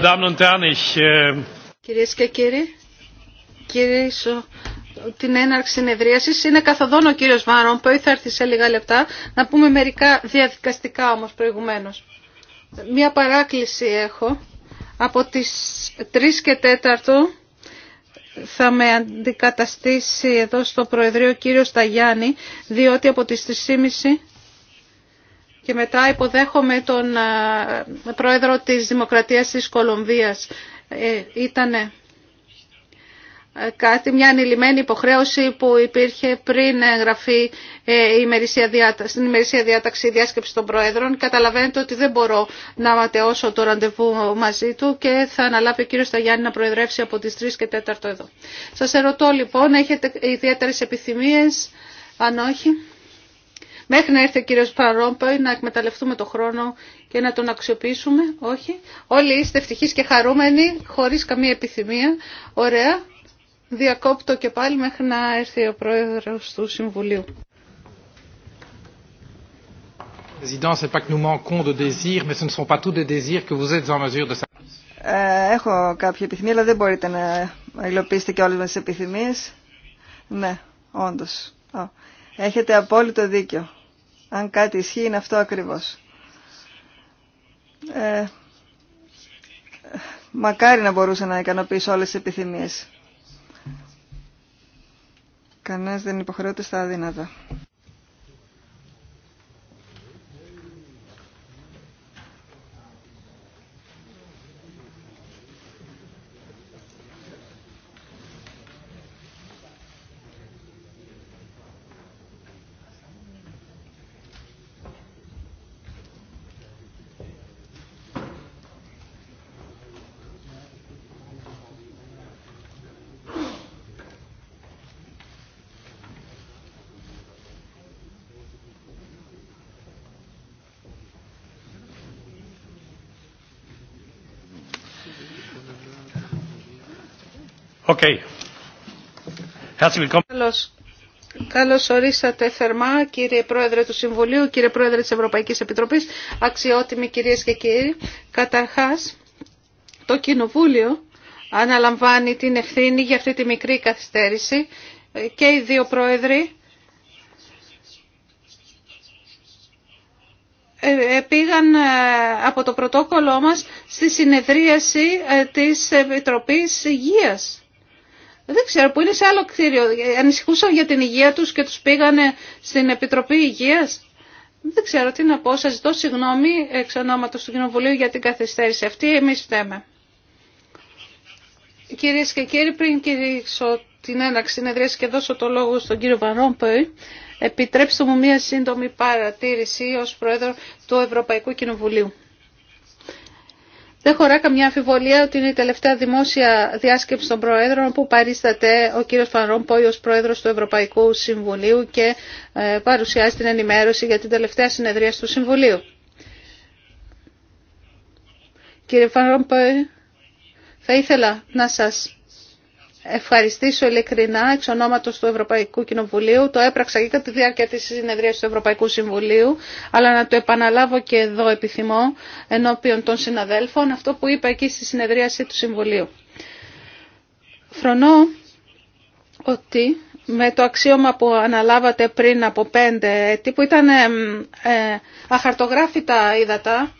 Äh, Κυρίες και κύριοι, κυρίσω την έναρξη συνεδρίασης. Είναι καθοδόν ο κύριος Βάρον που θα έρθει σε λίγα λεπτά. Να πούμε μερικά διαδικαστικά όμως προηγουμένως. Μία παράκληση έχω. Από τις 3 και 4 θα με αντικαταστήσει εδώ στο Προεδρείο ο κύριος Ταγιάννη, διότι από τις 3.30 και μετά υποδέχομαι τον πρόεδρο της Δημοκρατίας της Κολομβίας. Ε, Ήταν ε, κάτι, μια ανηλυμένη υποχρέωση που υπήρχε πριν εγγραφεί ε, η ημερησία διάταξη, στην ημερησία διάταξη διάσκεψη των Προέδρων. Καταλαβαίνετε ότι δεν μπορώ να ματαιώσω το ραντεβού μαζί του και θα αναλάβει ο κύριος Σταγιάννη να προεδρεύσει από τις 3 και 4 εδώ. Σας ερωτώ λοιπόν, έχετε ιδιαίτερες επιθυμίες, αν όχι. Μέχρι να έρθει ο κύριος Παρόμπαι να εκμεταλλευτούμε το χρόνο και να τον αξιοποιήσουμε, όχι. Όλοι είστε ευτυχείς και χαρούμενοι, χωρίς καμία επιθυμία. Ωραία. Διακόπτω και πάλι μέχρι να έρθει ο πρόεδρος του Συμβουλίου. Έχω κάποια επιθυμία, αλλά δεν μπορείτε να υλοποιήσετε και όλες μας τις επιθυμίες. Ναι, όντως. Έχετε απόλυτο δίκιο αν κάτι ισχύει είναι αυτό ακριβώς. Ε, μακάρι να μπορούσα να ικανοποιήσω όλες τις επιθυμίες. Κανένας δεν υποχρεώται στα αδύνατα. Καλώ Καλώς. Καλώς ορίσατε θερμά κύριε Πρόεδρε του Συμβουλίου, κύριε Πρόεδρε της Ευρωπαϊκής Επιτροπής, αξιότιμοι κυρίες και κύριοι. Καταρχάς, το Κοινοβούλιο αναλαμβάνει την ευθύνη για αυτή τη μικρή καθυστέρηση και οι δύο πρόεδροι ε, πήγαν ε, από το πρωτόκολλό μας στη συνεδρίαση ε, της Επιτροπής Υγείας δεν ξέρω που είναι σε άλλο κτίριο. Ανησυχούσαν για την υγεία τους και τους πήγανε στην Επιτροπή Υγείας. Δεν ξέρω τι να πω. Σας ζητώ συγγνώμη εξ ονόματος του Κοινοβουλίου για την καθυστέρηση αυτή. Εμείς φταίμε. Κυρίε και κύριοι, πριν κηρύξω την έναξη συνεδρίαση και δώσω το λόγο στον κύριο Βαρόμπεϊ, επιτρέψτε μου μία σύντομη παρατήρηση ως Πρόεδρο του Ευρωπαϊκού Κοινοβουλίου. Δεν χωρά καμιά αμφιβολία ότι είναι η τελευταία δημόσια διάσκεψη των Προέδρων που παρίσταται ο κύριος Φανρόμπόη ως Πρόεδρος του Ευρωπαϊκού Συμβουλίου και ε, παρουσιάζει την ενημέρωση για την τελευταία συνεδρία του Συμβουλίου. Κύριε Φανρόμπόη, θα ήθελα να σας ευχαριστήσω ειλικρινά εξ ονόματος του Ευρωπαϊκού Κοινοβουλίου. Το έπραξα και κατά τη διάρκεια της συνεδρίας του Ευρωπαϊκού Συμβουλίου, αλλά να το επαναλάβω και εδώ επιθυμώ ενώπιον των συναδέλφων αυτό που είπα εκεί στη συνεδρίαση του Συμβουλίου. Φρονώ ότι με το αξίωμα που αναλάβατε πριν από πέντε έτη, που ήταν ε, αχαρτογράφητα ύδατα,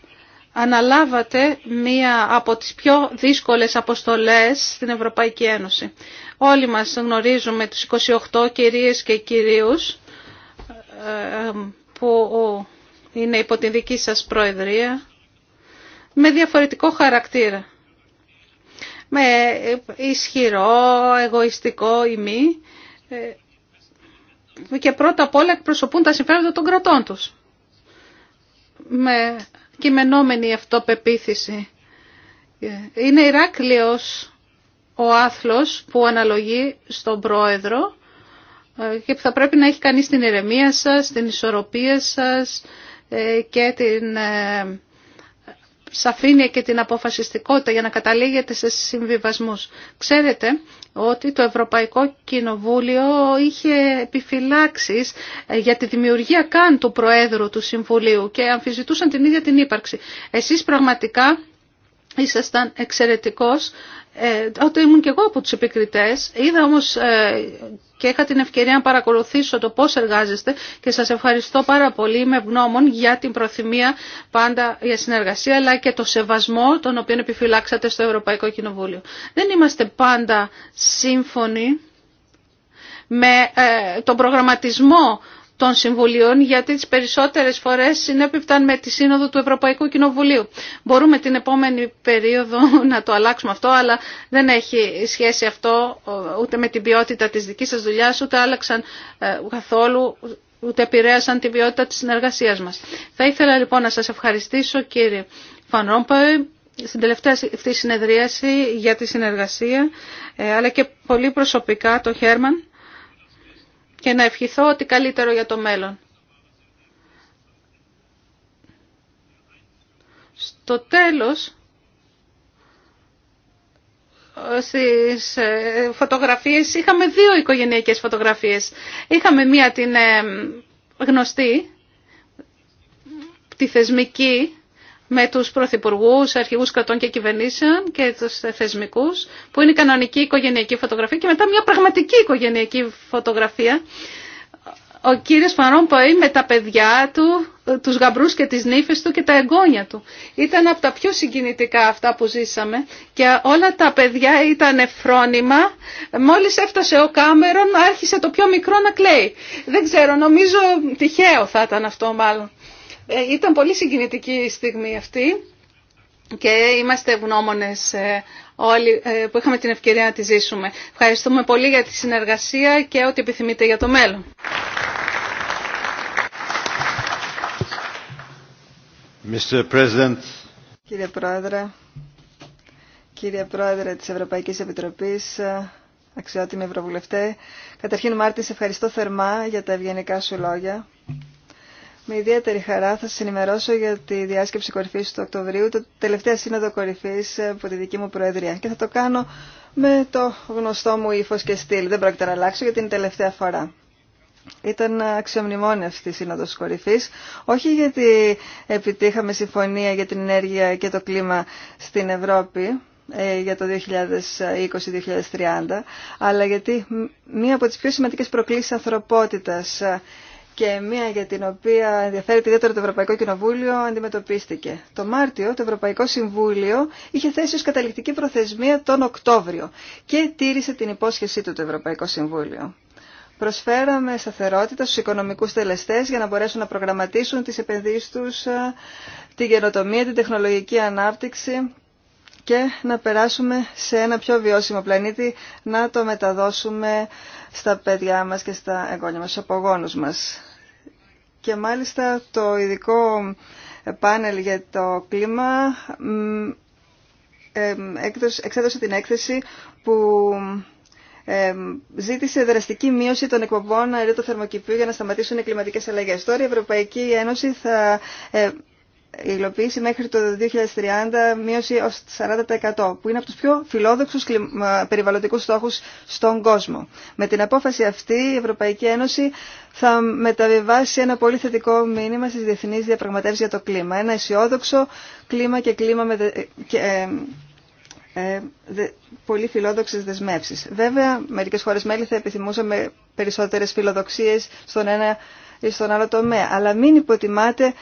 αναλάβατε μία από τις πιο δύσκολες αποστολές στην Ευρωπαϊκή Ένωση. Όλοι μας γνωρίζουμε τους 28 κυρίες και κυρίους ε, που είναι υπό την δική σας προεδρία με διαφορετικό χαρακτήρα. Με ισχυρό, εγωιστικό ή μη ε, και πρώτα απ' όλα εκπροσωπούν τα συμφέροντα των κρατών τους. Με κειμενόμενη αυτοπεποίθηση. Είναι Ηράκλειος ο άθλος που αναλογεί στον πρόεδρο ε, και που θα πρέπει να έχει κανείς την ηρεμία σας, την ισορροπία σας ε, και την ε, σαφήνεια και την αποφασιστικότητα για να καταλήγετε σε συμβιβασμούς. Ξέρετε ότι το Ευρωπαϊκό Κοινοβούλιο είχε επιφυλάξεις ε, για τη δημιουργία καν του Προέδρου του Συμβουλίου και αμφιζητούσαν την ίδια την ύπαρξη. Εσείς πραγματικά ήσασταν εξαιρετικός ε, ήμουν και εγώ από τους επικριτές, είδα όμως ε, και είχα την ευκαιρία να παρακολουθήσω το πώς εργάζεστε και σας ευχαριστώ πάρα πολύ, με ευγνώμων για την προθυμία πάντα για συνεργασία αλλά και το σεβασμό τον οποίο επιφυλάξατε στο Ευρωπαϊκό Κοινοβούλιο. Δεν είμαστε πάντα σύμφωνοι με ε, τον προγραμματισμό των Συμβουλίων, γιατί τις περισσότερες φορές συνέπιπταν με τη Σύνοδο του Ευρωπαϊκού Κοινοβουλίου. Μπορούμε την επόμενη περίοδο να το αλλάξουμε αυτό, αλλά δεν έχει σχέση αυτό ούτε με την ποιότητα της δικής σας δουλειάς, ούτε άλλαξαν ε, καθόλου ούτε επηρέασαν την ποιότητα της συνεργασίας μας. Θα ήθελα λοιπόν να σας ευχαριστήσω κύριε Ρόμπαϊ στην τελευταία αυτή συνεδρίαση για τη συνεργασία, ε, αλλά και πολύ προσωπικά το Χέρμαν και να ευχηθώ ότι καλύτερο για το μέλλον. Στο τέλος, στις ε, φωτογραφίες, είχαμε δύο οικογενειακές φωτογραφίες. Είχαμε μία την ε, γνωστή, τη θεσμική, με τους πρωθυπουργούς, αρχηγούς κρατών και κυβερνήσεων και τους θεσμικούς, που είναι η κανονική οικογενειακή φωτογραφία και μετά μια πραγματική οικογενειακή φωτογραφία. Ο κύριος Φαρόν με τα παιδιά του, τους γαμπρούς και τις νύφες του και τα εγγόνια του. Ήταν από τα πιο συγκινητικά αυτά που ζήσαμε και όλα τα παιδιά ήταν φρόνημα. Μόλις έφτασε ο Κάμερον άρχισε το πιο μικρό να κλαίει. Δεν ξέρω, νομίζω τυχαίο θα ήταν αυτό μάλλον. Ε, ήταν πολύ συγκινητική η στιγμή αυτή και είμαστε ευγνώμονες ε, όλοι ε, που είχαμε την ευκαιρία να τη ζήσουμε. Ευχαριστούμε πολύ για τη συνεργασία και ό,τι επιθυμείτε για το μέλλον. Mr. President. Κύριε Πρόεδρε, κύριε Πρόεδρε της Ευρωπαϊκής Επιτροπής, αξιότιμοι Ευρωβουλευτέ, καταρχήν Μάρτιν, σε ευχαριστώ θερμά για τα ευγενικά σου λόγια με ιδιαίτερη χαρά θα σα ενημερώσω για τη διάσκεψη κορυφή του Οκτωβρίου, το τελευταίο σύνοδο κορυφή ε, από τη δική μου Προεδρία. Και θα το κάνω με το γνωστό μου ύφο και στυλ. Δεν πρόκειται να αλλάξω γιατί είναι τελευταία φορά. Ήταν αξιομνημόνευτη η Σύνοδο Κορυφή, όχι γιατί επιτύχαμε συμφωνία για την ενέργεια και το κλίμα στην Ευρώπη ε, για το 2020-2030, αλλά γιατί μία από τις πιο σημαντικές προκλήσεις ανθρωπότητας ε, και μία για την οποία ενδιαφέρεται ιδιαίτερα το Ευρωπαϊκό Κοινοβούλιο αντιμετωπίστηκε. Το Μάρτιο το Ευρωπαϊκό Συμβούλιο είχε θέσει ως καταληκτική προθεσμία τον Οκτώβριο και τήρησε την υπόσχεσή του το Ευρωπαϊκό Συμβούλιο. Προσφέραμε σταθερότητα στους οικονομικούς τελεστές για να μπορέσουν να προγραμματίσουν τις επενδύσεις τους, ε, την καινοτομία, την τεχνολογική ανάπτυξη και να περάσουμε σε ένα πιο βιώσιμο πλανήτη, να το μεταδώσουμε στα παιδιά μας και στα εγγόνια μας, στους απογόνους μας. Και μάλιστα το ειδικό πάνελ για το κλίμα εξέδωσε την έκθεση που ζήτησε δραστική μείωση των εκπομπών αερίου του θερμοκηπίου για να σταματήσουν οι κλιματικές αλλαγές. Τώρα η Ευρωπαϊκή Ένωση θα ε, η υλοποίηση μέχρι το 2030 μείωση ως 40% που είναι από τους πιο φιλόδοξους περιβαλλοντικούς στόχους στον κόσμο. Με την απόφαση αυτή η Ευρωπαϊκή Ένωση θα μεταβιβάσει ένα πολύ θετικό μήνυμα στις διεθνείς διαπραγματεύσεις για το κλίμα. Ένα αισιόδοξο κλίμα και κλίμα με, και, ε, ε, δε, πολύ φιλόδοξε δεσμεύσει. Βέβαια, μερικέ χώρε μέλη θα επιθυμούσαμε περισσότερε φιλοδοξίε στον ένα ή στον άλλο τομέα. Αλλά μην υποτιμάτε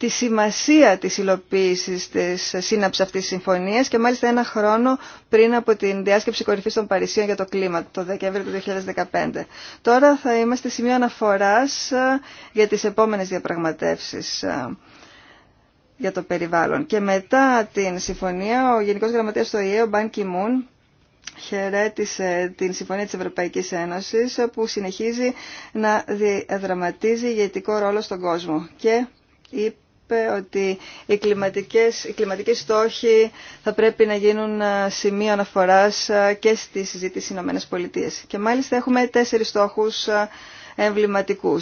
τη σημασία της υλοποίησης της σύναψης αυτής της συμφωνίας και μάλιστα ένα χρόνο πριν από την διάσκεψη κορυφής των Παρισίων για το κλίμα, το Δεκέμβριο του 2015. Τώρα θα είμαστε σημείο αναφοράς ε, για τις επόμενες διαπραγματεύσεις ε, για το περιβάλλον. Και μετά την συμφωνία, ο Γενικός Γραμματέας του ΙΕΟ ο Μπαν Κιμούν, χαιρέτησε την Συμφωνία της Ευρωπαϊκής Ένωσης ε, που συνεχίζει να διαδραματίζει ηγετικό ρόλο στον κόσμο και είπε ότι οι κλιματικές, οι στόχοι θα πρέπει να γίνουν ε, σημείο αναφοράς ε, και στη συζήτηση στι Ηνωμένες Πολιτείες. Και μάλιστα έχουμε τέσσερις στόχους ε, εμβληματικού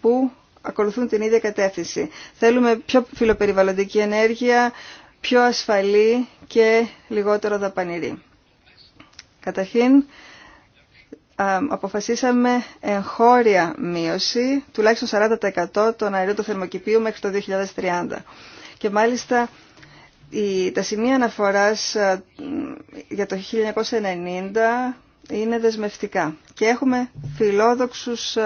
που ακολουθούν την ίδια κατεύθυνση. Θέλουμε πιο φιλοπεριβαλλοντική ενέργεια, πιο ασφαλή και λιγότερο δαπανηρή. Καταρχήν, αποφασίσαμε εγχώρια μείωση τουλάχιστον 40% των αερίων του θερμοκηπίου μέχρι το 2030. Και μάλιστα τα σημεία αναφοράς για το 1990 είναι δεσμευτικά. Και έχουμε φιλόδοξους,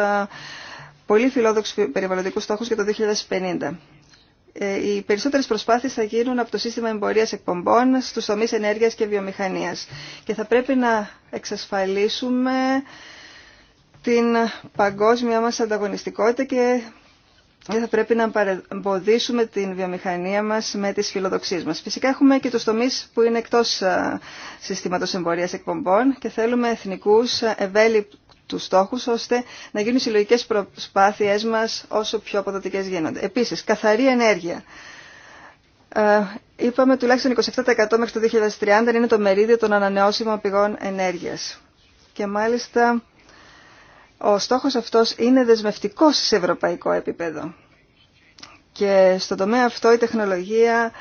πολύ φιλόδοξους περιβαλλοντικούς στόχους για το 2050. Ε, οι περισσότερες προσπάθειες θα γίνουν από το σύστημα εμπορίας εκπομπών στους τομείς ενέργειας και βιομηχανίας. Και θα πρέπει να εξασφαλίσουμε την παγκόσμια μας ανταγωνιστικότητα και θα πρέπει να παρεμποδίσουμε την βιομηχανία μας με τις φιλοδοξίες μας. Φυσικά έχουμε και τους τομείς που είναι εκτός ε, συστήματος εμπορίας εκπομπών και θέλουμε εθνικούς τους στόχους ώστε να γίνουν συλλογικές προσπάθειές μας όσο πιο αποδοτικές γίνονται. Επίσης, καθαρή ενέργεια. Ε, είπαμε τουλάχιστον 27% μέχρι το 2030 είναι το μερίδιο των ανανεώσιμων πηγών ενέργειας. Και μάλιστα ο στόχος αυτός είναι δεσμευτικός σε ευρωπαϊκό επίπεδο. Και στον τομέα αυτό η τεχνολογία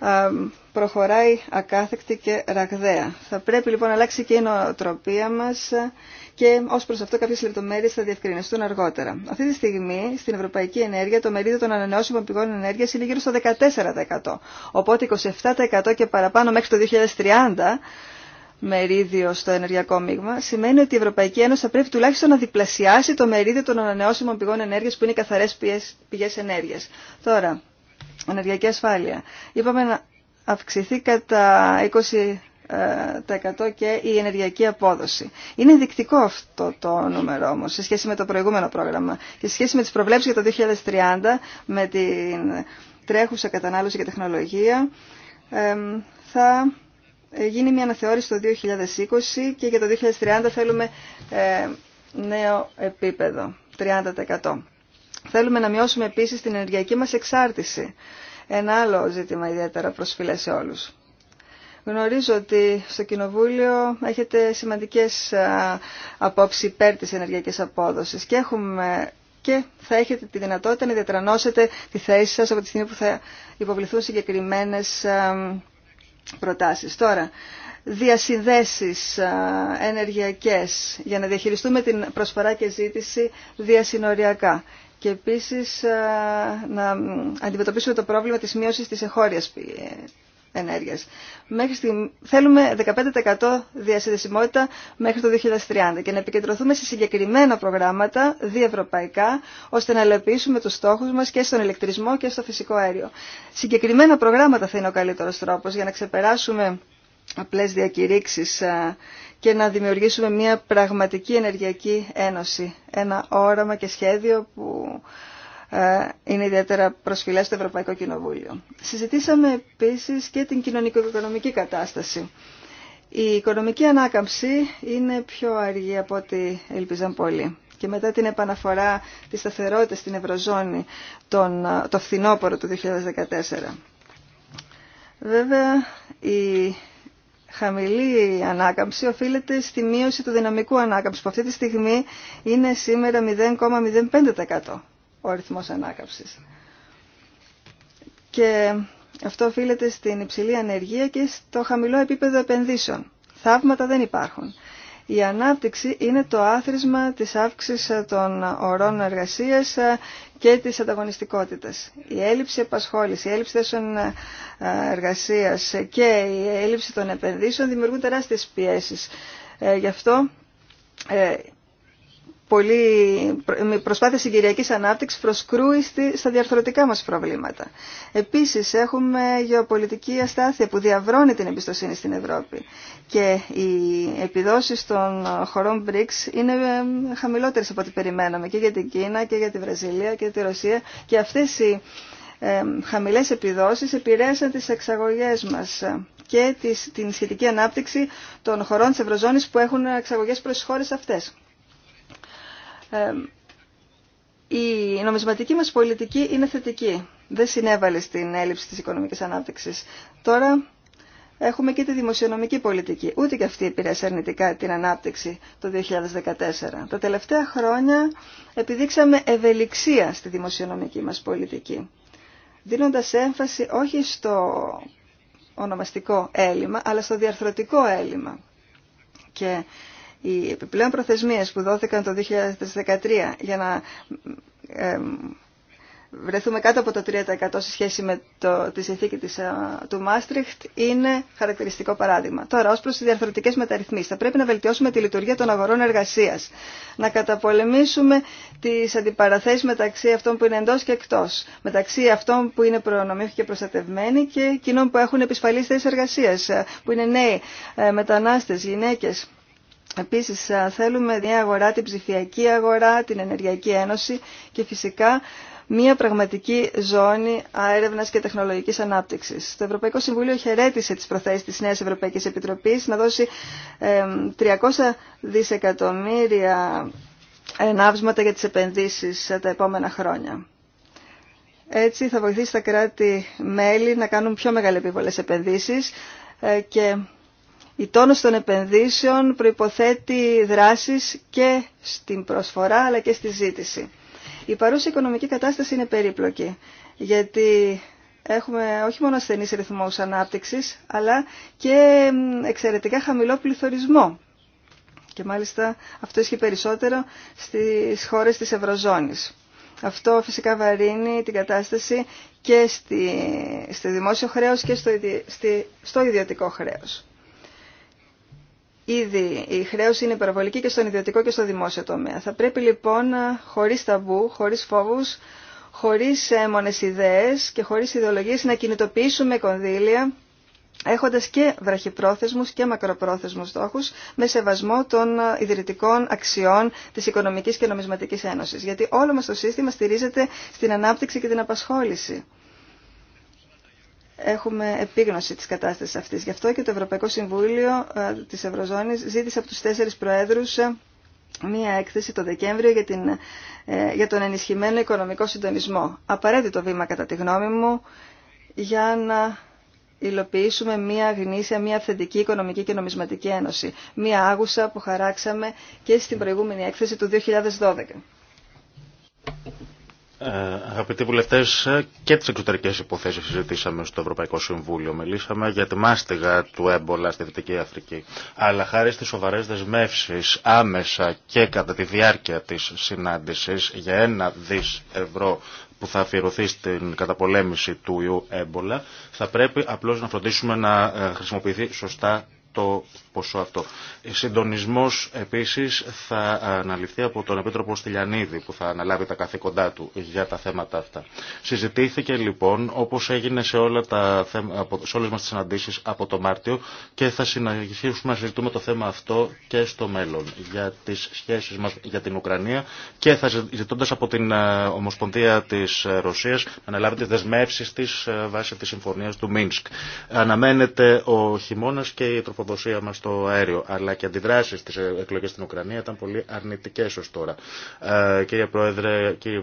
ε, προχωράει ακάθεκτη και ραγδαία. Θα πρέπει λοιπόν να αλλάξει και η νοοτροπία μας και ως προς αυτό κάποιες λεπτομέρειες θα διευκρινιστούν αργότερα. Αυτή τη στιγμή στην ευρωπαϊκή ενέργεια το μερίδιο των ανανεώσιμων πηγών ενέργειας είναι γύρω στο 14%. Οπότε 27% και παραπάνω μέχρι το 2030 μερίδιο στο ενεργειακό μείγμα, σημαίνει ότι η Ευρωπαϊκή Ένωση θα πρέπει τουλάχιστον να διπλασιάσει το μερίδιο των ανανεώσιμων πηγών ενέργειας που είναι οι καθαρές πηγές ενέργειας. Τώρα, ενεργειακή ασφάλεια. Είπαμε να αυξηθεί κατά 20% ε, και η ενεργειακή απόδοση. Είναι ενδεικτικό αυτό το νούμερο όμως σε σχέση με το προηγούμενο πρόγραμμα και σε σχέση με τις προβλέψεις για το 2030 με την τρέχουσα κατανάλωση και τεχνολογία θα γίνει μια αναθεώρηση το 2020 και για το 2030 θέλουμε ε, νέο επίπεδο, 30%. Θέλουμε να μειώσουμε επίσης την ενεργειακή μας εξάρτηση ένα άλλο ζήτημα ιδιαίτερα φιλές σε όλους. Γνωρίζω ότι στο Κοινοβούλιο έχετε σημαντικές απόψεις υπέρ της ενεργειακής απόδοσης και, έχουμε, και θα έχετε τη δυνατότητα να διατρανώσετε τη θέση σας από τη στιγμή που θα υποβληθούν συγκεκριμένες προτάσεις. Τώρα, διασυνδέσεις ενεργειακές για να διαχειριστούμε την προσφορά και ζήτηση διασυνοριακά και επίσης ε, να αντιμετωπίσουμε το πρόβλημα της μείωσης της εγχώριας ενέργειας. Μέχρι στη... Θέλουμε 15% διασυνδεσιμότητα μέχρι το 2030 και να επικεντρωθούμε σε συγκεκριμένα προγράμματα διευρωπαϊκά ώστε να ελοποιήσουμε τους στόχους μας και στον ηλεκτρισμό και στο φυσικό αέριο. Συγκεκριμένα προγράμματα θα είναι ο καλύτερος τρόπος για να ξεπεράσουμε απλές διακηρύξεις ε, και να δημιουργήσουμε μια πραγματική ενεργειακή ένωση. Ένα όραμα και σχέδιο που ε, είναι ιδιαίτερα προσφυλές στο Ευρωπαϊκό Κοινοβούλιο. Συζητήσαμε επίσης και την κοινωνικο-οικονομική κατάσταση. Η οικονομική ανάκαμψη είναι πιο αργή από ό,τι ελπίζαν πολλοί. Και μετά την επαναφορά της σταθερότητας στην Ευρωζώνη τον, ε, το φθινόπωρο του 2014. Βέβαια, χαμηλή ανάκαμψη οφείλεται στη μείωση του δυναμικού ανάκαμψης που αυτή τη στιγμή είναι σήμερα 0,05% ο αριθμός ανάκαμψης. Και αυτό οφείλεται στην υψηλή ανεργία και στο χαμηλό επίπεδο επενδύσεων. Θαύματα δεν υπάρχουν. Η ανάπτυξη είναι το άθροισμα της αύξησης των ορών εργασίας και της ανταγωνιστικότητας. Η έλλειψη επασχόληση, η έλλειψη θέσεων ε, εργασίας και η έλλειψη των επενδύσεων δημιουργούν τεράστιες πιέσεις. Ε, γι' αυτό ε, πολύ, προσπάθεια συγκυριακής ανάπτυξης προσκρούει στα διαρθρωτικά μας προβλήματα. Επίσης έχουμε γεωπολιτική αστάθεια που διαβρώνει την εμπιστοσύνη στην Ευρώπη και οι επιδόσεις των χωρών BRICS είναι ε, χαμηλότερες από ό,τι περιμέναμε και για την Κίνα και για τη Βραζιλία και τη Ρωσία και αυτές οι ε, χαμηλές επιδόσεις επηρέασαν τις εξαγωγές μας και την σχετική ανάπτυξη των χωρών της Ευρωζώνης που έχουν εξαγωγές προς χώρες αυτές η νομισματική μας πολιτική είναι θετική. Δεν συνέβαλε στην έλλειψη της οικονομικής ανάπτυξης. Τώρα έχουμε και τη δημοσιονομική πολιτική. Ούτε και αυτή επηρέασε αρνητικά την ανάπτυξη το 2014. Τα τελευταία χρόνια επιδείξαμε ευελιξία στη δημοσιονομική μας πολιτική. Δίνοντας έμφαση όχι στο ονομαστικό έλλειμμα, αλλά στο διαρθρωτικό έλλειμμα. Και οι επιπλέον προθεσμίες που δόθηκαν το 2013 για να ε, βρεθούμε κάτω από το 3% σε σχέση με το, τη συνθήκη της, ε, του Μάστριχτ είναι χαρακτηριστικό παράδειγμα. Τώρα, ως προς τις διαρθρωτικές μεταρρυθμίσεις, θα πρέπει να βελτιώσουμε τη λειτουργία των αγορών εργασίας, να καταπολεμήσουμε τις αντιπαραθέσεις μεταξύ αυτών που είναι εντός και εκτός, μεταξύ αυτών που είναι προνομίχοι και προστατευμένοι και εκείνων που έχουν επισφαλείς θέσεις εργασίας, ε, που είναι νέοι, μετανάστες, γυναίκες. Επίσης θέλουμε μια αγορά, την ψηφιακή αγορά, την ενεργειακή ένωση και φυσικά μια πραγματική ζώνη έρευνα και τεχνολογική ανάπτυξη. Το Ευρωπαϊκό Συμβούλιο χαιρέτησε τι προθέσει τη Νέα Ευρωπαϊκή Επιτροπή να δώσει 300 δισεκατομμύρια ενάυσματα για τις επενδύσεις ε, τα επόμενα χρόνια. Έτσι θα βοηθήσει τα κράτη-μέλη να κάνουν πιο μεγάλε επενδύσεις ε, και η τόνος των επενδύσεων προϋποθέτει δράσεις και στην προσφορά αλλά και στη ζήτηση. Η παρούσα οικονομική κατάσταση είναι περίπλοκη, γιατί έχουμε όχι μόνο ασθενείς ρυθμούς ανάπτυξης, αλλά και εξαιρετικά χαμηλό πληθωρισμό. Και μάλιστα αυτό ισχύει περισσότερο στις χώρες της Ευρωζώνης. Αυτό φυσικά βαρύνει την κατάσταση και στη, δημόσιο χρέος και στο, στο ιδιωτικό χρέος. Ήδη η χρέωση είναι υπερβολική και στον ιδιωτικό και στο δημόσιο τομέα. Θα πρέπει λοιπόν ε, χωρίς ταμπού, χωρίς φόβους, χωρίς έμονες ιδέες και χωρίς ιδεολογίες να κινητοποιήσουμε κονδύλια έχοντας και βραχυπρόθεσμους και μακροπρόθεσμους στόχους με σεβασμό των ε, ιδρυτικών αξιών της Οικονομικής και Νομισματικής Ένωσης. Γιατί όλο μας το σύστημα στηρίζεται στην ανάπτυξη και την απασχόληση έχουμε επίγνωση της κατάστασης αυτής. Γι' αυτό και το Ευρωπαϊκό Συμβούλιο ε, της Ευρωζώνης ζήτησε από τους τέσσερις προέδρους ε, μία έκθεση το Δεκέμβριο για, την, ε, για τον ενισχυμένο οικονομικό συντονισμό. Απαραίτητο βήμα κατά τη γνώμη μου για να υλοποιήσουμε μία γνήσια, μία θετική οικονομική και νομισματική ένωση. Μία άγουσα που χαράξαμε και στην προηγούμενη έκθεση του 2012. Ε, αγαπητοί βουλευτέ, και τι εξωτερικέ υποθέσει συζητήσαμε στο Ευρωπαϊκό Συμβούλιο. Μιλήσαμε για τη μάστιγα του έμπολα στη Δυτική Αφρική. Αλλά χάρη στι σοβαρέ δεσμεύσει άμεσα και κατά τη διάρκεια τη συνάντηση για ένα δι ευρώ που θα αφιερωθεί στην καταπολέμηση του ιού έμπολα, θα πρέπει απλώ να φροντίσουμε να ε, χρησιμοποιηθεί σωστά το ποσό αυτό. Ε, συντονισμός επίσης θα αναλυθεί από τον Επίτροπο Στυλιανίδη που θα αναλάβει τα καθήκοντά του για τα θέματα αυτά. Συζητήθηκε λοιπόν όπως έγινε σε, όλα τα, σε όλες μας τις συναντήσεις από το Μάρτιο και θα συνεχίσουμε να συζητούμε το θέμα αυτό και στο μέλλον για τις σχέσεις μας για την Ουκρανία και θα ζητώντας από την ε, Ομοσπονδία της ε, Ρωσίας να αναλάβει τις δεσμεύσεις της βάσει της συμφωνίας του Μίνσκ. Αναμένεται ο χειμώνα και η τροποποίηση λογοδοσία μας στο αέριο, αλλά και αντιδράσεις στις εκλογέ στην Ουκρανία ήταν πολύ αρνητικές ως τώρα. Ε, κύριε Πρόεδρε, κύριε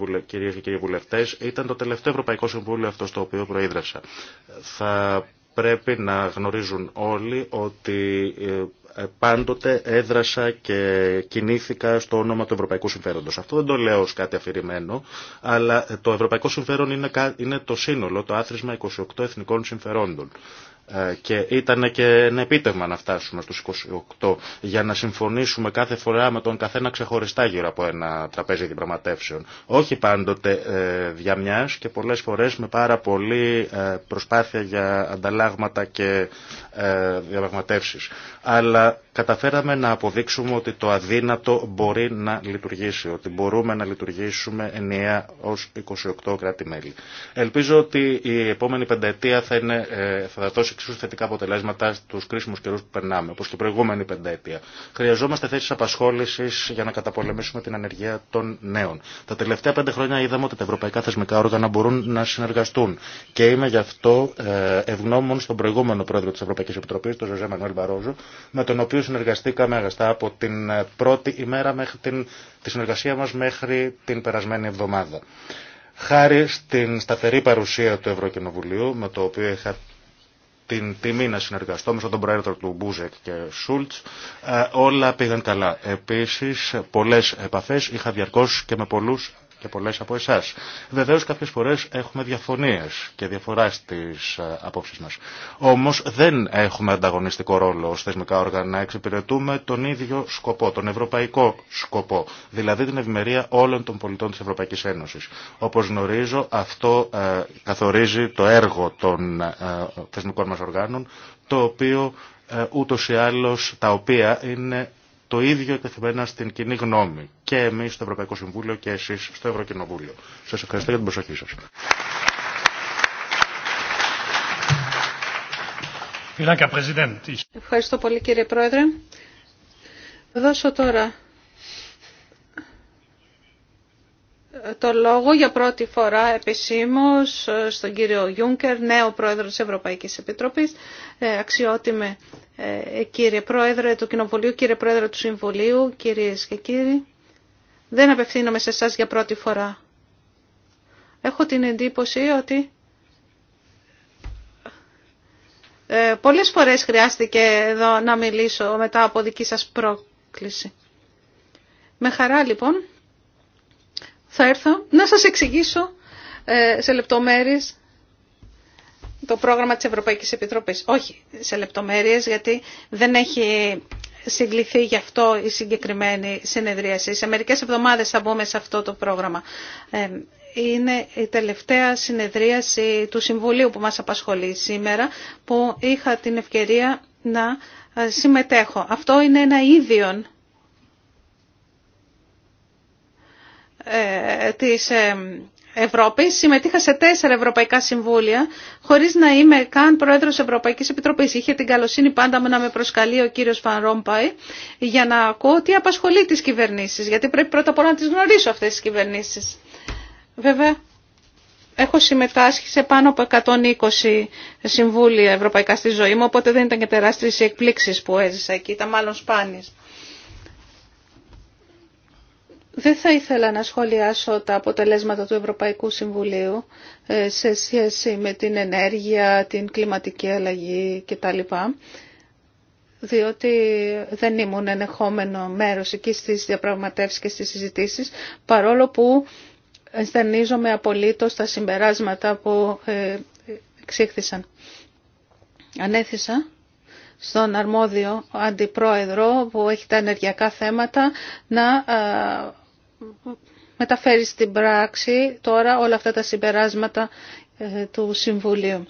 και κύριοι βουλευτές, ήταν το τελευταίο Ευρωπαϊκό Συμβούλιο αυτό στο οποίο προέδρασα. Θα πρέπει να γνωρίζουν όλοι ότι ε, πάντοτε έδρασα και κινήθηκα στο όνομα του ευρωπαϊκού συμφέροντος. Αυτό δεν το λέω ως κάτι αφηρημένο, αλλά το ευρωπαϊκό συμφέρον είναι, είναι το σύνολο, το άθροισμα 28 εθνικών συμφερόντων. Ε, και ήταν και ένα επίτευγμα να φτάσουμε στους 28 για να συμφωνήσουμε κάθε φορά με τον καθένα ξεχωριστά γύρω από ένα τραπέζι διπραγματεύσεων. Όχι πάντοτε ε, διαμιάς και πολλές φορές με πάρα πολλή ε, προσπάθεια για ανταλλάγματα και διαπραγματεύσεις. Αλλά AUTHORWAVE καταφέραμε να αποδείξουμε ότι το αδύνατο μπορεί να λειτουργήσει, ότι μπορούμε να λειτουργήσουμε ενιαία ως 28 κράτη-μέλη. Ελπίζω ότι η επόμενη πενταετία θα, είναι, ε, θα δώσει εξίσου θετικά αποτελέσματα στους κρίσιμους καιρούς που περνάμε, όπως και η προηγούμενη πενταετία. Χρειαζόμαστε θέσεις απασχόλησης για να καταπολεμήσουμε την ανεργία των νέων. Τα τελευταία πέντε χρόνια είδαμε ότι τα ευρωπαϊκά θεσμικά όργανα μπορούν να συνεργαστούν και είμαι γι' αυτό ε, ευγνώμων στον προηγούμενο πρόεδρο της Ευρωπαϊκής Επιτροπής, τον Ζωζέ Μανουέλ Μπαρόζο, με τον οποίο συνεργαστήκαμε αγαστά από την ε, πρώτη ημέρα μέχρι τη συνεργασία μας μέχρι την περασμένη εβδομάδα. Χάρη στην σταθερή παρουσία του Ευρωκοινοβουλίου, με το οποίο είχα την τιμή να συνεργαστώ με τον Προέδρο του Μπούζεκ και Σούλτ, ε, όλα πήγαν καλά. Επίση, πολλέ επαφέ είχα διαρκώ και με πολλού και πολλές από εσάς. Βεβαίως κάποιες φορές έχουμε διαφωνίες και διαφορά στις ε, απόψεις μας. Όμως δεν έχουμε ανταγωνιστικό ρόλο ως θεσμικά όργανα. Εξυπηρετούμε τον ίδιο σκοπό, τον ευρωπαϊκό σκοπό, δηλαδή την ευημερία όλων των πολιτών της Ευρωπαϊκής Ένωσης. Όπως γνωρίζω αυτό ε, καθορίζει το έργο των ε, θεσμικών μας οργάνων, το οποίο τα οποία είναι το ίδιο εκτεθειμένα στην κοινή γνώμη και εμείς στο Ευρωπαϊκό Συμβούλιο και εσείς στο Ευρωκοινοβούλιο. Σας ευχαριστώ για την προσοχή σας. Ευχαριστώ πολύ κύριε Πρόεδρε. Δώσω τώρα ε, το λόγο για πρώτη φορά επισήμως ε, στον κύριο Γιούνκερ, νέο πρόεδρο της Ευρωπαϊκής Επιτροπής, ε, αξιότιμε κύριε πρόεδρε του Κοινοβουλίου, κύριε πρόεδρε του Συμβουλίου, κυρίες και κύριοι. Δεν απευθύνομαι σε εσά για πρώτη φορά. Έχω την εντύπωση ότι ε, πολλές φορές χρειάστηκε εδώ να μιλήσω μετά από δική σας πρόκληση. Με χαρά λοιπόν θα έρθω να σας εξηγήσω ε, σε λεπτομέρειες το πρόγραμμα της Ευρωπαϊκής Επιτροπής. Όχι σε λεπτομέρειες γιατί δεν έχει συγκληθεί γι' αυτό η συγκεκριμένη συνεδρίαση. Σε μερικές εβδομάδες θα μπούμε σε αυτό το πρόγραμμα. Ε, είναι η τελευταία συνεδρίαση του Συμβουλίου που μας απασχολεί σήμερα, που είχα την ευκαιρία να ε, συμμετέχω. Αυτό είναι ένα ίδιο ε, της Ευρώπη. Συμμετείχα σε τέσσερα ευρωπαϊκά συμβούλια, χωρί να είμαι καν πρόεδρο Ευρωπαϊκή Επιτροπή, Είχε την καλοσύνη πάντα μου να με προσκαλεί ο κύριο Φαν Ρόμπαϊ για να ακούω τι απασχολεί τι κυβερνήσει. γιατί πρέπει πρώτα απ' όλα να τι γνωρίσω αυτέ τι κυβερνήσει. Βέβαια, έχω συμμετάσχει σε πάνω από 120 συμβούλια ευρωπαϊκά στη ζωή μου, οπότε δεν ήταν και τεράστιε οι εκπλήξεις που έζησα εκεί, ήταν μάλλον σπάνιε. Δεν θα ήθελα να σχολιάσω τα αποτελέσματα του Ευρωπαϊκού Συμβουλίου ε, σε σχέση με την ενέργεια, την κλιματική αλλαγή κτλ. Διότι δεν ήμουν ενεχόμενο μέρος εκεί στις διαπραγματεύσεις και στις συζητήσεις, παρόλο που ενστερνίζομαι απολύτως τα συμπεράσματα που ε, εξήχθησαν. Ανέθησα στον αρμόδιο αντιπρόεδρο που έχει τα ενεργειακά θέματα να ε, μεταφέρει στην πράξη τώρα όλα αυτά τα συμπεράσματα ε, του Συμβουλίου.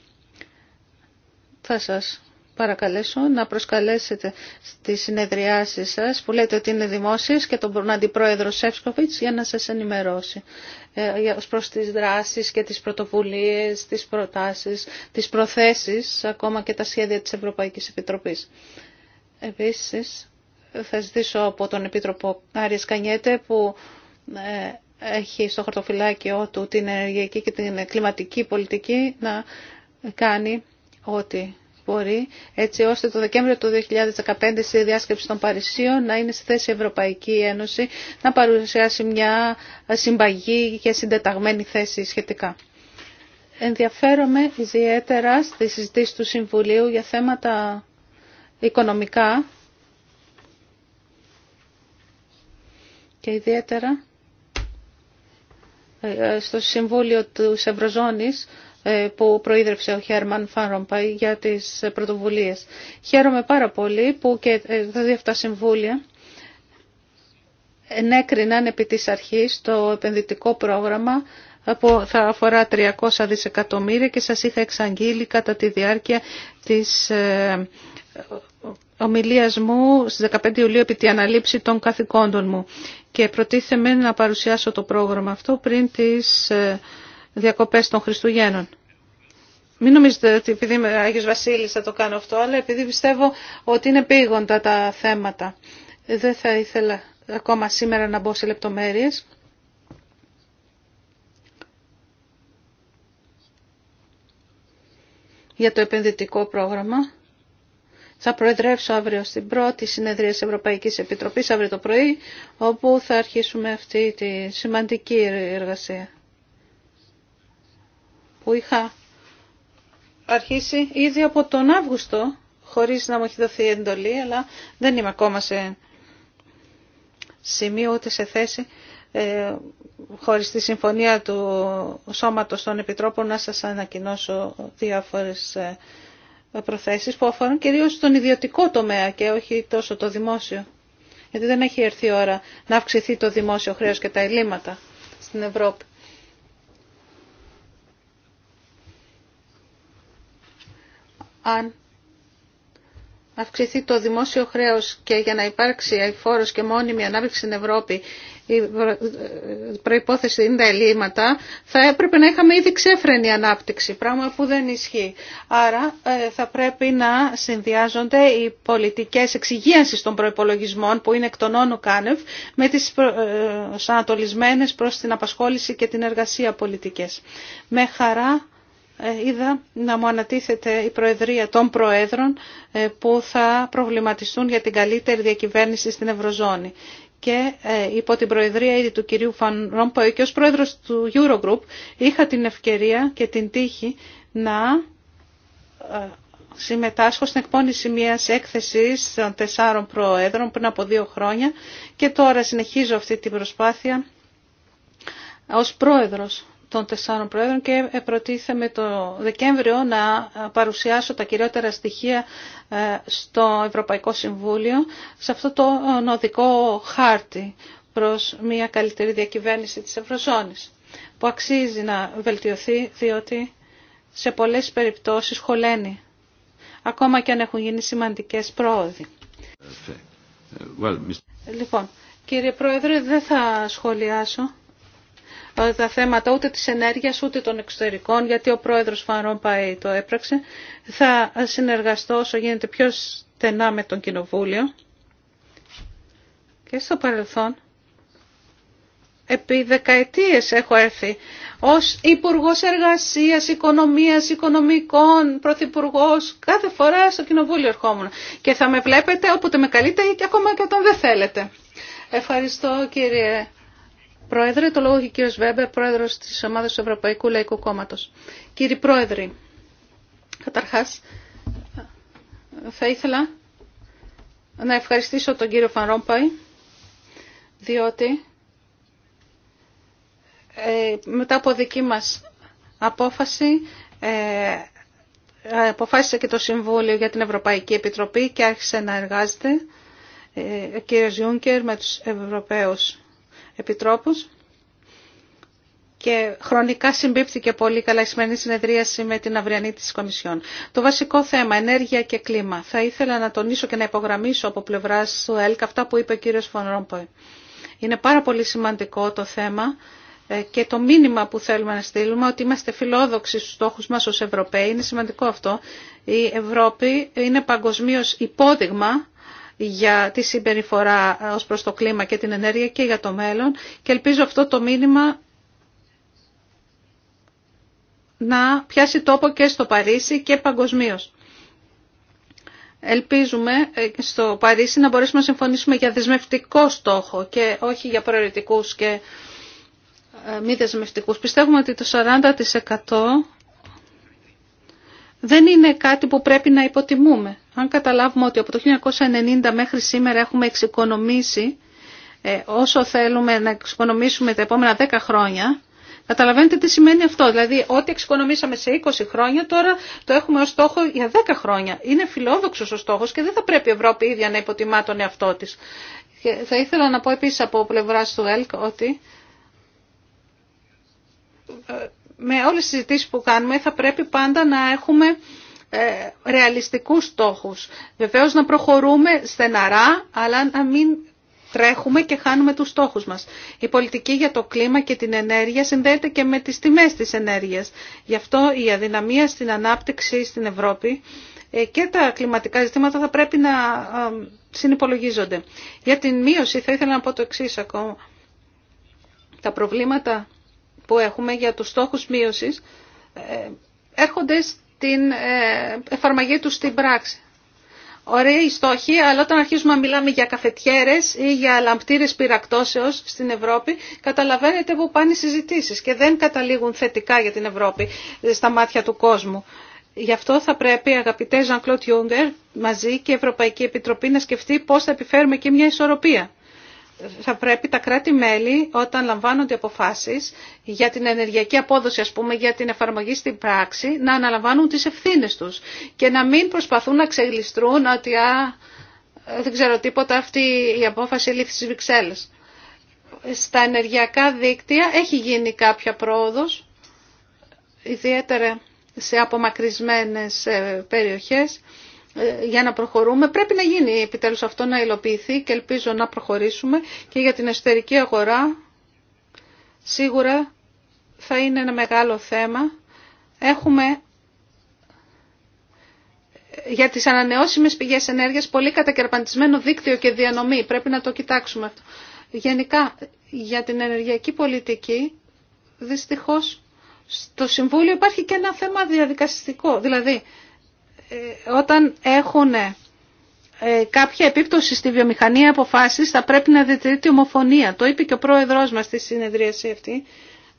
Θα σας παρακαλέσω να προσκαλέσετε στις συνεδριάσεις σας που λέτε ότι είναι δημόσιες και τον Αντιπρόεδρο Σεύσκοβιτς για να σας ενημερώσει ε, ως προς τις δράσεις και τις πρωτοβουλίες, τις προτάσεις, τις προθέσεις, ακόμα και τα σχέδια της Ευρωπαϊκής Επιτροπής. Επίσης, θα ζητήσω από τον Επίτροπο Άρης Κανιέτε που ε, έχει στο χαρτοφυλάκιό του την ενεργειακή και την κλιματική πολιτική να κάνει ό,τι μπορεί, έτσι ώστε το Δεκέμβριο του 2015 στη διάσκεψη των Παρισίων να είναι στη θέση Ευρωπαϊκή Ένωση να παρουσιάσει μια συμπαγή και συντεταγμένη θέση σχετικά. Ενδιαφέρομαι ιδιαίτερα στη συζήτηση του Συμβουλίου για θέματα οικονομικά και ιδιαίτερα στο Συμβούλιο του Ευρωζώνης ε, που προείδρευσε ο Χέρμαν Φάρομπαϊ για τις πρωτοβουλίες. Χαίρομαι πάρα πολύ που και ε, τα δύο αυτά συμβούλια ενέκριναν επί της αρχής το επενδυτικό πρόγραμμα που θα αφορά 300 δισεκατομμύρια και σας είχα εξαγγείλει κατά τη διάρκεια της ε, ομιλίας μου στις 15 Ιουλίου επί τη αναλήψη των καθηκόντων μου και προτίθεμαι να παρουσιάσω το πρόγραμμα αυτό πριν τις ε, διακοπές των Χριστουγέννων. Μην νομίζετε ότι επειδή είμαι Άγιος Βασίλης θα το κάνω αυτό, αλλά επειδή πιστεύω ότι είναι πήγοντα τα θέματα. Δεν θα ήθελα ακόμα σήμερα να μπω σε λεπτομέρειες. Για το επενδυτικό πρόγραμμα θα προεδρεύσω αύριο στην πρώτη συνεδρία της Ευρωπαϊκής Επιτροπής, αύριο το πρωί, όπου θα αρχίσουμε αυτή τη σημαντική εργασία που είχα αρχίσει ήδη από τον Αύγουστο, χωρίς να μου έχει δοθεί εντολή, αλλά δεν είμαι ακόμα σε σημείο ούτε σε θέση, ε, χωρίς τη συμφωνία του Σώματος των Επιτρόπων, να σας ανακοινώσω διάφορες ε, προθέσεις που αφορούν κυρίως τον ιδιωτικό τομέα και όχι τόσο το δημόσιο. Γιατί δεν έχει έρθει η ώρα να αυξηθεί το δημόσιο χρέο και τα ελλείμματα στην Ευρώπη. Αν αυξηθεί το δημόσιο χρέος και για να υπάρξει αϊφόρος και μόνιμη ανάπτυξη στην Ευρώπη η προϋπόθεση είναι τα ελλείμματα, θα έπρεπε να είχαμε ήδη ξέφρενη ανάπτυξη, πράγμα που δεν ισχύει. Άρα ε, θα πρέπει να συνδυάζονται οι πολιτικές εξυγίανσης των προϋπολογισμών που είναι εκ των όνου κάνευ με τις ε, ανατολισμένες προς την απασχόληση και την εργασία πολιτικές. Με χαρά ε, είδα να μου ανατίθεται η Προεδρία των Προέδρων που θα προβληματιστούν για την καλύτερη διακυβέρνηση στην Ευρωζώνη και ε, υπό την προεδρία ήδη του κυρίου Φαν και ως πρόεδρος του Eurogroup είχα την ευκαιρία και την τύχη να ε, συμμετάσχω στην εκπόνηση μιας έκθεσης των τεσσάρων προέδρων πριν από δύο χρόνια και τώρα συνεχίζω αυτή την προσπάθεια ως πρόεδρος των τεσσάρων πρόεδρων και με το Δεκέμβριο να παρουσιάσω τα κυριότερα στοιχεία ε, στο Ευρωπαϊκό Συμβούλιο σε αυτό το νοδικό χάρτη προς μια καλύτερη διακυβέρνηση της Ευρωζώνης που αξίζει να βελτιωθεί διότι σε πολλές περιπτώσεις χωλαίνει ακόμα και αν έχουν γίνει σημαντικές πρόοδοι. Well, Λοιπόν, κύριε Πρόεδρε, δεν θα σχολιάσω τα θέματα ούτε της ενέργειας ούτε των εξωτερικών, γιατί ο πρόεδρος Φανρόμπαη το έπραξε. Θα συνεργαστώ όσο γίνεται πιο στενά με τον Κοινοβούλιο και στο παρελθόν. Επί δεκαετίες έχω έρθει ως υπουργό Εργασίας, Οικονομίας, Οικονομικών, Πρωθυπουργό, κάθε φορά στο Κοινοβούλιο ερχόμουν. Και θα με βλέπετε όποτε με καλείτε ή ακόμα και όταν δεν θέλετε. Ευχαριστώ κύριε Πρόεδρε, το λόγο έχει ο Βέμπερ, πρόεδρος της ομάδας του Ευρωπαϊκού Λαϊκού Κόμματος. Κύριε Πρόεδρε, καταρχάς θα ήθελα να ευχαριστήσω τον κύριο Φανρόμπαη, διότι ε, μετά από δική μας απόφαση ε, αποφάσισε και το Συμβούλιο για την Ευρωπαϊκή Επιτροπή και άρχισε να εργάζεται ε, ο κύριος Γιούνκερ με τους Ευρωπαίους επιτρόπους και χρονικά συμπίπτηκε πολύ καλά η σημερινή συνεδρίαση με την αυριανή της Κομισιόν. Το βασικό θέμα, ενέργεια και κλίμα. Θα ήθελα να τονίσω και να υπογραμμίσω από πλευρά του ΕΛΚ αυτά που είπε ο κύριος Φωνρόμποη. Είναι πάρα πολύ σημαντικό το θέμα ε, και το μήνυμα που θέλουμε να στείλουμε ότι είμαστε φιλόδοξοι στους στόχους μας ως Ευρωπαίοι. Είναι σημαντικό αυτό. Η Ευρώπη είναι παγκοσμίω υπόδειγμα για τη συμπεριφορά ε, ως προς το κλίμα και την ενέργεια και για το μέλλον και ελπίζω αυτό το μήνυμα να πιάσει τόπο και στο Παρίσι και παγκοσμίως. Ελπίζουμε ε, στο Παρίσι να μπορέσουμε να συμφωνήσουμε για δεσμευτικό στόχο και όχι για προαιρετικούς και ε, μη δεσμευτικούς. Πιστεύουμε ότι το 40% δεν είναι κάτι που πρέπει να υποτιμούμε. Αν καταλάβουμε ότι από το 1990 μέχρι σήμερα έχουμε εξοικονομήσει ε, όσο θέλουμε να εξοικονομήσουμε τα επόμενα 10 χρόνια, καταλαβαίνετε τι σημαίνει αυτό. Δηλαδή, ό,τι εξοικονομήσαμε σε 20 χρόνια, τώρα το έχουμε ως στόχο για 10 χρόνια. Είναι φιλόδοξος ο στόχος και δεν θα πρέπει η Ευρώπη ίδια να υποτιμά τον εαυτό της. Και θα ήθελα να πω επίσης από πλευρά του ΕΛΚ ότι ε, με όλες τις συζητήσεις που κάνουμε θα πρέπει πάντα να έχουμε ε, ρεαλιστικούς στόχους. Βεβαίως να προχωρούμε στεναρά, αλλά να μην τρέχουμε και χάνουμε τους στόχους μας. Η πολιτική για το κλίμα και την ενέργεια συνδέεται και με τις τιμές της ενέργειας. Γι' αυτό η αδυναμία στην ανάπτυξη στην Ευρώπη ε, και τα κλιματικά ζητήματα θα πρέπει να ε, συνυπολογίζονται. Για την μείωση θα ήθελα να πω το εξή ακόμα. Τα προβλήματα που έχουμε για τους στόχους μείωσης έρχονται την ε, εφαρμογή του στην πράξη. Ωραία η στόχη, αλλά όταν αρχίζουμε να μιλάμε για καφετιέρες ή για λαμπτήρες πυρακτώσεως στην Ευρώπη, καταλαβαίνετε που πάνε οι συζητήσεις και δεν καταλήγουν θετικά για την Ευρώπη ε, στα μάτια του κόσμου. Γι' αυτό θα πρέπει, Ζαν Jean-Claude Juncker, μαζί και η Ευρωπαϊκή Επιτροπή να σκεφτεί πώς θα επιφέρουμε και μια ισορροπία θα πρέπει τα κράτη-μέλη όταν λαμβάνονται αποφάσεις για την ενεργειακή απόδοση, ας πούμε, για την εφαρμογή στην πράξη, να αναλαμβάνουν τις ευθύνες τους και να μην προσπαθούν να ξεγλιστρούν ότι α, δεν ξέρω τίποτα αυτή η απόφαση λήφθη στις Στα ενεργειακά δίκτυα έχει γίνει κάποια πρόοδος, ιδιαίτερα σε απομακρυσμένες ε, περιοχές ε, για να προχωρούμε. Πρέπει να γίνει επιτέλους αυτό να υλοποιηθεί και ελπίζω να προχωρήσουμε και για την εσωτερική αγορά σίγουρα θα είναι ένα μεγάλο θέμα. Έχουμε ε, για τις ανανεώσιμες πηγές ενέργειας πολύ κατακερπαντισμένο δίκτυο και διανομή. Πρέπει να το κοιτάξουμε αυτό. Γενικά για την ενεργειακή πολιτική δυστυχώς στο Συμβούλιο υπάρχει και ένα θέμα διαδικαστικό. Δηλαδή ε, όταν έχουν ε, κάποια επίπτωση στη βιομηχανία αποφάσεις θα πρέπει να διατηρείται ομοφωνία. Το είπε και ο πρόεδρός μας στη συνεδρίαση αυτή,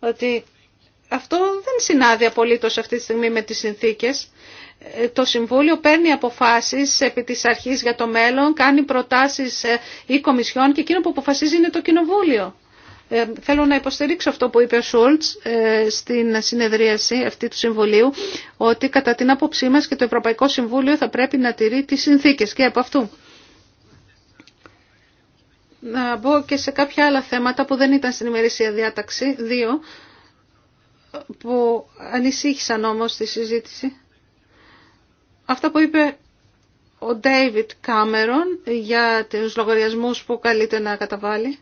ότι αυτό δεν συνάδει απολύτως αυτή τη στιγμή με τις συνθήκες. Ε, το Συμβούλιο παίρνει αποφάσεις επί της αρχής για το μέλλον, κάνει προτάσεις ή κομισιόν και εκείνο που αποφασίζει είναι το Κοινοβούλιο. Ε, θέλω να υποστηρίξω αυτό που είπε ο Σούλτ ε, στην συνεδρίαση αυτή του Συμβουλίου, ότι κατά την άποψή μα και το Ευρωπαϊκό Συμβούλιο θα πρέπει να τηρεί τις συνθήκες και από αυτού. Να μπω και σε κάποια άλλα θέματα που δεν ήταν στην ημερήσια διάταξη, δύο, που ανησύχησαν όμως τη συζήτηση. Αυτά που είπε ο Ντέιβιτ Κάμερον για τους λογαριασμούς που καλείται να καταβάλει.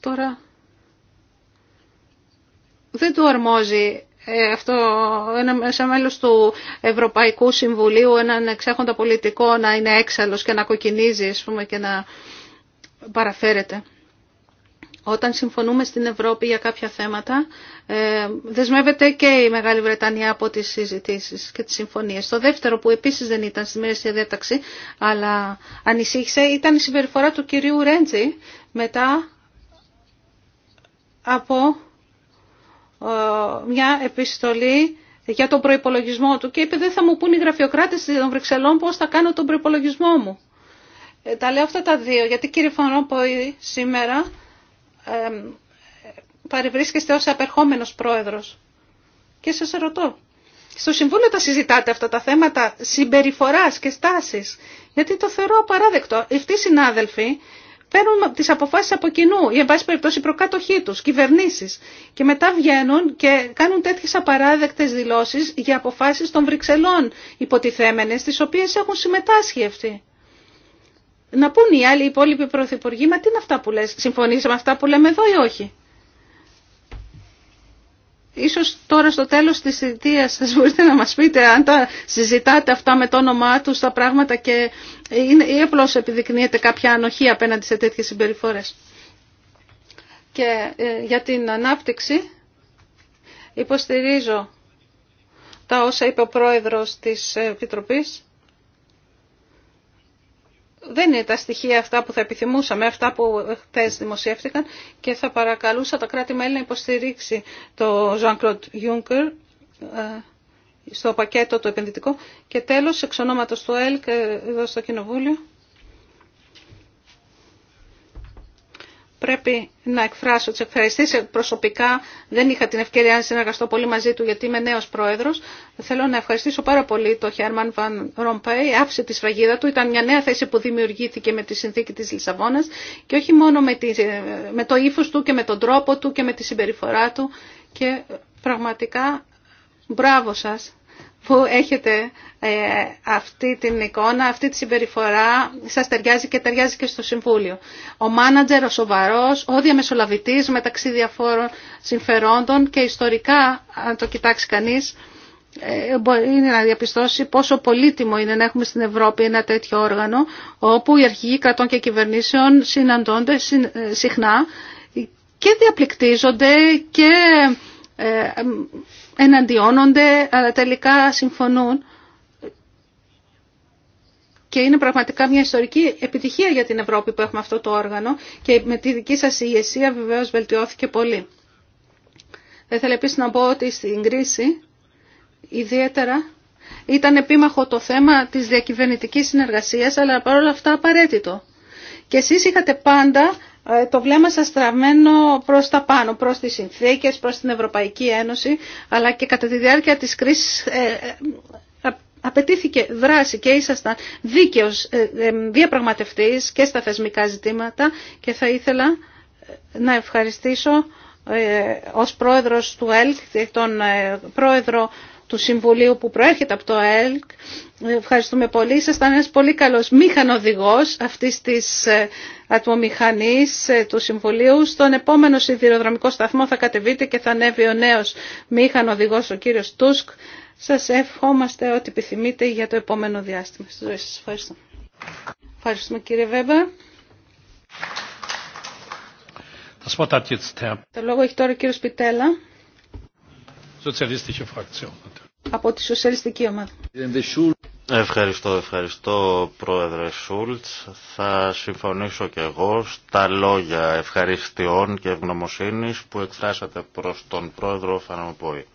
Τώρα δεν του αρμόζει ε, αυτό ένα, σαν μέλος του Ευρωπαϊκού Συμβουλίου έναν εξέχοντα πολιτικό να είναι έξαλλος και να κοκκινίζει πούμε, και να παραφέρεται. Όταν συμφωνούμε στην Ευρώπη για κάποια θέματα, ε, δεσμεύεται και η Μεγάλη Βρετανία από τις συζητήσεις και τις συμφωνίες. Το δεύτερο που επίσης δεν ήταν στη μέση διάταξη, αλλά ανησύχησε, ήταν η συμπεριφορά του κυρίου Ρέντζη μετά από ε, μια επιστολή για τον προϋπολογισμό του και είπε δεν θα μου πούν οι γραφειοκράτες των Βρυξελών πώς θα κάνω τον προϋπολογισμό μου. Ε, τα λέω αυτά τα δύο γιατί κύριε Φανρόμποη σήμερα ε, παρευρίσκεστε ως απερχόμενος πρόεδρος και σας ρωτώ. Στο Συμβούλιο τα συζητάτε αυτά τα θέματα συμπεριφοράς και στάσεις Γιατί το θεωρώ απαράδεκτο. Αυτοί οι συνάδελφοι παίρνουν τις αποφάσεις από κοινού ή εν πάση περιπτώσει προκάτοχή του, κυβερνήσεις και μετά βγαίνουν και κάνουν τέτοιες απαράδεκτες δηλώσει για αποφάσεις των Βρυξελών υποτιθέμενες τι οποίες έχουν συμμετάσχει αυτοί. Να πούν οι άλλοι οι υπόλοιποι πρωθυπουργοί, μα τι είναι αυτά που λες, συμφωνεί με αυτά που λέμε εδώ ή όχι. Ίσως τώρα στο τέλος της θητείας σας μπορείτε να μας πείτε αν τα συζητάτε αυτά με το όνομά του τα πράγματα και είναι, ή απλώς επιδεικνύεται κάποια ανοχή απέναντι σε τέτοιες συμπεριφορές. Και ε, για την ανάπτυξη υποστηρίζω τα όσα είπε ο πρόεδρος της Επιτροπής δεν είναι τα στοιχεία αυτά που θα επιθυμούσαμε, αυτά που χθε δημοσιεύτηκαν και θα παρακαλούσα τα κράτη-μέλη να υποστηρίξει το Jean-Claude Juncker ε, στο πακέτο το επενδυτικό και τέλος εξ ονόματος του ΕΛΚ ε, εδώ στο Κοινοβούλιο πρέπει να εκφράσω τι ευχαριστήσεις ε, προσωπικά. Δεν είχα την ευκαιρία να συνεργαστώ πολύ μαζί του γιατί είμαι νέος πρόεδρος. Θέλω να ευχαριστήσω πάρα πολύ το Χέρμαν Βαν Ρομπέι. Άφησε τη σφραγίδα του. Ήταν μια νέα θέση που δημιουργήθηκε με τη συνθήκη της Λισαβόνας και όχι μόνο με, τη, με το ύφο του και με τον τρόπο του και με τη συμπεριφορά του. Και πραγματικά μπράβο σας που έχετε ε, αυτή την εικόνα, αυτή τη συμπεριφορά σας ταιριάζει και ταιριάζει και στο Συμβούλιο. Ο μάνατζερ, ο σοβαρός, ο διαμεσολαβητής μεταξύ διαφόρων συμφερόντων και ιστορικά, αν το κοιτάξει κανείς, ε, μπορεί να διαπιστώσει πόσο πολύτιμο είναι να έχουμε στην Ευρώπη ένα τέτοιο όργανο όπου οι αρχηγοί κρατών και κυβερνήσεων συναντώνται ε, συχνά και διαπληκτίζονται και εναντιώνονται αλλά τελικά συμφωνούν και είναι πραγματικά μια ιστορική επιτυχία για την Ευρώπη που έχουμε αυτό το όργανο και με τη δική σας ηγεσία βεβαίως βελτιώθηκε πολύ. Θα ήθελα επίση να πω ότι στην κρίση ιδιαίτερα ήταν επίμαχο το θέμα της διακυβερνητικής συνεργασίας αλλά παρόλα αυτά απαραίτητο. Και εσείς είχατε πάντα ε, το βλέμμα σας στραμμένο προς τα πάνω, προς τις συνθήκες, προς την Ευρωπαϊκή Ένωση, αλλά και κατά τη διάρκεια της κρίσης ε, ε, απαιτήθηκε δράση και ήσασταν δίκαιος διαπραγματευτής και στα θεσμικά ζητήματα και θα ήθελα να ευχαριστήσω ως πρόεδρος του ΕΛΚ, τον πρόεδρο του Συμβουλίου που προέρχεται από το ΕΛΚ. Ευχαριστούμε πολύ. Ήσασταν ένας πολύ καλός μηχανοδηγός αυτής της ατμομηχανής ε, του Συμβουλίου. Στον επόμενο σιδηροδρομικό σταθμό θα κατεβείτε και θα ανέβει ο νέος μηχανοδηγός, ο κύριος Τούσκ. Σας ευχόμαστε ό,τι επιθυμείτε για το επόμενο διάστημα. Στη ζωή σας ευχαριστώ. Ευχαριστούμε κύριε Βέμπα. Το λόγο έχει τώρα ο κύριος Πιτέλα. Από τη Σοσιαλιστική Ομάδα. Ευχαριστώ, ευχαριστώ πρόεδρε Σούλτς. Θα συμφωνήσω και εγώ στα λόγια ευχαριστειών και ευγνωμοσύνης που εκφράσατε προς τον πρόεδρο Φαναμοπόη.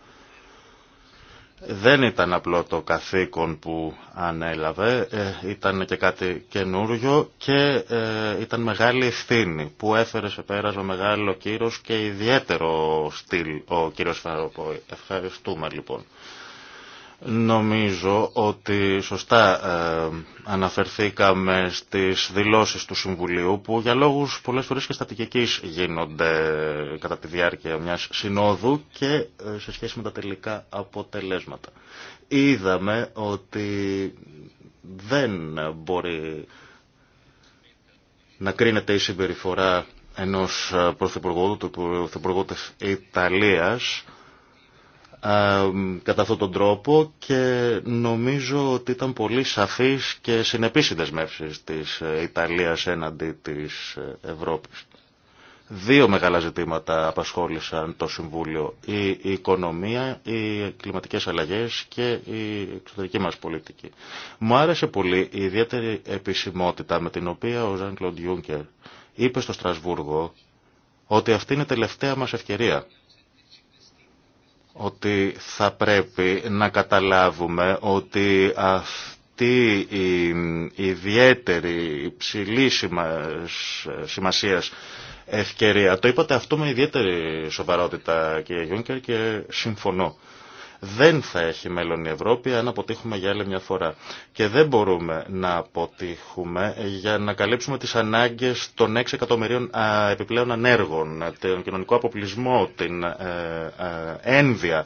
Δεν ήταν απλό το καθήκον που ανέλαβε, ε, ήταν και κάτι καινούριο και ε, ήταν μεγάλη ευθύνη που έφερε σε πέρα ο μεγάλο κύρος και ιδιαίτερο στυλ ο κύριος Φαναμοπόη. Ευχαριστούμε λοιπόν. Νομίζω ότι σωστά ε, αναφερθήκαμε στις δηλώσεις του Συμβουλίου που για λόγους πολλές φορές και στατικικής γίνονται κατά τη διάρκεια μιας συνόδου και ε, σε σχέση με τα τελικά αποτελέσματα. Είδαμε ότι δεν μπορεί να κρίνεται η συμπεριφορά ενός ε, Πρωθυπουργού, του Πρωθυπουργού της Ιταλίας, κατά αυτόν τον τρόπο και νομίζω ότι ήταν πολύ σαφής και συνεπής οι δεσμεύσεις της ε, Ιταλίας έναντι της ε, Ευρώπης. Δύο μεγάλα ζητήματα απασχόλησαν το Συμβούλιο. Η οικονομία, οι κλιματικές αλλαγές και η εξωτερική μας πολιτική. Μου άρεσε πολύ η ιδιαίτερη επισημότητα με την οποία ο Ζαν Κλοντ Ιούνκερ είπε στο Στρασβούργο ότι αυτή είναι η τελευταία μας ευκαιρία ότι θα πρέπει να καταλάβουμε ότι αυτή η ιδιαίτερη υψηλή σημασία ευκαιρία, το είπατε αυτό με ιδιαίτερη σοβαρότητα κύριε Γιούνκερ και συμφωνώ. Δεν θα έχει μέλλον η Ευρώπη αν αποτύχουμε για άλλη μια φορά. Και δεν μπορούμε να αποτύχουμε για να καλύψουμε τις ανάγκες των 6 εκατομμυρίων επιπλέον ανέργων, τον κοινωνικό αποπλισμό, την ε, ε, ένδια,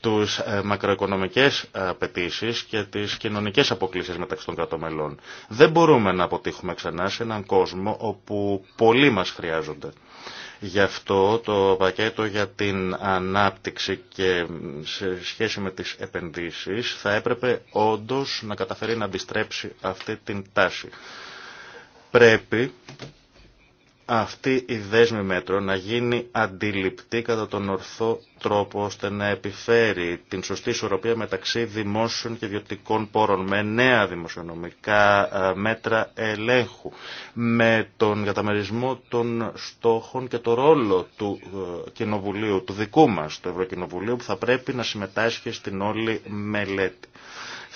τους ε, μακροοικονομικές απαιτήσει και τις κοινωνικές αποκλήσεις μεταξύ των κρατομελών. Δεν μπορούμε να αποτύχουμε ξανά σε έναν κόσμο όπου πολλοί μας χρειάζονται. Γι' αυτό το πακέτο για την ανάπτυξη και σε σχέση με τις επενδύσεις θα έπρεπε όντως να καταφέρει να αντιστρέψει αυτή την τάση. Πρέπει αυτή η δέσμη μέτρων να γίνει αντιληπτή κατά τον ορθό τρόπο ώστε να επιφέρει την σωστή ισορροπία μεταξύ δημόσιων και ιδιωτικών πόρων με νέα δημοσιονομικά ε, μέτρα ελέγχου, με τον καταμερισμό των στόχων και το ρόλο του ε, Κοινοβουλίου, του δικού μας, του Ευρωκοινοβουλίου που θα πρέπει να συμμετάσχει στην όλη μελέτη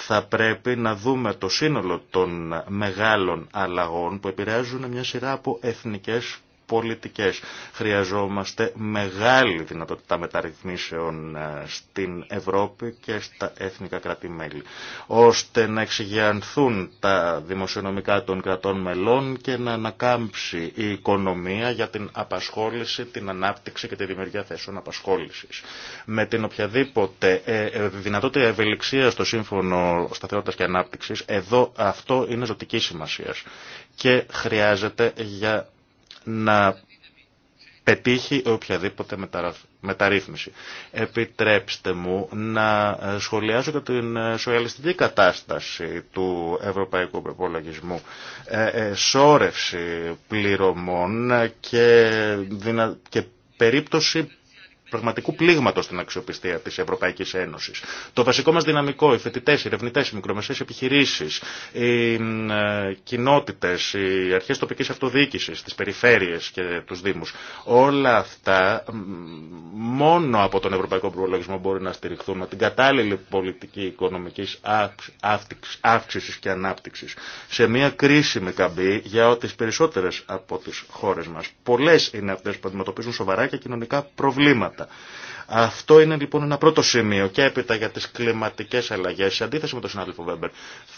θα πρέπει να δούμε το σύνολο των μεγάλων αλλαγών που επηρεάζουν μια σειρά από εθνικές πολιτικές. Χρειαζόμαστε μεγάλη δυνατότητα μεταρρυθμίσεων ε, στην Ευρώπη και στα εθνικά κράτη-μέλη, ώστε να εξηγιανθούν τα δημοσιονομικά των κρατών μελών και να ανακάμψει η οικονομία για την απασχόληση, την ανάπτυξη και τη δημιουργία θέσεων απασχόλησης. Με την οποιαδήποτε ε, ε, δυνατότητα ευελιξία στο Σύμφωνο Σταθερότητας και Ανάπτυξης, εδώ αυτό είναι ζωτική σημασία και χρειάζεται για να πετύχει οποιαδήποτε μεταρρύθμιση. Επιτρέψτε μου να σχολιάσω και την σοιαλιστική κατάσταση του ευρωπαϊκού προπολογισμού. Ε, ε, Σόρευση πληρωμών και, δυνα... και περίπτωση πραγματικού πλήγματο στην αξιοπιστία τη Ευρωπαϊκή Ένωση. Το βασικό μα δυναμικό, οι φοιτητέ, οι ερευνητέ, οι μικρομεσαίες επιχειρήσει, οι ε, κοινότητε, οι αρχέ τοπική αυτοδιοίκηση, τι περιφέρειες και του δήμου. όλα αυτά μόνο από τον Ευρωπαϊκό Προλογισμό μπορεί να στηριχθούν με την κατάλληλη πολιτική οικονομική αύξηση και ανάπτυξη, σε μια κρίσιμη καμπή για τι περισσότερε από τι χώρε μα, πολλέ είναι αυτέ που αντιμετωπίζουν σοβαρά και κοινωνικά προβλήματα. Carta αυτό είναι λοιπόν ένα πρώτο σημείο και έπειτα για τις κλιματικές αλλαγές. Σε αντίθεση με τον συνάδελφο Βέμπερ,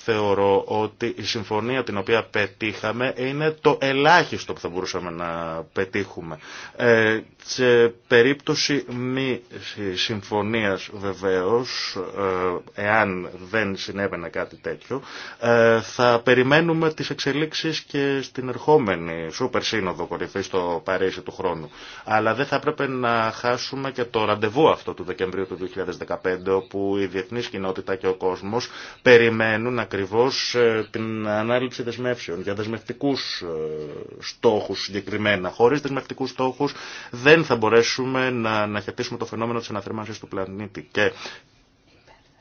θεωρώ ότι η συμφωνία την οποία πετύχαμε είναι το ελάχιστο που θα μπορούσαμε να πετύχουμε. Ε, σε περίπτωση μη συμφωνίας βεβαίως, ε, εάν δεν συνέβαινε κάτι τέτοιο, ε, θα περιμένουμε τις εξελίξεις και στην ερχόμενη Σούπερ Σύνοδο Κορυφή στο Παρίσι του χρόνου. Αλλά δεν θα πρέπει να χάσουμε και το ραντεβού αυτό του Δεκεμβρίου του 2015, όπου η διεθνή κοινότητα και ο κόσμο περιμένουν ακριβώ ε, την ανάληψη δεσμεύσεων για δεσμευτικού ε, στόχου συγκεκριμένα. χωρί δεσμευτικού στόχου, δεν θα μπορέσουμε να αναχαιτήσουμε το φαινόμενο τη αναθερμάνσης του πλανήτη και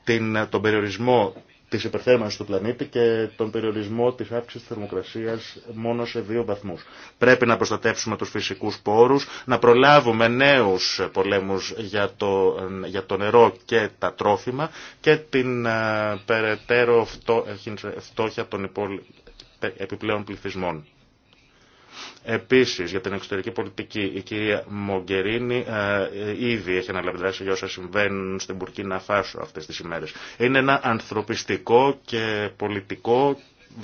την, τον περιορισμό της υπερθέρμανσης του πλανήτη και τον περιορισμό της αύξησης θερμοκρασίας μόνο σε δύο βαθμούς. Πρέπει να προστατεύσουμε τους φυσικούς πόρους, να προλάβουμε νέους πολέμους για το, για το νερό και τα τρόφιμα και την ε, περαιτέρω ε, ε, φτώχεια των επιπλέον πληθυσμών. Επίση, για την εξωτερική πολιτική, η κυρία Μογκερίνη ε, ήδη έχει αναλάβει δράση για όσα συμβαίνουν στην Μπουρκίνα Φάσο αυτέ τι ημέρε. Είναι ένα ανθρωπιστικό και πολιτικό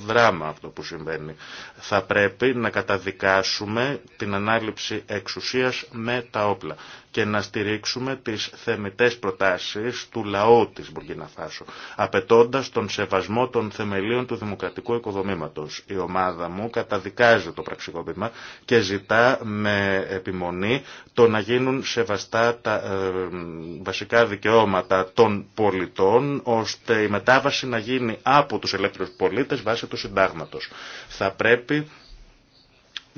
δράμα αυτό που συμβαίνει. Θα πρέπει να καταδικάσουμε την ανάληψη εξουσίας με τα όπλα και να στηρίξουμε τις θεμητές προτάσεις του λαού της Μπουργκίνα Φάσο, απαιτώντας τον σεβασμό των θεμελίων του δημοκρατικού οικοδομήματος. Η ομάδα μου καταδικάζει το πραξικόπημα και ζητά με επιμονή το να γίνουν σεβαστά τα ε, βασικά δικαιώματα των πολιτών, ώστε η μετάβαση να γίνει από τους ελεύθερους πολίτες βάσει του συντάγματος. Θα πρέπει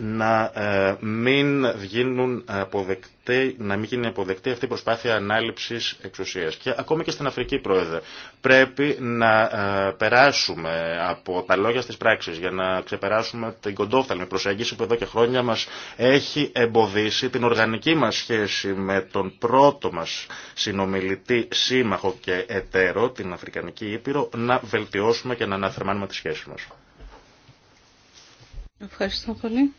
να ε, μην γίνουν αποδεκτή, να μην γίνει αποδεκτή αυτή η προσπάθεια ανάληψης εξουσίας. Και ακόμη και στην Αφρική, Πρόεδρε, πρέπει να ε, περάσουμε από τα λόγια στις πράξεις για να ξεπεράσουμε την κοντόφθαλμη προσέγγιση που εδώ και χρόνια μας έχει εμποδίσει την οργανική μας σχέση με τον πρώτο μας συνομιλητή, σύμμαχο και εταίρο, την Αφρικανική Ήπειρο, να βελτιώσουμε και να αναθερμάνουμε τη σχέση μας. Ευχαριστώ πολύ.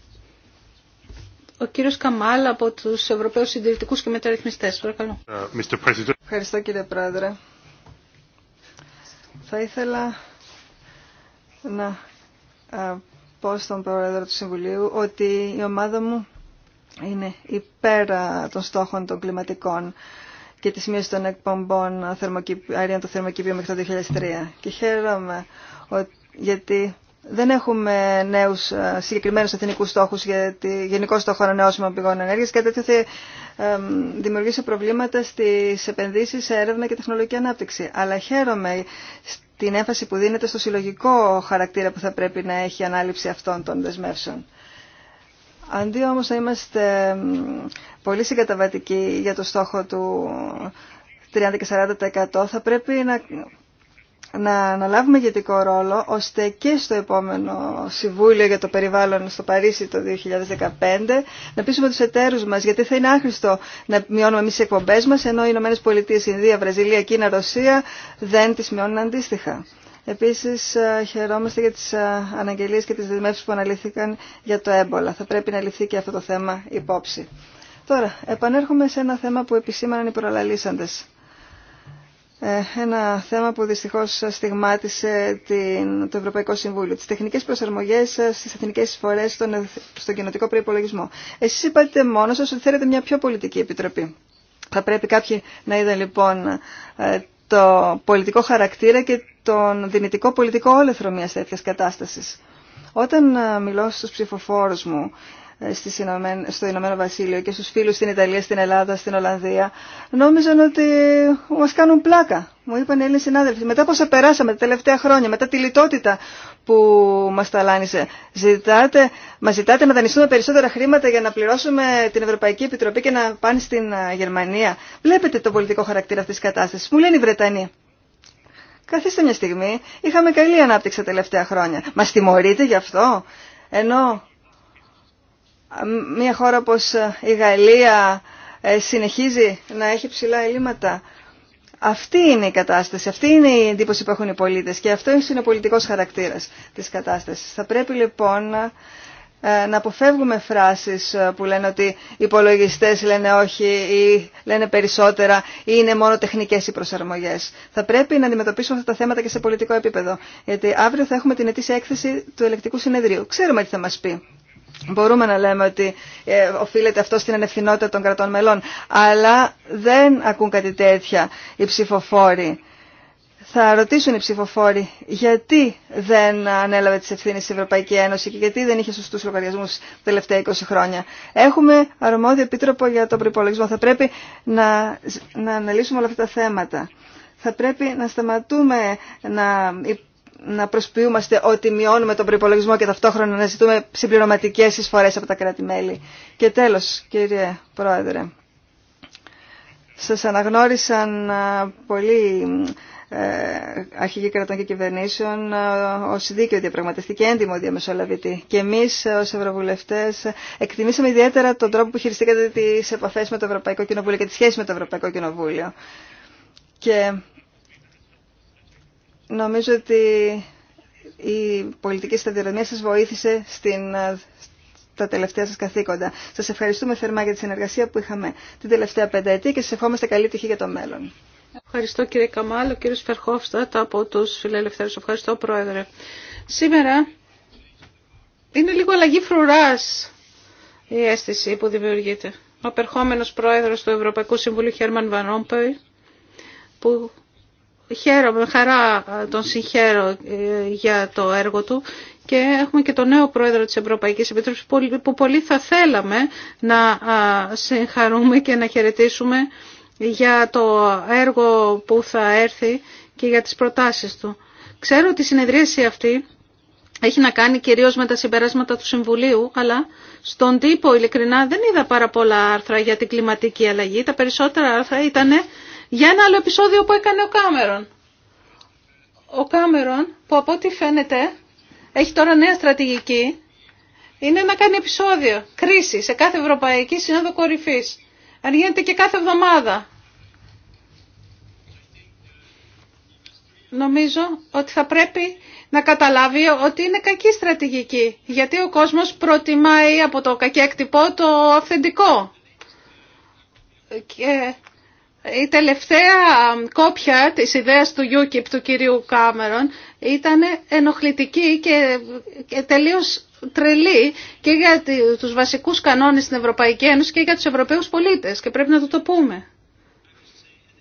Ο κύριος Καμάλ από τους Ευρωπαίους Συντηρητικούς και Μεταρρυθμιστές. Παρακαλώ. Ε, Ευχαριστώ κύριε Πρόεδρε. Θα ήθελα να ε, πω στον Πρόεδρο του Συμβουλίου ότι η ομάδα μου είναι υπέρ ε, των στόχων των κλιματικών και της μείωσης των εκπομπών αερίων του θερμοκηπίου μέχρι το 2003. Και χαίρομαι γιατί δεν έχουμε νέου ε, συγκεκριμένου εθνικού στόχου για τη γενικό στόχο ανανεώσιμων πηγών ενέργεια και τέτοιο θα δημιουργήσει προβλήματα στι επενδύσει σε έρευνα και τεχνολογική ανάπτυξη. Αλλά χαίρομαι στην έμφαση που δίνεται στο συλλογικό χαρακτήρα που θα πρέπει να έχει η ανάληψη αυτών των δεσμεύσεων. Αντί όμως να είμαστε πολύ συγκαταβατικοί για το στόχο του 30 και 40% θα πρέπει να να αναλάβουμε ηγετικό ρόλο ώστε και στο επόμενο Συμβούλιο για το Περιβάλλον στο Παρίσι το 2015 να πείσουμε τους εταίρους μας γιατί θα είναι άχρηστο να μειώνουμε εμείς τις εκπομπές μας ενώ οι Ηνωμένες Πολιτείες, Ινδία, Βραζιλία, Κίνα, Ρωσία δεν τις μειώνουν αντίστοιχα. Επίσης χαιρόμαστε για τις αναγγελίες και τις δεσμεύσει που αναλύθηκαν για το έμπολα. Θα πρέπει να λυθεί και αυτό το θέμα υπόψη. Τώρα, επανέρχομαι σε ένα θέμα που επισήμαναν οι προλαλήσαντες ε, ένα θέμα που δυστυχώς στιγμάτισε την, το Ευρωπαϊκό Συμβούλιο. Τις τεχνικές προσαρμογές ε, στις εθνικές εισφορές στον, στον κοινοτικό προϋπολογισμό. Εσείς είπατε μόνος σας ότι θέλετε μια πιο πολιτική επιτροπή. Θα πρέπει κάποιοι να είδαν λοιπόν ε, το πολιτικό χαρακτήρα και τον δυνητικό πολιτικό όλεθρο μιας τέτοιας κατάστασης. Όταν μιλώ στους ψηφοφόρους μου στο Ηνωμένο Βασίλειο και στους φίλους στην Ιταλία, στην Ελλάδα, στην Ολλανδία, νόμιζαν ότι μας κάνουν πλάκα. Μου είπαν οι Έλληνες συνάδελφοι, μετά πόσα περάσαμε τα τελευταία χρόνια, μετά τη λιτότητα που μας ταλάνισε. Ζητάτε, μας ζητάτε να δανειστούμε περισσότερα χρήματα για να πληρώσουμε την Ευρωπαϊκή Επιτροπή και να πάνε στην ε, Γερμανία. Βλέπετε το πολιτικό χαρακτήρα αυτής της κατάστασης. Μου λένε οι Βρετανοί. Καθίστε μια στιγμή, είχαμε καλή ανάπτυξη τα τελευταία χρόνια. Μας τιμωρείτε γι' αυτό, ενώ μια χώρα όπως η Γαλλία ε, συνεχίζει να έχει ψηλά ελλείμματα. Αυτή είναι η κατάσταση, αυτή είναι η εντύπωση που έχουν οι πολίτες και αυτό είναι ο πολιτικός χαρακτήρας της κατάστασης. Θα πρέπει λοιπόν ε, να αποφεύγουμε φράσεις ε, που λένε ότι οι υπολογιστές λένε όχι ή λένε περισσότερα ή είναι μόνο τεχνικές οι προσαρμογές. Θα πρέπει να αντιμετωπίσουμε αυτά τα θέματα και σε πολιτικό επίπεδο. Γιατί αύριο θα έχουμε την ετήσια έκθεση του ελεκτικού συνεδρίου. Ξέρουμε τι θα μας πει. Μπορούμε να λέμε ότι ε, οφείλεται αυτό στην ανευθυνότητα των κρατών μελών, αλλά δεν ακούν κάτι τέτοια οι ψηφοφόροι. Θα ρωτήσουν οι ψηφοφόροι γιατί δεν ανέλαβε τις ευθύνες της Ευρωπαϊκή Ένωση και γιατί δεν είχε σωστούς λογαριασμούς τα τελευταία 20 χρόνια. Έχουμε αρμόδιο επίτροπο για τον προπολογισμό. Θα πρέπει να, να αναλύσουμε όλα αυτά τα θέματα. Θα πρέπει να σταματούμε να να προσποιούμαστε ότι μειώνουμε τον προπολογισμό και ταυτόχρονα να ζητούμε συμπληρωματικέ εισφορέ από τα κράτη-μέλη. Και τέλο, κύριε Πρόεδρε, σα αναγνώρισαν ε, πολλοί ε, αρχηγοί κρατών και κυβερνήσεων ε, ω δίκαιο διαπραγματευτή και έντιμο διαμεσολαβητή. Και εμεί ω Ευρωβουλευτέ εκτιμήσαμε ιδιαίτερα τον τρόπο που χειριστήκατε τι επαφέ με το Ευρωπαϊκό Κοινοβούλιο και τη σχέση με το Ευρωπαϊκό Κοινοβούλιο. Και Νομίζω ότι η πολιτική σταδιοδρομία σας βοήθησε στην, τα τελευταία σας καθήκοντα. Σας ευχαριστούμε θερμά για τη συνεργασία που είχαμε την τελευταία πενταετία και σας ευχόμαστε καλή τυχή για το μέλλον. Ευχαριστώ κύριε Καμάλο, κύριο Φερχόφστατ από τους φιλελευθέρους. Ευχαριστώ πρόεδρε. Σήμερα είναι λίγο αλλαγή φρουράς η αίσθηση που δημιουργείται. Ο περχόμενος πρόεδρος του Ευρωπαϊκού Συμβουλίου Χέρμαν Βανόμπεϊ που Χαίρομαι, χαρά ε, τον συγχαίρω ε, για το έργο του και έχουμε και τον νέο πρόεδρο της Ευρωπαϊκής Επιτροπής που πολύ θα θέλαμε να συγχαρούμε και να χαιρετήσουμε για το έργο που θα έρθει και για τις προτάσεις του. Ξέρω ότι η συνεδρίαση αυτή έχει να κάνει κυρίως με τα συμπεράσματα του Συμβουλίου, αλλά στον τύπο ειλικρινά δεν είδα πάρα πολλά άρθρα για την κλιματική αλλαγή. Τα περισσότερα άρθρα ήταν για ένα άλλο επεισόδιο που έκανε ο Κάμερον. Ο Κάμερον που από ό,τι φαίνεται έχει τώρα νέα στρατηγική είναι να κάνει επεισόδιο κρίση σε κάθε Ευρωπαϊκή Σύνοδο κορυφή. Αν γίνεται και κάθε εβδομάδα. Νομίζω ότι θα πρέπει να καταλάβει ότι είναι κακή στρατηγική, γιατί ο κόσμος προτιμάει από το κακέκτυπο το αυθεντικό. Και η τελευταία κόπια της ιδέας του UKIP του κυρίου Κάμερον ήταν ενοχλητική και τελείως τρελή και για τους βασικούς κανόνες στην Ευρωπαϊκή Ένωση και για τους Ευρωπαίους πολίτες και πρέπει να το το πούμε.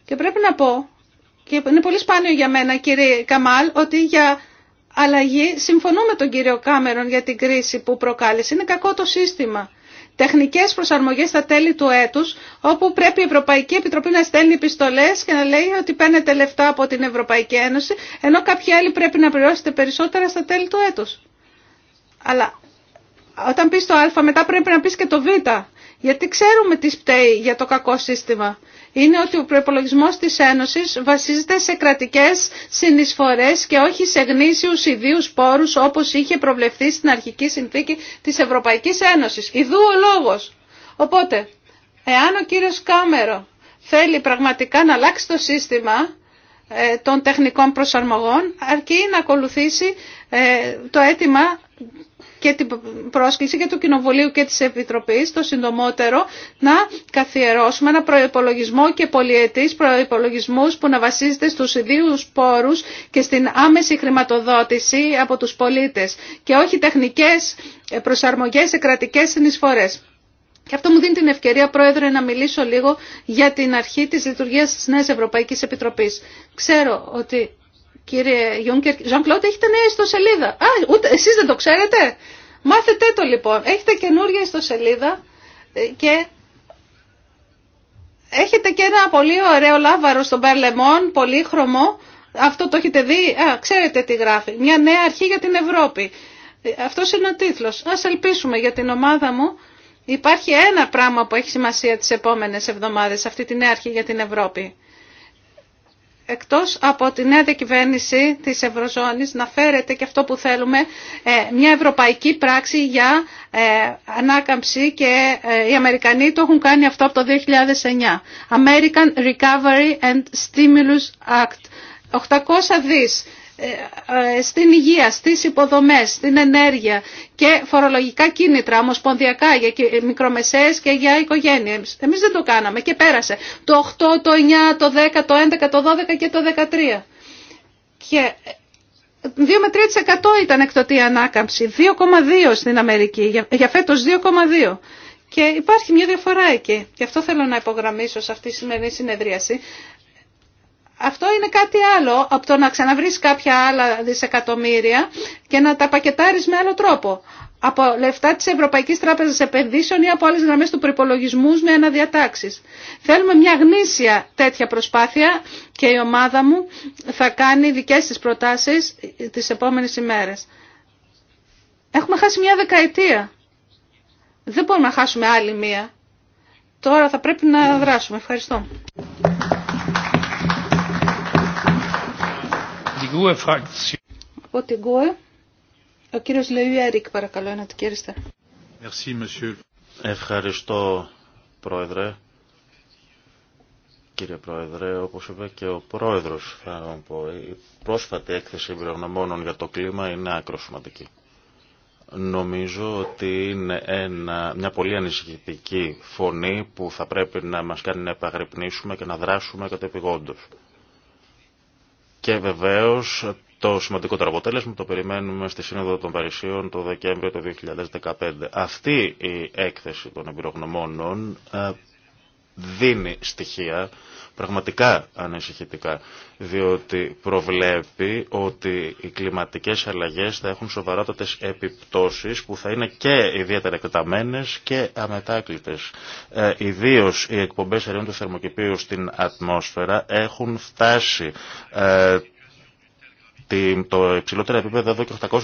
Και πρέπει να πω, και είναι πολύ σπάνιο για μένα κύριε Καμάλ, ότι για αλλαγή συμφωνούμε με τον κύριο Κάμερον για την κρίση που προκάλεσε. Είναι κακό το σύστημα τεχνικές προσαρμογές στα τέλη του έτου, όπου πρέπει η Ευρωπαϊκή Επιτροπή να στέλνει επιστολέ και να λέει ότι παίρνετε λεφτά από την Ευρωπαϊκή Ένωση, ενώ κάποιοι άλλοι πρέπει να πληρώσετε περισσότερα στα τέλη του έτου. Αλλά όταν πει το α, μετά πρέπει να πει και το β. Γιατί ξέρουμε τι φταίει για το κακό σύστημα είναι ότι ο προπολογισμό της Ένωσης βασίζεται σε κρατικές συνεισφορέ και όχι σε γνήσιους ιδίου πόρου όπως είχε προβλεφθεί στην αρχική συνθήκη της Ευρωπαϊκής Ένωσης. Ιδού ο λόγος. Οπότε, εάν ο κύριος Κάμερο θέλει πραγματικά να αλλάξει το σύστημα ε, των τεχνικών προσαρμογών αρκεί να ακολουθήσει ε, το αίτημα και την πρόσκληση και του Κοινοβουλίου και της Επιτροπής το συντομότερο να καθιερώσουμε ένα προϋπολογισμό και πολιετής προϋπολογισμούς που να βασίζεται στους ιδίους πόρους και στην άμεση χρηματοδότηση από τους πολίτες και όχι τεχνικές προσαρμογές σε κρατικές συνεισφορές. Και αυτό μου δίνει την ευκαιρία, Πρόεδρε, να μιλήσω λίγο για την αρχή της λειτουργίας της Νέας Ευρωπαϊκής Επιτροπής. Ξέρω ότι Κύριε Γιούνκερ, Ζαν έχετε νέα ιστοσελίδα. Α, ούτε, εσείς δεν το ξέρετε. Μάθετε το λοιπόν. Έχετε καινούργια ιστοσελίδα ε, και έχετε και ένα πολύ ωραίο λάβαρο στον πολύ χρωμό. Αυτό το έχετε δει. Α, ξέρετε τι γράφει. Μια νέα αρχή για την Ευρώπη. Ε, Αυτό είναι ο τίτλος. Ας ελπίσουμε για την ομάδα μου. Υπάρχει ένα πράγμα που έχει σημασία τις επόμενες εβδομάδες, αυτή τη νέα αρχή για την Ευρώπη εκτός από τη νέα διακυβέρνηση της Ευρωζώνης να φέρεται και αυτό που θέλουμε ε, μια ευρωπαϊκή πράξη για ε, ανάκαμψη και ε, οι Αμερικανοί το έχουν κάνει αυτό από το 2009. American Recovery and Stimulus Act. 800 δις ε, ε, στην υγεία, στις υποδομές, στην ενέργεια και φορολογικά κίνητρα ομοσπονδιακά για ε, μικρομεσαίες και για οικογένειες. Εμείς δεν το κάναμε και πέρασε το 8, το 9, το 10, το 11, το 12 και το 13. Και 2 με 3% ήταν εκτοτή ανάκαμψη, 2,2% στην Αμερική, για φέτος 2,2%. Και υπάρχει μια διαφορά εκεί. Γι' αυτό θέλω να υπογραμμίσω σε αυτή τη σημερινή συνεδρίαση αυτό είναι κάτι άλλο από το να ξαναβρεις κάποια άλλα δισεκατομμύρια και να τα πακετάρεις με άλλο τρόπο. Από λεφτά της Ευρωπαϊκής Τράπεζας Επενδύσεων ή από άλλες γραμμές του προπολογισμού με αναδιατάξεις. Θέλουμε μια γνήσια τέτοια προσπάθεια και η ομάδα μου θα κάνει δικές της προτάσεις τις επόμενες ημέρες. Έχουμε χάσει μια δεκαετία. Δεν μπορούμε να χάσουμε άλλη μία. Τώρα θα πρέπει να ναι. δράσουμε. Ευχαριστώ. Από την ΚΟΕ, ο κύριος παρακαλώ, Ευχαριστώ, Πρόεδρε. Κύριε Πρόεδρε, όπως είπε και ο Πρόεδρος, η πρόσφατη έκθεση εμπειρογνωμόνων για το κλίμα είναι άκρο σημαντική. Νομίζω ότι είναι μια πολύ ανησυχητική φωνή που θα πρέπει να μας κάνει να επαγρυπνήσουμε και να δράσουμε κατεπηγόντως. Και βεβαίω το σημαντικότερο αποτέλεσμα το περιμένουμε στη Σύνοδο των Παρισίων το Δεκέμβριο του 2015. Αυτή η έκθεση των εμπειρογνωμόνων ε, δίνει στοιχεία πραγματικά ανησυχητικά, διότι προβλέπει ότι οι κλιματικές αλλαγές θα έχουν σοβαρότατες επιπτώσεις που θα είναι και ιδιαίτερα εκτεταμένες και αμετάκλητες. Ε, ιδίως οι εκπομπές αερίων του θερμοκηπίου στην ατμόσφαιρα έχουν φτάσει ε, το υψηλότερο επίπεδο εδώ και 800.000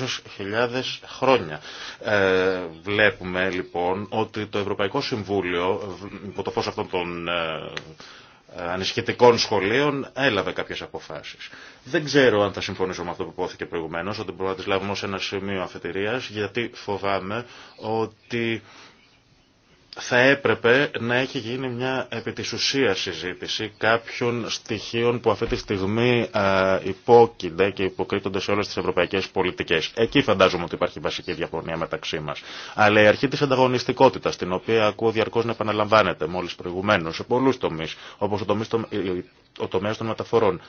χρόνια. Ε, βλέπουμε λοιπόν ότι το Ευρωπαϊκό Συμβούλιο υπό το φως αυτών των ε, ε, ανησυχητικών σχολείων έλαβε κάποιες αποφάσεις. Δεν ξέρω αν θα συμφωνήσω με αυτό που υπόθηκε προηγουμένως, ότι μπορούμε να τις λάβουμε ως ένα σημείο αφετηρίας, γιατί φοβάμαι ότι θα έπρεπε να έχει γίνει μια επί της συζήτηση κάποιων στοιχείων που αυτή τη στιγμή υπόκεινται και υποκρύπτονται σε όλες τις ευρωπαϊκές πολιτικές. Εκεί φαντάζομαι ότι υπάρχει βασική διαφωνία μεταξύ μας. Αλλά η αρχή της ανταγωνιστικότητας, την οποία ακούω διαρκώς να επαναλαμβάνεται μόλις προηγουμένως σε πολλούς τομείς, όπως ο τομείς, ο τομέας των μεταφορών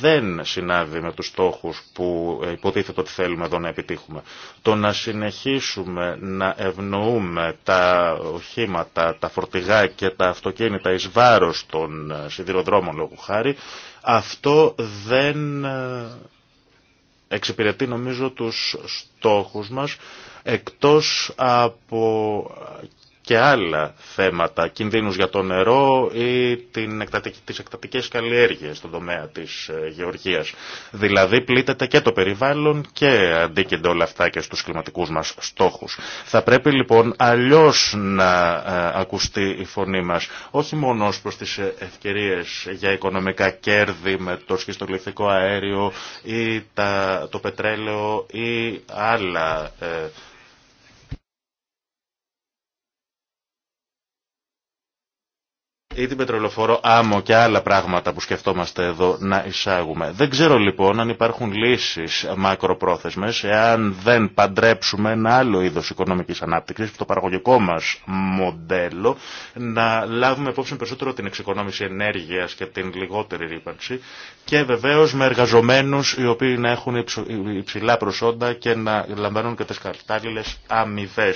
δεν συνάδει με τους στόχους που υποτίθεται ότι θέλουμε εδώ να επιτύχουμε. Το να συνεχίσουμε να ευνοούμε τα οχήματα, τα φορτηγά και τα αυτοκίνητα εις βάρος των σιδηροδρόμων λόγου χάρη, αυτό δεν ε, εξυπηρετεί νομίζω τους στόχους μας εκτός από και άλλα θέματα, κινδύνους για το νερό ή την εκτατική, τις εκτατικές καλλιέργειες στον τομέα της ε, γεωργίας. Δηλαδή πλήττεται και το περιβάλλον και αντίκενται όλα αυτά και στους κλιματικούς μας στόχους. Θα πρέπει λοιπόν αλλιώς να ε, ακουστεί η φωνή μας, όχι μόνο ως προς τις ε, ευκαιρίες για οικονομικά κέρδη με το σχιστολιθικό αέριο ή τα, το πετρέλαιο ή άλλα ή την πετρελοφόρο άμμο και άλλα πράγματα που σκεφτόμαστε εδώ να εισάγουμε. Δεν ξέρω λοιπόν αν υπάρχουν λύσεις μακροπρόθεσμες εάν δεν παντρέψουμε ένα άλλο είδος οικονομικής ανάπτυξης το παραγωγικό μας μοντέλο να λάβουμε υπόψη περισσότερο την εξοικονόμηση ενέργειας και την λιγότερη ρήπανση και βεβαίως με εργαζομένους οι οποίοι να έχουν υψηλά προσόντα και να λαμβάνουν και τις κατάλληλε αμοιβέ.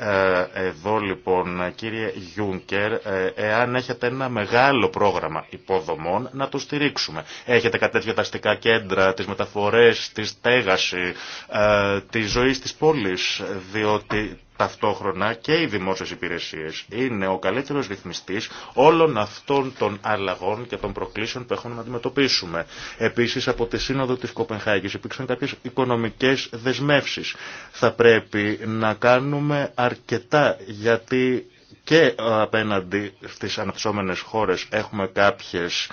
Ε, εδώ λοιπόν κύριε Γιούνκερ, ε, εάν έχετε ένα μεγάλο πρόγραμμα υποδομών να το στηρίξουμε. Έχετε κάτι τέτοιο τα αστικά κέντρα, τις μεταφορές, τη στέγαση, ε, τη ζωή της πόλης, διότι ταυτόχρονα και οι δημόσιες υπηρεσίες είναι ο καλύτερος ρυθμιστής όλων αυτών των αλλαγών και των προκλήσεων που έχουμε να αντιμετωπίσουμε. Επίσης από τη Σύνοδο της Κοπενχάγης υπήρξαν κάποιες οικονομικές δεσμεύσεις. Θα πρέπει να κάνουμε αρκετά γιατί και απέναντι στις αναπτυσσόμενες χώρες έχουμε κάποιες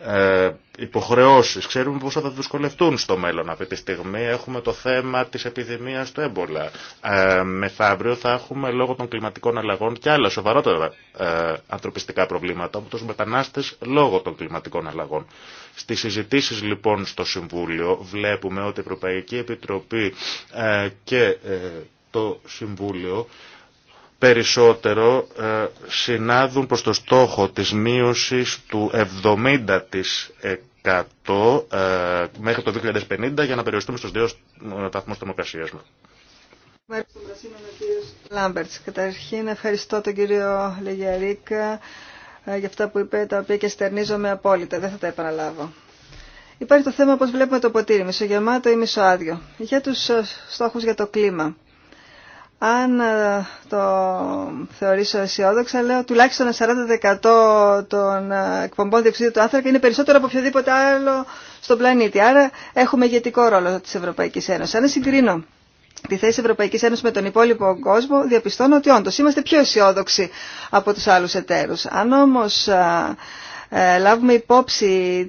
ε, υποχρεώσεις. Ξέρουμε πόσο θα δυσκολευτούν στο μέλλον. Αυτή τη στιγμή έχουμε το θέμα της επιδημίας του έμπολα. Ε, μεθαύριο θα έχουμε λόγω των κλιματικών αλλαγών και άλλα σοβαρότερα ε, ανθρωπιστικά προβλήματα από τους μετανάστες λόγω των κλιματικών αλλαγών. Στις συζητήσεις λοιπόν στο Συμβούλιο βλέπουμε ότι η Ευρωπαϊκή Επιτροπή ε, και ε, το Συμβούλιο περισσότερο ε, συνάδουν προς το στόχο της μείωσης του 70% ε, μέχρι το 2050 για να περιοριστούμε στους δύο βαθμούς θερμοκρασίας μας. Λάμπερτς, καταρχήν ευχαριστώ τον κύριο Λεγιαρίκα ε, για αυτά που είπε, τα οποία και στερνίζομαι απόλυτα, δεν θα τα επαναλάβω. Υπάρχει το θέμα όπως βλέπουμε το ποτήρι, μισογεμάτο ή μισοάδιο. Για τους στόχους για το κλίμα. Αν ε, το θεωρήσω αισιόδοξα, λέω τουλάχιστον 40% των ε, εκπομπών διοξιδίου του άνθρακα είναι περισσότερο από οποιοδήποτε άλλο στον πλανήτη. Άρα έχουμε ηγετικό ρόλο της Ευρωπαϊκής Ένωσης. Αν συγκρίνω τη θέση της Ευρωπαϊκής Ένωσης με τον υπόλοιπο κόσμο, διαπιστώνω ότι όντως είμαστε πιο αισιόδοξοι από τους άλλους εταίρους. Αν όμως ε, ε, λάβουμε υπόψη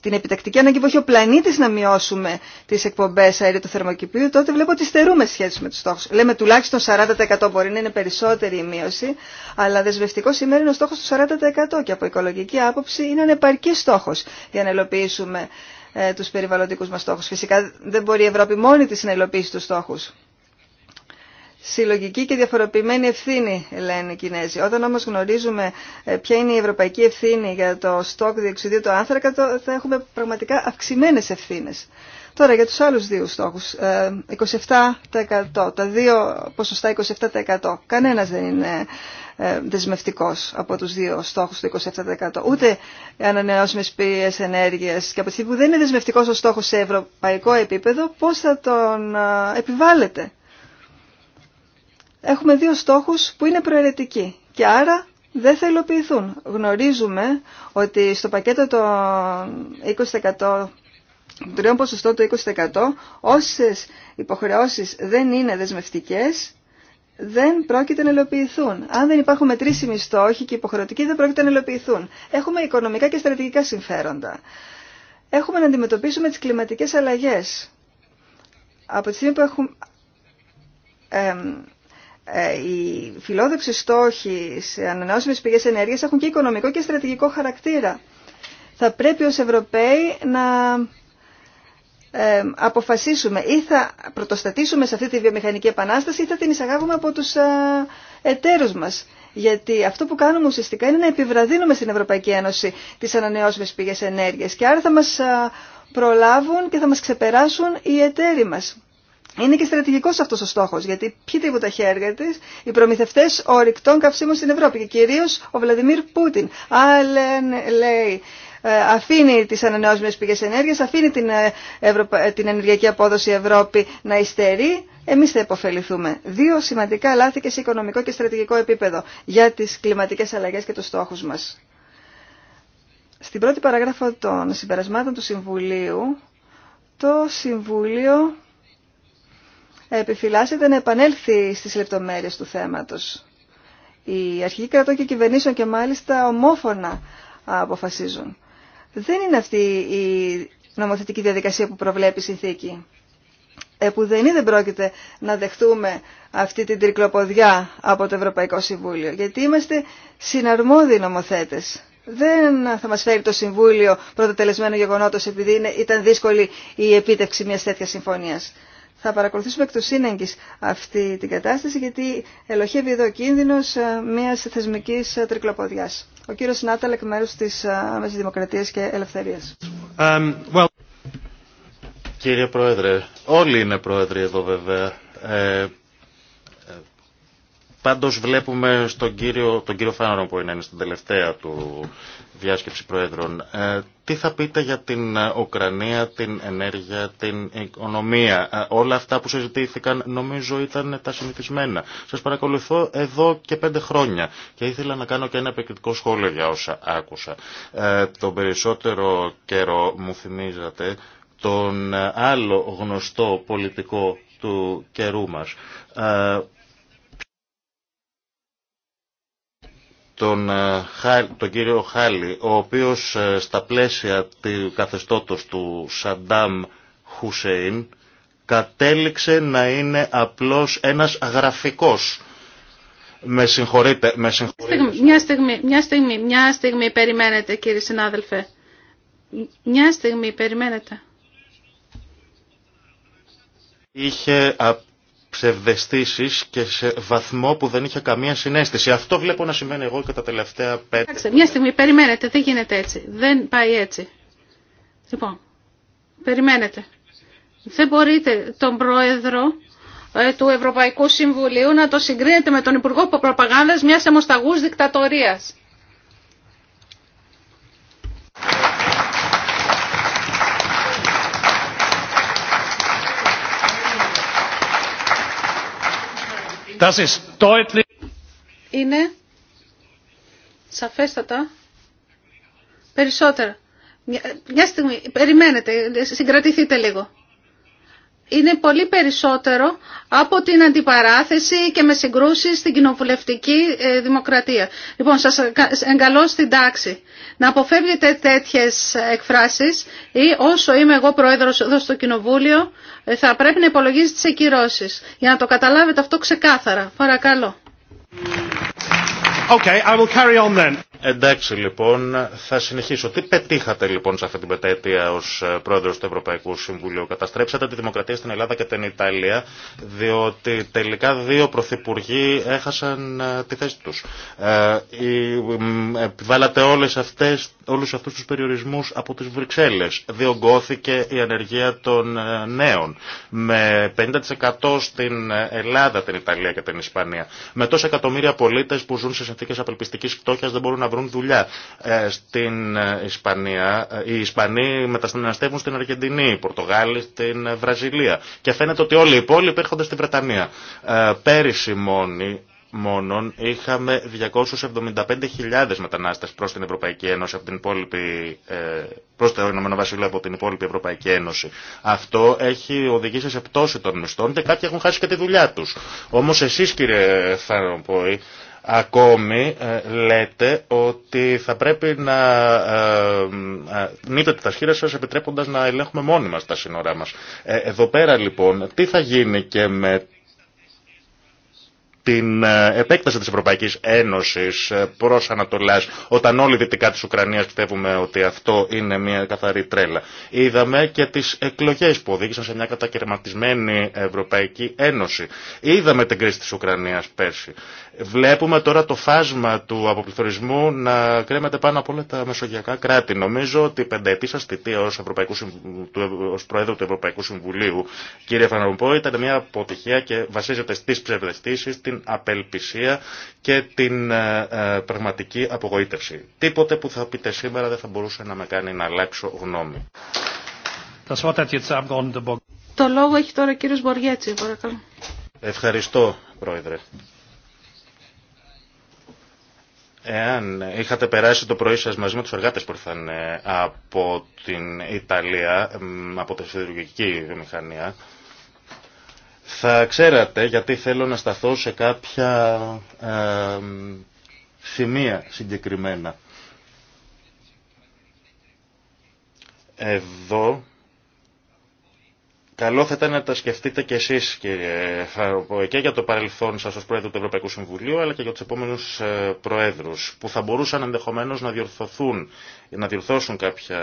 την επιτακτική ανάγκη που έχει ο πλανήτης να μειώσουμε τις εκπομπές αέριου του θερμοκηπίου, τότε βλέπω ότι στερούμε σχέση με τους στόχους. Λέμε τουλάχιστον 40% μπορεί να είναι περισσότερη η μείωση, αλλά δεσμευτικό σήμερα είναι ο στόχος του 40% και από οικολογική άποψη είναι ανεπαρκή στόχος για να υλοποιήσουμε ε, τους περιβαλλοντικούς μας στόχους. Φυσικά δεν μπορεί η Ευρώπη μόνη της να υλοποιήσει τους στόχους. Συλλογική και διαφοροποιημένη ευθύνη, λένε οι Κινέζοι. Όταν όμως γνωρίζουμε ε, ποια είναι η ευρωπαϊκή ευθύνη για το στόκ διεξουδίου του άνθρακα, θα έχουμε πραγματικά αυξημένε ευθύνες. Τώρα για τους άλλους δύο στόχους, 27%, ε, τα δύο ποσοστά 27%. Κανένας δεν είναι ε, δεσμευτικός από τους δύο στόχους του 27%. Ούτε ανανεώσιμες πηγές ενέργειας και από τη στιγμή που δεν είναι δεσμευτικός ο στόχος σε ευρωπαϊκό επίπεδο, πώς θα τον επιβάλλεται έχουμε δύο στόχους που είναι προαιρετικοί και άρα δεν θα υλοποιηθούν. Γνωρίζουμε ότι στο πακέτο των 20% τριών ποσοστό του 20% όσες υποχρεώσεις δεν είναι δεσμευτικές δεν πρόκειται να υλοποιηθούν. Αν δεν υπάρχουν μετρήσιμοι στόχοι και υποχρεωτικοί δεν πρόκειται να υλοποιηθούν. Έχουμε οικονομικά και στρατηγικά συμφέροντα. Έχουμε να αντιμετωπίσουμε τις κλιματικές αλλαγές. Από τη στιγμή που έχουμε, ε, οι φιλόδοξοι στόχοι σε ανανεώσιμες πηγές ενέργειας έχουν και οικονομικό και στρατηγικό χαρακτήρα. Θα πρέπει ως Ευρωπαίοι να ε, αποφασίσουμε ή θα πρωτοστατήσουμε σε αυτή τη βιομηχανική επανάσταση ή θα την εισαγάγουμε από τους ε, εταίρους μας. Γιατί αυτό που κάνουμε ουσιαστικά είναι να επιβραδύνουμε στην Ευρωπαϊκή Ένωση τις ανανεώσιμες πηγές ενέργειας και άρα θα μας προλάβουν και θα μας ξεπεράσουν οι εταίροι μας. Είναι και στρατηγικό αυτό ο στόχο, γιατί ποιοι τίποτα τα χέρια τη, οι προμηθευτέ ορυκτών καυσίμων στην Ευρώπη και κυρίω ο Βλαδιμίρ Πούτιν. Άλλεν λέει, ε, αφήνει τι ανανεώσιμε πηγέ ενέργεια, αφήνει την, ε, ε, την ενεργειακή απόδοση Ευρώπη να υστερεί. Εμεί θα υποφεληθούμε. Δύο σημαντικά λάθη και σε οικονομικό και στρατηγικό επίπεδο για τι κλιματικέ αλλαγέ και του στόχου μα. Στην πρώτη παραγράφο των συμπερασμάτων του Συμβουλίου, το Συμβούλιο επιφυλάσσεται να επανέλθει στις λεπτομέρειες του θέματος. Οι αρχηγοί κρατών και κυβερνήσεων και μάλιστα ομόφωνα αποφασίζουν. Δεν είναι αυτή η νομοθετική διαδικασία που προβλέπει η συνθήκη. Επουδενή δεν πρόκειται να δεχτούμε αυτή την τρικλοποδιά από το Ευρωπαϊκό Συμβούλιο. Γιατί είμαστε συναρμόδιοι νομοθέτες. Δεν θα μας φέρει το Συμβούλιο πρωτοτελεσμένο γεγονότος επειδή ήταν δύσκολη η επίτευξη μιας τέτοιας συμφωνίας θα παρακολουθήσουμε εκ του σύνεγγυς αυτή την κατάσταση γιατί ελοχεύει εδώ κίνδυνος ε, μιας θεσμικής ε, τρικλοποδιάς. Ο κύριος Νάταλ εκ μέρους της ε, Άμεσης Δημοκρατίας και Ελευθερίας. Um, well... Κύριε Πρόεδρε, όλοι είναι πρόεδροι εδώ βέβαια. Πάντως βλέπουμε στον κύριο, τον κύριο Φάναρο που είναι στην τελευταία του διάσκεψη Προέδρων. Ε, τι θα πείτε για την Ουκρανία, την ενέργεια, την οικονομία. Ε, όλα αυτά που συζητήθηκαν νομίζω ήταν τα συνηθισμένα. Σας παρακολουθώ εδώ και πέντε χρόνια και ήθελα να κάνω και ένα επικριτικό σχόλιο για όσα άκουσα. Ε, τον περισσότερο καιρό μου θυμίζατε τον άλλο γνωστό πολιτικό του καιρού μας Ε, τον, κύριο Χάλι, ο οποίος ε, στα πλαίσια του καθεστώτος του Σαντάμ Χουσέιν κατέληξε να είναι απλώς ένας γραφικός. Με συγχωρείτε, Μια στιγμή, μια στιγμή, μια στιγμή περιμένετε κύριε συνάδελφε. Μια στιγμή περιμένετε. Είχε ψευδεστήσεις και σε βαθμό που δεν είχε καμία συνέστηση. Αυτό βλέπω να σημαίνει εγώ και τα τελευταία πέντε. Εντάξει, μια στιγμή, περιμένετε, δεν γίνεται έτσι. Δεν πάει έτσι. Λοιπόν, περιμένετε. Δεν μπορείτε τον πρόεδρο ε, του Ευρωπαϊκού Συμβουλίου να το συγκρίνετε με τον Υπουργό Προπαγάνδας μιας αιμοσταγούς δικτατορίας. Das ist deutlich. Είναι σαφέστατα περισσότερα. Μια, μια στιγμή, περιμένετε, συγκρατηθείτε λίγο είναι πολύ περισσότερο από την αντιπαράθεση και με συγκρούσει στην κοινοβουλευτική ε, δημοκρατία. Λοιπόν, σας εγκαλώ στην τάξη να αποφεύγετε τέτοιες εκφράσεις ή όσο είμαι εγώ πρόεδρος εδώ στο Κοινοβούλιο ε, θα πρέπει να υπολογίζετε τις εκκυρώσεις για να το καταλάβετε αυτό ξεκάθαρα. Παρακαλώ. Okay, I will carry on then. Εντάξει λοιπόν, θα συνεχίσω. Τι πετύχατε λοιπόν σε αυτή την πετέτεια ω ε, πρόεδρο του Ευρωπαϊκού Συμβουλίου. Καταστρέψατε τη δημοκρατία στην Ελλάδα και την Ιταλία, διότι τελικά δύο πρωθυπουργοί έχασαν ε, τη θέση του. Επιβάλατε ε, όλες αυτές, όλους αυτούς τους περιορισμούς από τις Βρυξέλλες. Διογκώθηκε η ανεργία των νέων με 50% στην Ελλάδα, την Ιταλία και την Ισπανία. Με τόσα εκατομμύρια πολίτες που ζουν σε συνθήκε απελπιστική φτώχεια δεν μπορούν να βρουν δουλειά. Ε, στην ε, Ισπανία, ε, οι Ισπανοί μετασταναστεύουν στην Αργεντινή, οι Πορτογάλοι στην Βραζιλία. Και φαίνεται ότι όλοι οι υπόλοιποι έρχονται στη Βρετανία. Πέρυσι μόνοι μόνον είχαμε 275.000 μετανάστε προ την Ευρωπαϊκή Ένωση από την υπόλοιπη, προς το Ηνωμένο Βασίλειο από την υπόλοιπη Ευρωπαϊκή Ένωση. Αυτό έχει οδηγήσει σε πτώση των μισθών και κάποιοι έχουν χάσει και τη δουλειά του. Όμω εσεί, κύριε Θαροποϊ Ακόμη ε, λέτε ότι θα πρέπει να ε, ε, νύπτετε τα σχήρα σας επιτρέποντας να ελέγχουμε μόνοι μας τα σύνορά μας. Εδώ πέρα λοιπόν τι θα γίνει και με την ε, επέκταση της Ευρωπαϊκής Ένωσης ε, προς Ανατολάς, όταν όλοι δυτικά της Ουκρανίας πιστεύουμε ότι αυτό είναι μια καθαρή τρέλα. Είδαμε και τις εκλογές που οδήγησαν σε μια κατακαιρματισμένη Ευρωπαϊκή Ένωση. Είδαμε την κρίση της Ουκρανίας πέρσι. Βλέπουμε τώρα το φάσμα του αποπληθωρισμού να κρέμεται πάνω από όλα τα μεσογειακά κράτη. Νομίζω ότι η πενταετή σα θητεία ως, Ευρωπαϊκού, Προέδρου του Ευρωπαϊκού Συμβουλίου, κύριε Φαναρομπό, ήταν μια αποτυχία και βασίζεται στις ψευδεστήσεις, απελπισία και την ε, ε, πραγματική απογοήτευση. Τίποτε που θα πείτε σήμερα δεν θα μπορούσε να με κάνει να αλλάξω γνώμη. Το λόγο έχει τώρα ο κύριος Μποριέτσι, παρακαλώ. Ευχαριστώ, Πρόεδρε. Εάν είχατε περάσει το πρωί σας μαζί με τους εργάτες που ήρθαν ε, από την Ιταλία, από τη σιδηρουργική βιομηχανία, θα ξέρατε γιατί θέλω να σταθώ σε κάποια ε, σημεία συγκεκριμένα. Εδώ Καλό θα ήταν να τα σκεφτείτε και εσείς κύριε Φαροποϊκέ, και για το παρελθόν σας ως Πρόεδρο του Ευρωπαϊκού Συμβουλίου αλλά και για τους επόμενους ε, Προέδρους που θα μπορούσαν ενδεχομένως να να διορθώσουν κάποια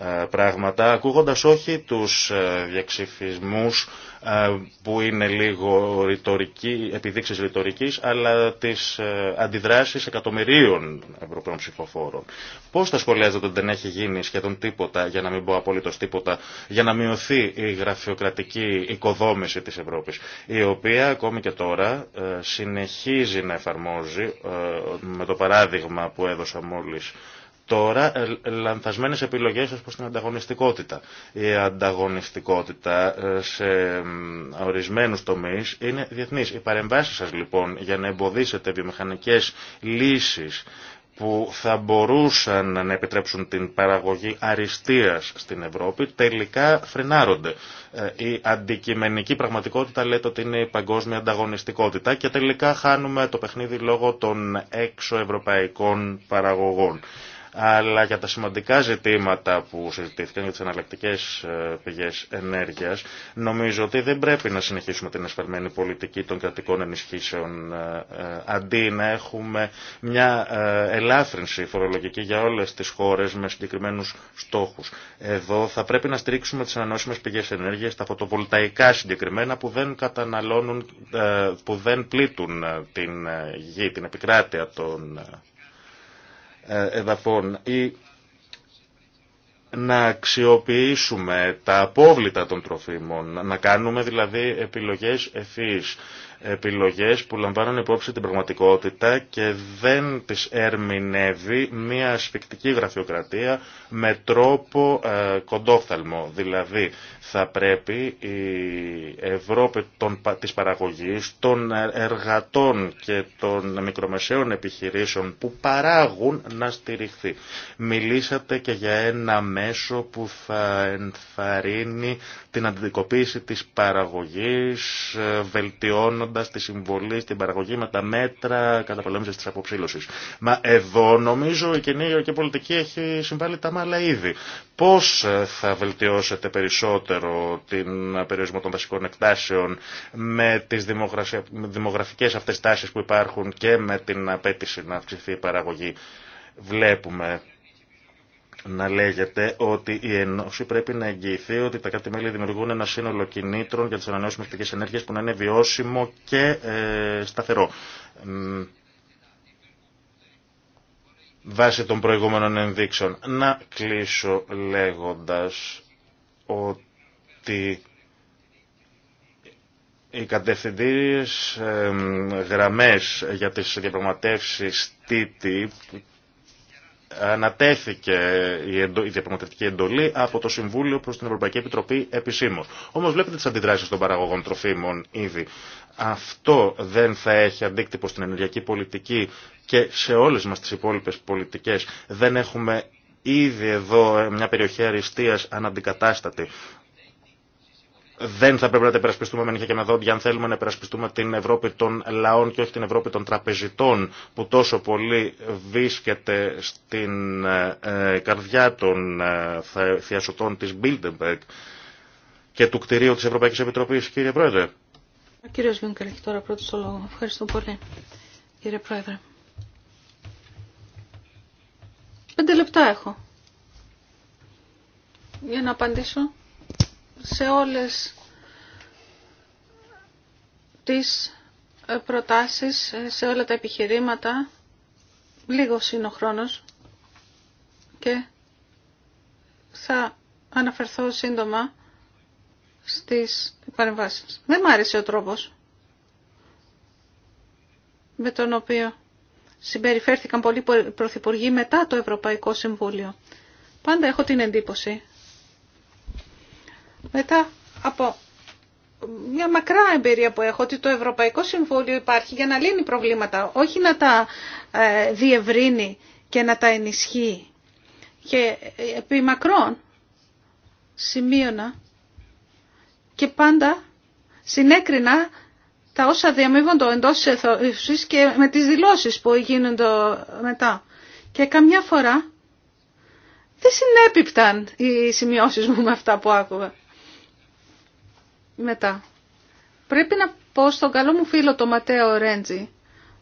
ε, πράγματα, ακούγοντας όχι τους ε, διαξυφισμούς ε, που είναι λίγο ρητορική, επιδείξεις ρητορικής, αλλά τις αντιδράσεις εκατομμυρίων Ευρωπαίων ψηφοφόρων. Πώς τα σχολιάζετε ότι δεν έχει γίνει σχεδόν τίποτα, για να μην πω απολύτως τίποτα, για να μειωθεί η γραφειοκρατική οικοδόμηση της Ευρώπης, η οποία ακόμη και τώρα συνεχίζει να εφαρμόζει με το παράδειγμα που έδωσα μόλις τώρα ε, λανθασμένες επιλογές ως προς την ανταγωνιστικότητα. Η ανταγωνιστικότητα ε, σε ορισμένους τομείς είναι διεθνής. Οι παρεμβάσεις σας λοιπόν για να εμποδίσετε βιομηχανικές λύσεις που θα μπορούσαν να επιτρέψουν την παραγωγή αριστείας στην Ευρώπη τελικά φρενάρονται. Ε, η αντικειμενική πραγματικότητα λέτε ότι είναι η παγκόσμια ανταγωνιστικότητα και τελικά χάνουμε το παιχνίδι λόγω των έξω ευρωπαϊκών παραγωγών αλλά για τα σημαντικά ζητήματα που συζητήθηκαν για τις εναλλακτικέ ε, πηγές ενέργειας, νομίζω ότι δεν πρέπει να συνεχίσουμε την εσφαλμένη πολιτική των κρατικών ενισχύσεων, ε, ε, αντί να έχουμε μια ελάφρυνση φορολογική για όλες τις χώρες με συγκεκριμένους στόχους. Εδώ θα πρέπει να στηρίξουμε τις ανανόσιμες πηγές ενέργειας, τα φωτοβολταϊκά συγκεκριμένα, που δεν καταναλώνουν, που δεν πλήττουν την γη, την επικράτεια των ε, εδαφών ή να αξιοποιήσουμε τα απόβλητα των τροφίμων, να κάνουμε δηλαδή επιλογές εφής επιλογές που λαμβάνουν υπόψη την πραγματικότητα και δεν τις ερμηνεύει μια ασφικτική γραφειοκρατία με τρόπο ε, κοντόφθαλμο. Δηλαδή θα πρέπει η Ευρώπη των, της παραγωγής, των εργατών και των μικρομεσαίων επιχειρήσεων που παράγουν να στηριχθεί. Μιλήσατε και για ένα μέσο που θα ενθαρρύνει την αντιδικοποίηση της παραγωγής, ε, βελτιώνοντας τη συμβολή στην παραγωγή με τα μέτρα καταπολέμησης της αποψήλωσης. Μα εδώ νομίζω η κοινή και η πολιτική έχει συμβάλει τα μάλα ήδη. Πώς ε, θα βελτιώσετε περισσότερο την περιορισμό των βασικών εκτάσεων με τις δημογραφικές αυτές τάσεις που υπάρχουν και με την απέτηση να αυξηθεί η παραγωγή. Βλέπουμε να λέγεται ότι η Ένωση πρέπει να εγγυηθεί ότι τα κράτη-μέλη δημιουργούν ένα σύνολο κινήτρων για τι ανανεώσιμε πηγέ ενέργεια που να είναι βιώσιμο και ε, σταθερό. Βάσει των προηγούμενων ενδείξεων. Να κλείσω λέγοντας ότι οι κατευθυντήριες ε, γραμμές για τις διαπραγματεύσεις TTIP ανατέθηκε η, εντο... η διαπραγματευτική εντολή από το Συμβούλιο προς την Ευρωπαϊκή Επιτροπή επισήμως. Όμως βλέπετε τις αντιδράσεις των παραγωγών τροφίμων ήδη. Αυτό δεν θα έχει αντίκτυπο στην ενεργειακή πολιτική και σε όλες μας τις υπόλοιπες πολιτικές. Δεν έχουμε ήδη εδώ μια περιοχή αριστείας αναντικατάστατη δεν θα πρέπει να τα υπερασπιστούμε με νύχια και με δόντια αν θέλουμε να υπερασπιστούμε την Ευρώπη των λαών και όχι την Ευρώπη των τραπεζιτών που τόσο πολύ βρίσκεται στην ε, ε, καρδιά των ε, θειασωτών της Bilderberg και του κτηρίου της Ευρωπαϊκής Επιτροπής. Κύριε Πρόεδρε. Ο κύριος Βίνκελ έχει τώρα πρώτο το λόγο. Ευχαριστώ πολύ. Κύριε Πρόεδρε. Πέντε λεπτά έχω. Για να απαντήσω σε όλες τις ε, προτάσεις, ε, σε όλα τα επιχειρήματα. λίγο είναι ο χρόνος και θα αναφερθώ σύντομα στις παρεμβάσεις. Δεν μου άρεσε ο τρόπος με τον οποίο συμπεριφέρθηκαν πολλοί πρωθυπουργοί μετά το Ευρωπαϊκό Συμβούλιο. Πάντα έχω την εντύπωση μετά από μια μακρά εμπειρία που έχω ότι το Ευρωπαϊκό Συμβούλιο υπάρχει για να λύνει προβλήματα, όχι να τα ε, διευρύνει και να τα ενισχύει. Και ε, επί μακρόν σημείωνα και πάντα συνέκρινα τα όσα διαμείβονται εντός της και με τις δηλώσεις που γίνονται μετά. Και καμιά φορά δεν συνέπιπταν οι σημειώσεις μου με αυτά που άκουγα μετά. Πρέπει να πω στον καλό μου φίλο το Ματέο Ρέντζι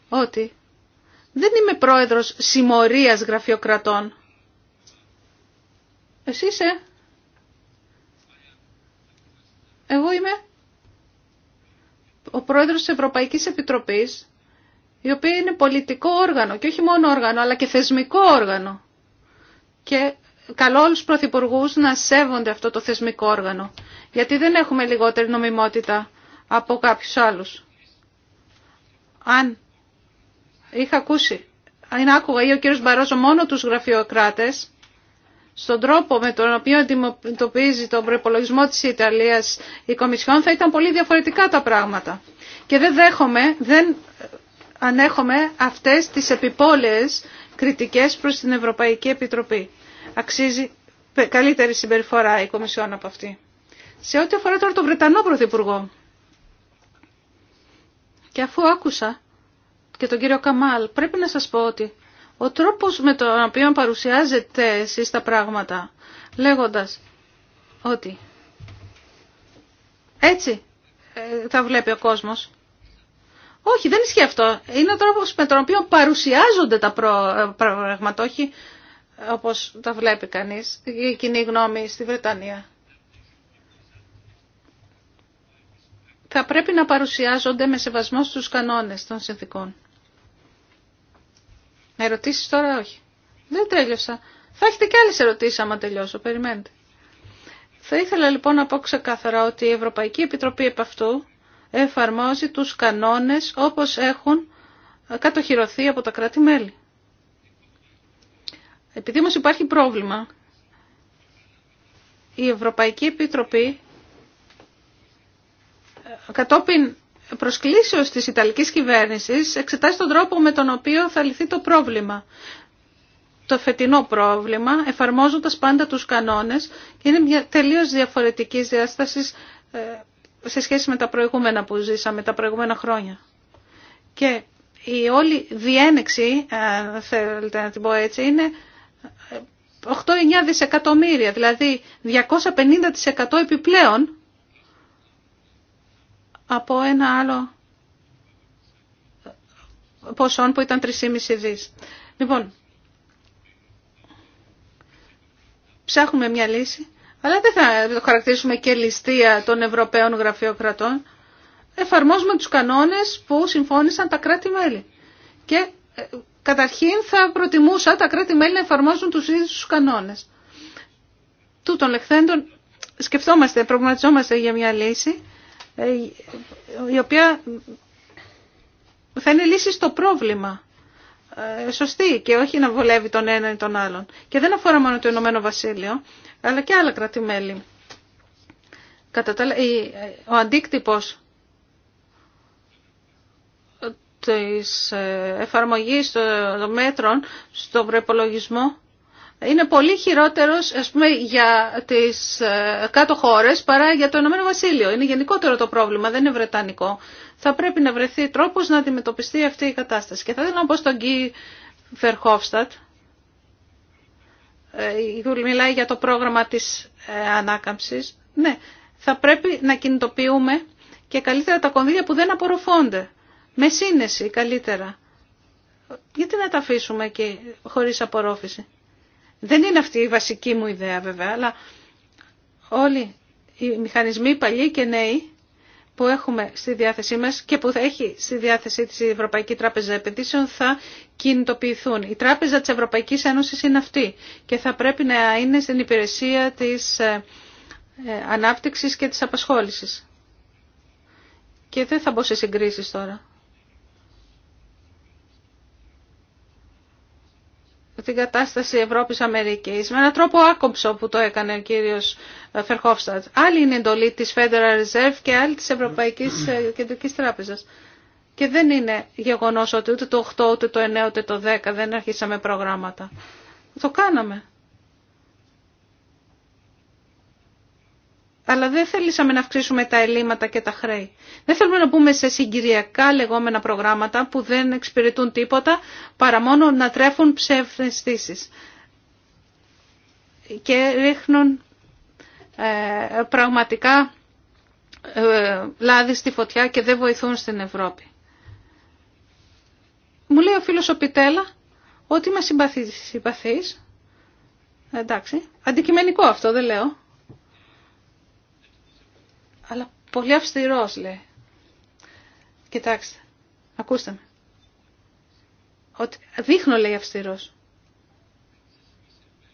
ότι δεν είμαι πρόεδρος συμμορίας γραφειοκρατών. Εσύ είσαι. Εγώ είμαι ο πρόεδρος της Ευρωπαϊκής Επιτροπής, η οποία είναι πολιτικό όργανο και όχι μόνο όργανο, αλλά και θεσμικό όργανο. Και καλό όλους τους πρωθυπουργούς να σέβονται αυτό το θεσμικό όργανο γιατί δεν έχουμε λιγότερη νομιμότητα από κάποιους άλλους. Αν είχα ακούσει, αν άκουγα ή ο κύριος Μπαρόζο μόνο τους γραφειοκράτες, στον τρόπο με τον οποίο αντιμετωπίζει τον προπολογισμό της Ιταλίας η Κομισιόν θα ήταν πολύ διαφορετικά τα πράγματα. Και δεν δέχομαι, δεν ανέχομαι αυτές τις επιπόλαιες κριτικές προς την Ευρωπαϊκή Επιτροπή. Αξίζει καλύτερη συμπεριφορά η Κομισιόν από αυτή. Σε ό,τι αφορά τώρα τον Βρετανό Πρωθυπουργό. Και αφού άκουσα και τον κύριο Καμάλ, πρέπει να σας πω ότι ο τρόπος με τον οποίο παρουσιάζετε εσείς τα πράγματα, λέγοντας ότι έτσι τα ε, βλέπει ο κόσμος, όχι, δεν ισχύει αυτό. Είναι ο τρόπος με τον οποίο παρουσιάζονται τα πράγματα, ε, όχι όπως τα βλέπει κανείς, η κοινή γνώμη στη Βρετανία. θα πρέπει να παρουσιάζονται με σεβασμό στους κανόνες των συνθήκων. Ερωτήσεις τώρα όχι. Δεν τέλειωσα. Θα έχετε και άλλες ερωτήσεις άμα τελειώσω. Περιμένετε. Θα ήθελα λοιπόν να πω ξεκάθαρα ότι η Ευρωπαϊκή Επιτροπή επ' αυτού εφαρμόζει τους κανόνες όπως έχουν κατοχυρωθεί από τα κράτη-μέλη. Επειδή όμως υπάρχει πρόβλημα, η Ευρωπαϊκή Επιτροπή κατόπιν προσκλήσεως της Ιταλικής κυβέρνησης εξετάζει τον τρόπο με τον οποίο θα λυθεί το πρόβλημα. Το φετινό πρόβλημα εφαρμόζοντας πάντα τους κανόνες και είναι μια τελείως διαφορετική διάσταση ε, σε σχέση με τα προηγούμενα που ζήσαμε, τα προηγούμενα χρόνια. Και η όλη διένεξη, ε, αν θέλετε να την πω έτσι, είναι 8-9 ε, δισεκατομμύρια, δηλαδή 250% επιπλέον από ένα άλλο ποσό που ήταν 3,5 δις. Λοιπόν, ψάχνουμε μια λύση, αλλά δεν θα το χαρακτηρίσουμε και ληστεία των Ευρωπαίων Γραφειοκρατών. Εφαρμόζουμε τους κανόνες που συμφώνησαν τα κράτη-μέλη. Και ε, καταρχήν θα προτιμούσα τα κράτη-μέλη να εφαρμόζουν τους ίδιους τους κανόνες. Τούτων λεχθέντων σκεφτόμαστε, προγραμματιζόμαστε για μια λύση ε, η οποία θα είναι λύση στο πρόβλημα. Ε, σωστή και όχι να βολεύει τον έναν ή τον άλλον. Και δεν αφορά μόνο το Ηνωμένο Βασίλειο, αλλά και άλλα κρατημέλη. Ε, ο αντίκτυπος της εφαρμογής των μέτρων στον προπολογισμό είναι πολύ χειρότερος ας πούμε, για τις ε, κάτω χώρες παρά για το Ηνωμένο Βασίλειο. Είναι γενικότερο το πρόβλημα, δεν είναι βρετανικό. Θα πρέπει να βρεθεί τρόπος να αντιμετωπιστεί αυτή η κατάσταση. Και θα ήθελα να τον στον Γκί Φερχόφστατ, ε, μιλάει για το πρόγραμμα της ε, ανάκαμψης. Ναι, θα πρέπει να κινητοποιούμε και καλύτερα τα κονδύλια που δεν απορροφώνται. Με σύνεση καλύτερα. Γιατί να τα αφήσουμε εκεί χωρίς απορρόφηση. Δεν είναι αυτή η βασική μου ιδέα βέβαια, αλλά όλοι οι μηχανισμοί παλιοί και νέοι που έχουμε στη διάθεσή μας και που θα έχει στη διάθεσή της η Ευρωπαϊκή Τράπεζα Επενδύσεων θα κινητοποιηθούν. Η Τράπεζα της Ευρωπαϊκής Ένωσης είναι αυτή και θα πρέπει να είναι στην υπηρεσία της ε, ε, ανάπτυξης και της απασχόλησης. Και δεν θα μπω σε συγκρίσεις τώρα. την κατάσταση Ευρώπης-Αμερικής με έναν τρόπο άκοψο που το έκανε ο κύριος ε, Φερχόφστατ. Άλλη είναι εντολή της Federal Reserve και άλλη της Ευρωπαϊκής ε, Κεντρικής Τράπεζας. Και δεν είναι γεγονός ότι ούτε το 8, ούτε το 9, ούτε το 10 δεν αρχίσαμε προγράμματα. Το κάναμε. αλλά δεν θέλησαμε να αυξήσουμε τα ελλείμματα και τα χρέη. Δεν θέλουμε να μπούμε σε συγκυριακά λεγόμενα προγράμματα που δεν εξυπηρετούν τίποτα παρά μόνο να τρέφουν ψευδεστήσεις και ρίχνουν ε, πραγματικά ε, λάδι στη φωτιά και δεν βοηθούν στην Ευρώπη. Μου λέει ο φίλος ο Πιτέλα ότι είμαι συμπαθής. Εντάξει, αντικειμενικό αυτό δεν λέω αλλά πολύ αυστηρός λέει. Κοιτάξτε, ακούστε με. Ότι δείχνω λέει αυστηρός.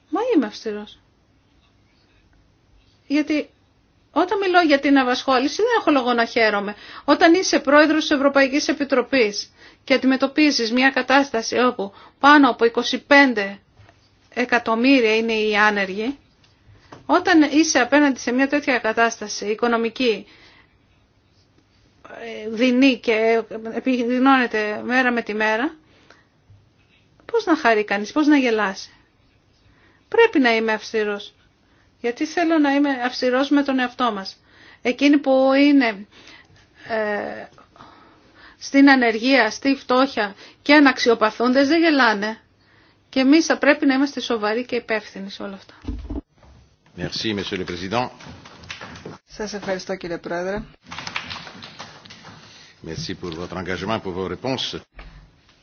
Μα είμαι αυστηρός. Γιατί όταν μιλώ για την απασχόληση δεν έχω λόγο να χαίρομαι. Όταν είσαι πρόεδρος της Ευρωπαϊκής Επιτροπής και αντιμετωπίζεις μια κατάσταση όπου πάνω από 25 εκατομμύρια είναι οι άνεργοι, όταν είσαι απέναντι σε μια τέτοια κατάσταση οικονομική, ε, δεινή και επιδεινώνεται μέρα με τη μέρα, πώς να χαρεί κανείς, πώς να γελάσει. Πρέπει να είμαι αυστηρός, γιατί θέλω να είμαι αυστηρός με τον εαυτό μας. Εκείνοι που είναι ε, στην ανεργία, στη φτώχεια και αναξιοπαθούντες δεν γελάνε. Και εμείς θα πρέπει να είμαστε σοβαροί και υπεύθυνοι σε όλα αυτά. Merci, Σας ευχαριστώ κύριε Πρόεδρε. Merci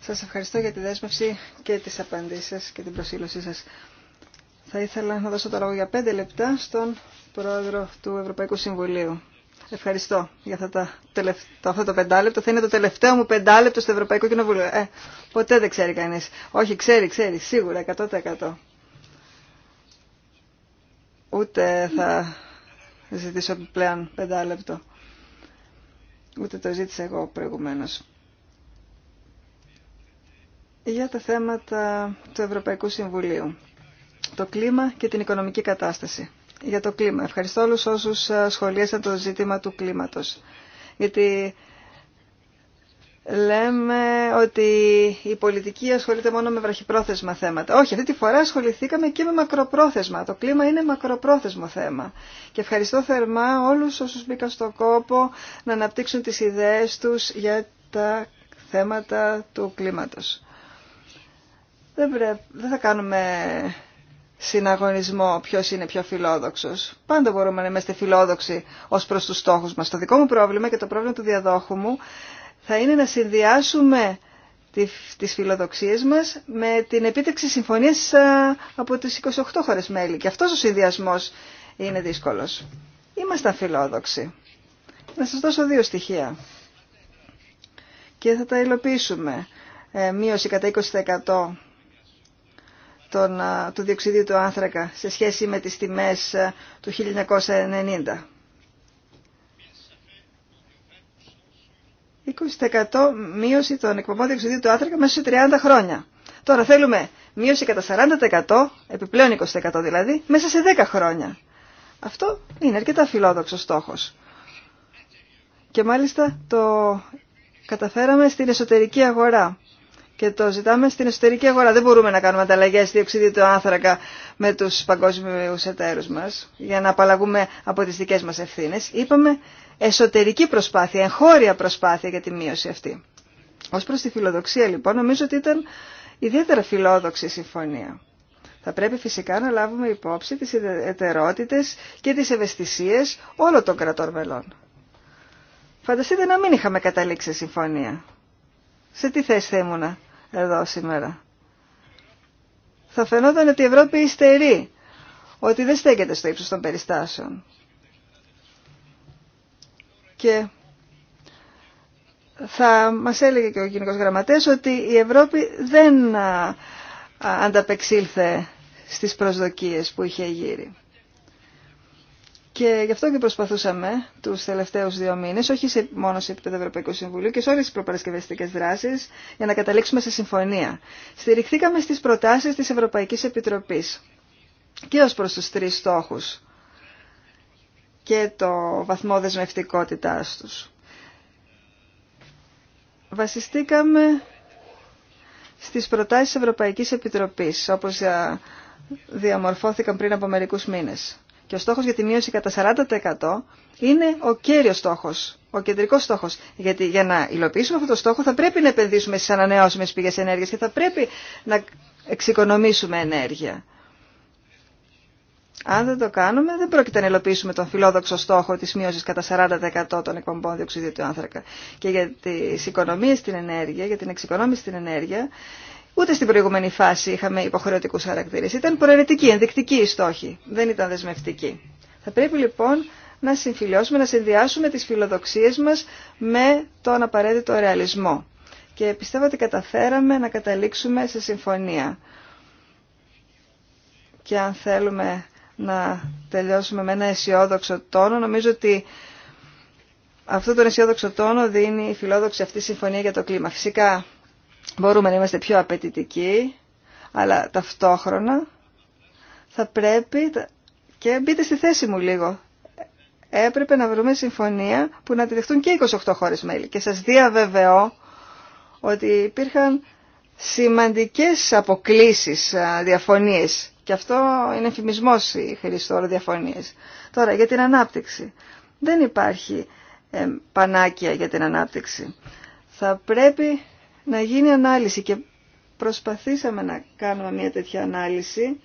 Σας ευχαριστώ για τη δέσμευση και τις απαντήσεις και την προσήλωσή σας. Θα ήθελα να δώσω το λόγο για πέντε λεπτά στον Πρόεδρο του Ευρωπαϊκού Συμβουλίου. Ευχαριστώ για αυτό το πεντάλεπτο. Θα είναι το τελευταίο μου πεντάλεπτο στο Ευρωπαϊκό Κοινοβούλιο. Ε, ποτέ δεν ξέρει κανείς. Όχι, ξέρει, ξέρει, σίγουρα, 100%. Ούτε θα ζητήσω πλέον πεντάλεπτο. Ούτε το ζήτησα εγώ προηγουμένως. Για τα θέματα του Ευρωπαϊκού Συμβουλίου. Το κλίμα και την οικονομική κατάσταση. Για το κλίμα. Ευχαριστώ όλους όσους ε, σχολίασαν το ζήτημα του κλίματος. Γιατί λέμε ότι η πολιτική ασχολείται μόνο με βραχυπρόθεσμα θέματα. Όχι, αυτή τη φορά ασχοληθήκαμε και με μακροπρόθεσμα. Το κλίμα είναι μακροπρόθεσμο θέμα. Και ευχαριστώ θερμά όλους όσους μπήκαν στον κόπο να αναπτύξουν τις ιδέες τους για τα θέματα του κλίματος. Δεν, δεν θα κάνουμε συναγωνισμό ποιος είναι πιο φιλόδοξος. Πάντα μπορούμε να είμαστε φιλόδοξοι ως προς τους στόχους μας. Το δικό μου πρόβλημα και το πρόβλημα του διαδόχου μου θα είναι να συνδυάσουμε τις φιλοδοξίες μας με την επίτευξη συμφωνίας από τις 28 χώρες μέλη. Και αυτός ο συνδυασμός είναι δύσκολος. Είμαστε φιλόδοξοι. Να σας δώσω δύο στοιχεία. Και θα τα υλοποιήσουμε. Ε, μείωση κατά 20% του διοξιδίου του άνθρακα σε σχέση με τις τιμές του 1990. 20% μείωση των εκπομπών διοξιδίου του άνθρακα μέσα σε 30 χρόνια. Τώρα θέλουμε μείωση κατά 40%, επιπλέον 20% δηλαδή, μέσα σε 10 χρόνια. Αυτό είναι αρκετά φιλόδοξο στόχος. Και μάλιστα το καταφέραμε στην εσωτερική αγορά. Και το ζητάμε στην εσωτερική αγορά. Δεν μπορούμε να κάνουμε ανταλλαγέ διοξιδίου του άνθρακα με του παγκόσμιου εταίρου μα για να απαλλαγούμε από τι δικέ μα ευθύνε. Είπαμε εσωτερική προσπάθεια, εγχώρια προσπάθεια για τη μείωση αυτή. Ως προς τη φιλοδοξία λοιπόν νομίζω ότι ήταν ιδιαίτερα φιλόδοξη η συμφωνία. Θα πρέπει φυσικά να λάβουμε υπόψη τις ετερότητες και τις ευαισθησίες όλων των κρατών μελών. Φανταστείτε να μην είχαμε καταλήξει συμφωνία. Σε τι θέση θα ήμουνα εδώ σήμερα. Θα φαινόταν ότι η Ευρώπη υστερεί, ότι δεν στέκεται στο ύψος των περιστάσεων. Και θα μας έλεγε και ο Γενικός Γραμματέας ότι η Ευρώπη δεν ανταπεξήλθε στις προσδοκίες που είχε γύρει. Και γι' αυτό και προσπαθούσαμε τους τελευταίους δύο μήνες, όχι σε, μόνο σε επίπεδο Ευρωπαϊκού Συμβουλίου και σε όλε τι προπαρασκευαστικές δράσει, για να καταλήξουμε σε συμφωνία. Στηριχθήκαμε στις προτάσεις της Ευρωπαϊκής Επιτροπής και ω προ τους τρει στόχους και το βαθμό δεσμευτικότητάς τους. Βασιστήκαμε στις προτάσεις Ευρωπαϊκής Επιτροπής, όπως διαμορφώθηκαν πριν από μερικούς μήνες. Και ο στόχος για τη μείωση κατά 40% είναι ο κύριος στόχος, ο κεντρικός στόχος. Γιατί για να υλοποιήσουμε αυτό το στόχο θα πρέπει να επενδύσουμε στις ανανεώσιμες πηγές ενέργειας και θα πρέπει να εξοικονομήσουμε ενέργεια. Αν δεν το κάνουμε, δεν πρόκειται να υλοποιήσουμε τον φιλόδοξο στόχο τη μείωση κατά 40% των εκπομπών διοξιδίου του άνθρακα. Και για τι οικονομίε στην ενέργεια, για την εξοικονόμηση στην ενέργεια, ούτε στην προηγούμενη φάση είχαμε υποχρεωτικού χαρακτήρε. Ήταν προαιρετική, ενδεικτική η στόχη, δεν ήταν δεσμευτική. Θα πρέπει λοιπόν να συμφιλιώσουμε, να συνδυάσουμε τι φιλοδοξίε μα με τον απαραίτητο ρεαλισμό. Και πιστεύω ότι καταφέραμε να καταλήξουμε σε συμφωνία. Και αν θέλουμε να τελειώσουμε με ένα αισιόδοξο τόνο. Νομίζω ότι αυτό τον αισιόδοξο τόνο δίνει η φιλόδοξη αυτή συμφωνία για το κλίμα. Φυσικά μπορούμε να είμαστε πιο απαιτητικοί, αλλά ταυτόχρονα θα πρέπει και μπείτε στη θέση μου λίγο. Έπρεπε να βρούμε συμφωνία που να τη δεχτούν και 28 χώρες μέλη. Και σας διαβεβαιώ ότι υπήρχαν σημαντικές αποκλήσεις, διαφωνίες και αυτό είναι εφημισμό η χρήση Τώρα, για την ανάπτυξη. Δεν υπάρχει ε, πανάκια για την ανάπτυξη. Θα πρέπει να γίνει ανάλυση και προσπαθήσαμε να κάνουμε μια τέτοια ανάλυση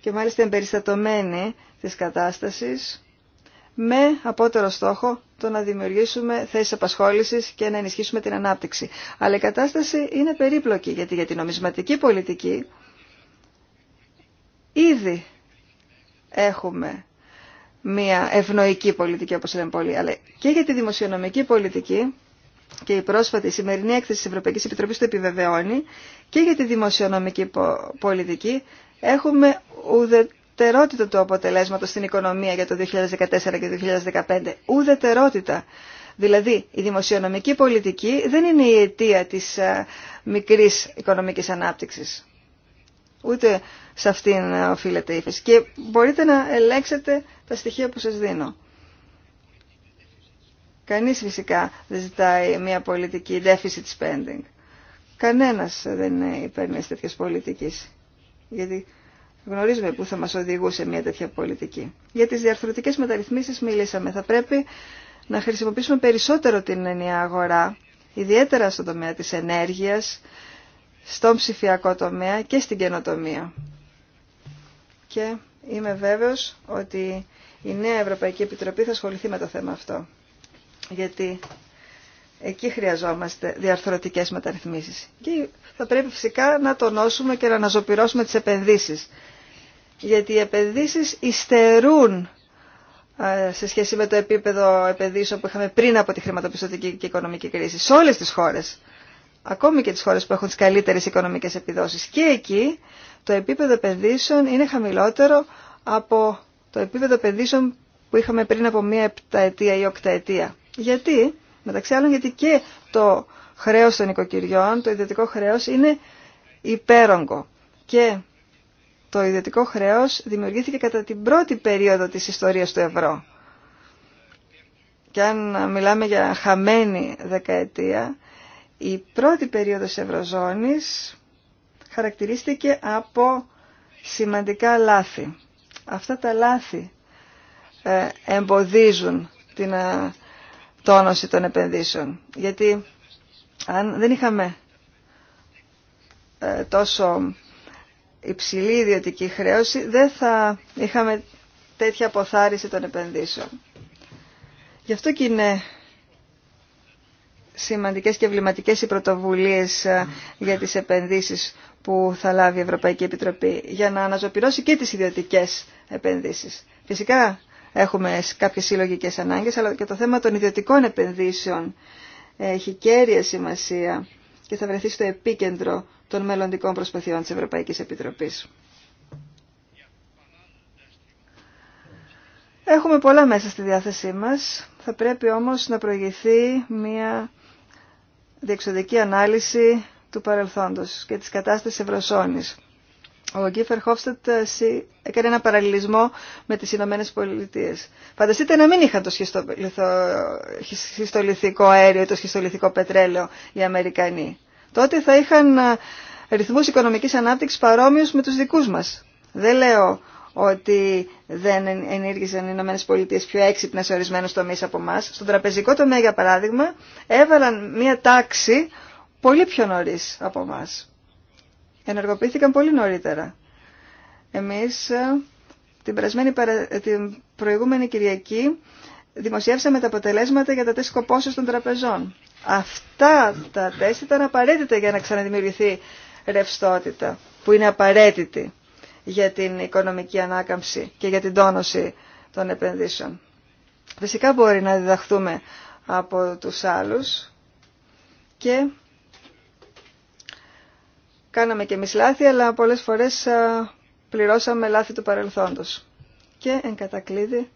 και μάλιστα εμπεριστατωμένη της κατάστασης με απότερο στόχο το να δημιουργήσουμε θέσει απασχόλησης και να ενισχύσουμε την ανάπτυξη. Αλλά η κατάσταση είναι περίπλοκη γιατί για την νομισματική πολιτική Ήδη έχουμε μια ευνοϊκή πολιτική, όπως λένε πολύ, αλλά και για τη δημοσιονομική πολιτική και η πρόσφατη σημερινή έκθεση της Ευρωπαϊκής Επιτροπής το επιβεβαιώνει και για τη δημοσιονομική πολιτική έχουμε ουδετερότητα του αποτελέσματος στην οικονομία για το 2014 και το 2015. Ουδετερότητα. Δηλαδή, η δημοσιονομική πολιτική δεν είναι η αιτία της ε, μικρής οικονομικής ανάπτυξης. Ούτε σε αυτήν ε, οφείλεται η ύφεση. Και μπορείτε να ελέξετε τα στοιχεία που σας δίνω. Κανείς φυσικά δεν ζητάει μια πολιτική deficit spending. Κανένας δεν υπέρ μιας τέτοιας πολιτικής. Γιατί γνωρίζουμε πού θα μας οδηγούσε μια τέτοια πολιτική. Για τις διαρθρωτικές μεταρρυθμίσεις μιλήσαμε. Θα πρέπει να χρησιμοποιήσουμε περισσότερο την ενιαία αγορά, ιδιαίτερα στον τομέα της ενέργειας, στον ψηφιακό τομέα και στην καινοτομία και είμαι βέβαιος ότι η νέα Ευρωπαϊκή Επιτροπή θα ασχοληθεί με το θέμα αυτό. Γιατί εκεί χρειαζόμαστε διαρθρωτικές μεταρρυθμίσεις. Και θα πρέπει φυσικά να τονώσουμε και να αναζωπυρώσουμε τις επενδύσεις. Γιατί οι επενδύσεις υστερούν ε, σε σχέση με το επίπεδο επενδύσεων που είχαμε πριν από τη χρηματοπιστωτική και οικονομική κρίση σε όλες τις χώρες. Ακόμη και τις χώρες που έχουν τις καλύτερες οικονομικές επιδόσεις. Και εκεί το επίπεδο επενδύσεων είναι χαμηλότερο από το επίπεδο επενδύσεων που είχαμε πριν από μία επταετία ή οκταετία. Γιατί, μεταξύ άλλων, γιατί και το χρέος των οικοκυριών, το ιδιωτικό χρέος είναι υπέρογκο και το ιδιωτικό χρέος δημιουργήθηκε κατά την πρώτη περίοδο της ιστορίας του ευρώ. Και αν μιλάμε για χαμένη δεκαετία, η πρώτη περίοδος Ευρωζώνης χαρακτηρίστηκε από σημαντικά λάθη. Αυτά τα λάθη ε, εμποδίζουν την ε, τόνωση των επενδύσεων. Γιατί αν δεν είχαμε ε, τόσο υψηλή ιδιωτική χρέωση, δεν θα είχαμε τέτοια αποθάριση των επενδύσεων. Γι' αυτό και είναι σημαντικές και ευληματικές οι πρωτοβουλίες για τις επενδύσεις που θα λάβει η Ευρωπαϊκή Επιτροπή για να αναζωπηρώσει και τις ιδιωτικές επενδύσεις. Φυσικά έχουμε κάποιες συλλογικέ ανάγκες, αλλά και το θέμα των ιδιωτικών επενδύσεων έχει κέρια σημασία και θα βρεθεί στο επίκεντρο των μελλοντικών προσπαθειών της Ευρωπαϊκής Επιτροπής. Έχουμε πολλά μέσα στη διάθεσή μας, θα πρέπει όμως να προηγηθεί μια διεξοδική ανάλυση του παρελθόντος και της κατάστασης Ευρωσόνης. Ο Γκίφερ Χόφστατ ε, έκανε ένα παραλληλισμό με τις Ηνωμένε Πολιτείε. Φανταστείτε να μην είχαν το σχιστολιθικό αέριο ή το σχιστολιθικό πετρέλαιο οι Αμερικανοί. Τότε θα είχαν ε, ρυθμούς οικονομικής ανάπτυξης παρόμοιους με τους δικούς μας. Δεν λέω ότι δεν ενήργησαν οι Ηνωμένε Πολιτείε πιο έξυπνα σε ορισμένου τομεί από εμά. Στον τραπεζικό τομέα, για παράδειγμα, έβαλαν μία τάξη πολύ πιο νωρίς από μας. Ενεργοποιήθηκαν πολύ νωρίτερα. Εμείς ε, την, περασμένη, ε, την προηγούμενη Κυριακή δημοσιεύσαμε τα αποτελέσματα για τα τεστ κοπόσεως των τραπεζών. Αυτά τα τεστ ήταν απαραίτητα για να ξαναδημιουργηθεί ρευστότητα, που είναι απαραίτητη για την οικονομική ανάκαμψη και για την τόνωση των επενδύσεων. Φυσικά μπορεί να διδαχθούμε από τους άλλους και Κάναμε και εμείς λάθη, αλλά πολλές φορές πληρώσαμε λάθη του παρελθόντος. Και εν κατακλείδη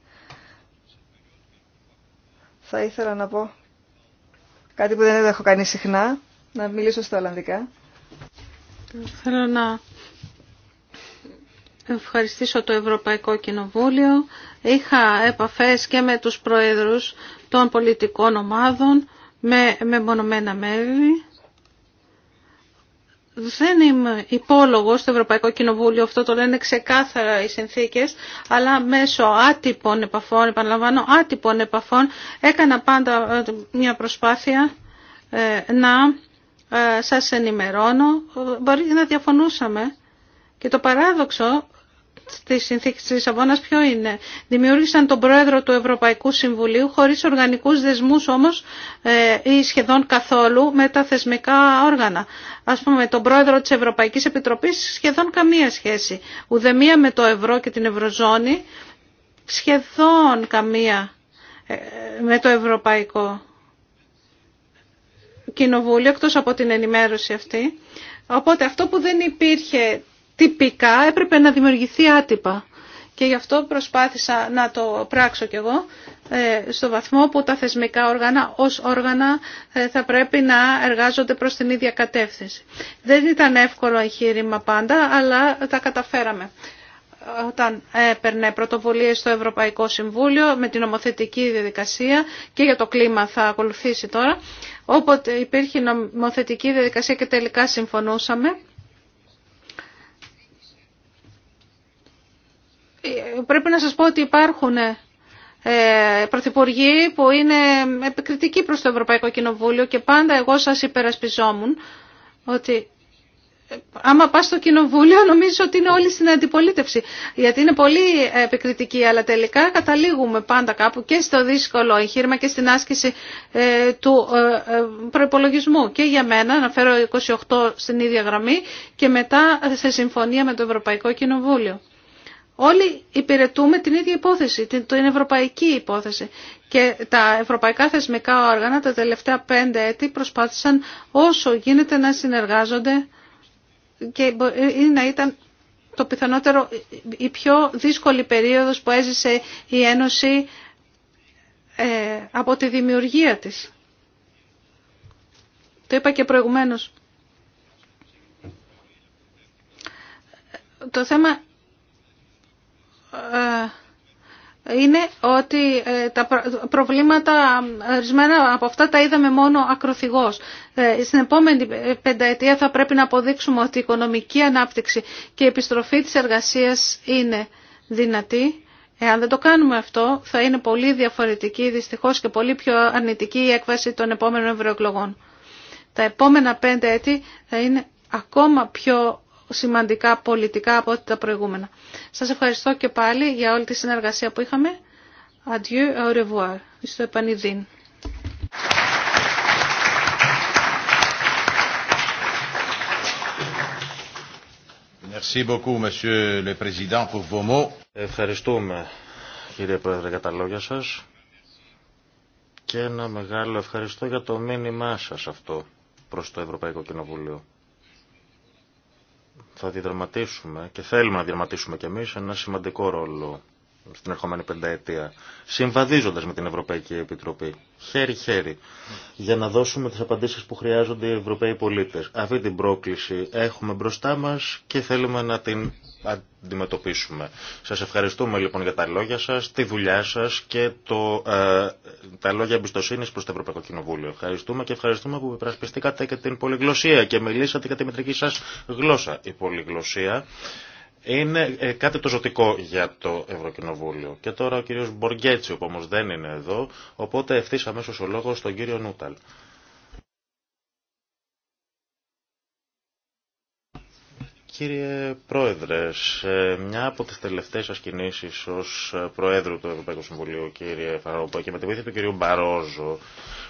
θα ήθελα να πω κάτι που δεν έχω κάνει συχνά, να μιλήσω στα Ολλανδικά. Θέλω να ευχαριστήσω το Ευρωπαϊκό Κοινοβούλιο. Είχα επαφές και με τους πρόεδρους των πολιτικών ομάδων, με μεμονωμένα μέλη δεν είμαι υπόλογο στο Ευρωπαϊκό Κοινοβούλιο, αυτό το λένε ξεκάθαρα οι συνθήκες, αλλά μέσω άτυπων επαφών, επαναλαμβάνω, άτυπων επαφών, έκανα πάντα ε, μια προσπάθεια ε, να ε, σας ενημερώνω. Μπορεί να διαφωνούσαμε και το παράδοξο τη συνθήκη τη Λισαβόνα ποιο είναι. Δημιούργησαν τον πρόεδρο του Ευρωπαϊκού Συμβουλίου χωρί οργανικού δεσμού όμω ε, ή σχεδόν καθόλου με τα θεσμικά όργανα. Α πούμε, τον πρόεδρο τη Ευρωπαϊκή Επιτροπή σχεδόν καμία σχέση. Ουδεμία με το ευρώ και την ευρωζώνη, σχεδόν καμία ε, με το ευρωπαϊκό κοινοβούλιο, εκτός από την ενημέρωση αυτή. Οπότε αυτό που δεν υπήρχε τυπικά έπρεπε να δημιουργηθεί άτυπα. Και γι' αυτό προσπάθησα να το πράξω κι εγώ ε, στο βαθμό που τα θεσμικά όργανα ως όργανα ε, θα πρέπει να εργάζονται προς την ίδια κατεύθυνση. Δεν ήταν εύκολο εγχείρημα πάντα, αλλά τα καταφέραμε. Όταν ε, έπαιρνε πρωτοβουλίες στο Ευρωπαϊκό Συμβούλιο με την νομοθετική διαδικασία και για το κλίμα θα ακολουθήσει τώρα, όποτε υπήρχε νομοθετική διαδικασία και τελικά συμφωνούσαμε, πρέπει να σας πω ότι υπάρχουν ε, πρωθυπουργοί που είναι επικριτικοί προς το Ευρωπαϊκό Κοινοβούλιο και πάντα εγώ σας υπερασπιζόμουν ότι ε, άμα πας στο Κοινοβούλιο νομίζω ότι είναι όλοι στην αντιπολίτευση γιατί είναι πολύ επικριτικοί αλλά τελικά καταλήγουμε πάντα κάπου και στο δύσκολο εγχείρημα και στην άσκηση ε, του προπολογισμού. και για μένα αναφέρω 28 στην ίδια γραμμή και μετά σε συμφωνία με το Ευρωπαϊκό Κοινοβούλιο. Όλοι υπηρετούμε την ίδια υπόθεση, την, την ευρωπαϊκή υπόθεση. Και τα ευρωπαϊκά θεσμικά όργανα τα τελευταία πέντε έτη προσπάθησαν όσο γίνεται να συνεργάζονται και ε, να ήταν το πιθανότερο ε, η πιο δύσκολη περίοδος που έζησε η Ένωση ε, από τη δημιουργία της. Το είπα και προηγουμένως. Το θέμα ε, είναι ότι ε, τα προβλήματα, ε, ορισμένα από αυτά τα είδαμε μόνο ακροθυγώς. Στην επόμενη πενταετία θα πρέπει να αποδείξουμε ότι η οικονομική ανάπτυξη και η επιστροφή της εργασίας είναι δυνατή. Εάν δεν το κάνουμε αυτό, θα είναι πολύ διαφορετική, δυστυχώς και πολύ πιο αρνητική η έκβαση των επόμενων ευρωεκλογών. Τα επόμενα πέντε έτη θα είναι ακόμα πιο σημαντικά πολιτικά από ό,τι τα προηγούμενα. Σας ευχαριστώ και πάλι για όλη τη συνεργασία που είχαμε. Adieu, au revoir. Στο επανειδήν. Ευχαριστούμε, κύριε Πρόεδρε, για τα λόγια σας και ένα μεγάλο ευχαριστώ για το μήνυμά σας αυτό προς το Ευρωπαϊκό Κοινοβούλιο θα διαδραματίσουμε και θέλουμε να διαδραματίσουμε κι εμείς ένα σημαντικό ρόλο στην ερχόμενη πενταετία, συμβαδίζοντας με την Ευρωπαϊκή Επιτροπή, χέρι-χέρι, για να δώσουμε τις απαντήσεις που χρειάζονται οι Ευρωπαίοι πολίτες. Αυτή την πρόκληση έχουμε μπροστά μας και θέλουμε να την αντιμετωπίσουμε. Σας ευχαριστούμε λοιπόν για τα λόγια σας, τη δουλειά σας και το, ε, τα λόγια εμπιστοσύνη προς το Ευρωπαϊκό Κοινοβούλιο. Ευχαριστούμε και ευχαριστούμε που υπερασπιστήκατε και την πολυγλωσία και μιλήσατε για τη μετρική σας γλώσσα. Η πολυγλωσία είναι ε, κάτι το ζωτικό για το Ευρωκοινοβούλιο. Και τώρα ο κύριος Μποργέτσιου που δεν είναι εδώ, οπότε ευθύς αμέσως ο λόγος στον κύριο Νούταλ. Κύριε Πρόεδρε, σε μια από τι τελευταίε σα κινήσει ως Προέδρου του Ευρωπαϊκού Συμβουλίου, κύριε Φαρόπα, και με τη βοήθεια του κυρίου Μπαρόζο,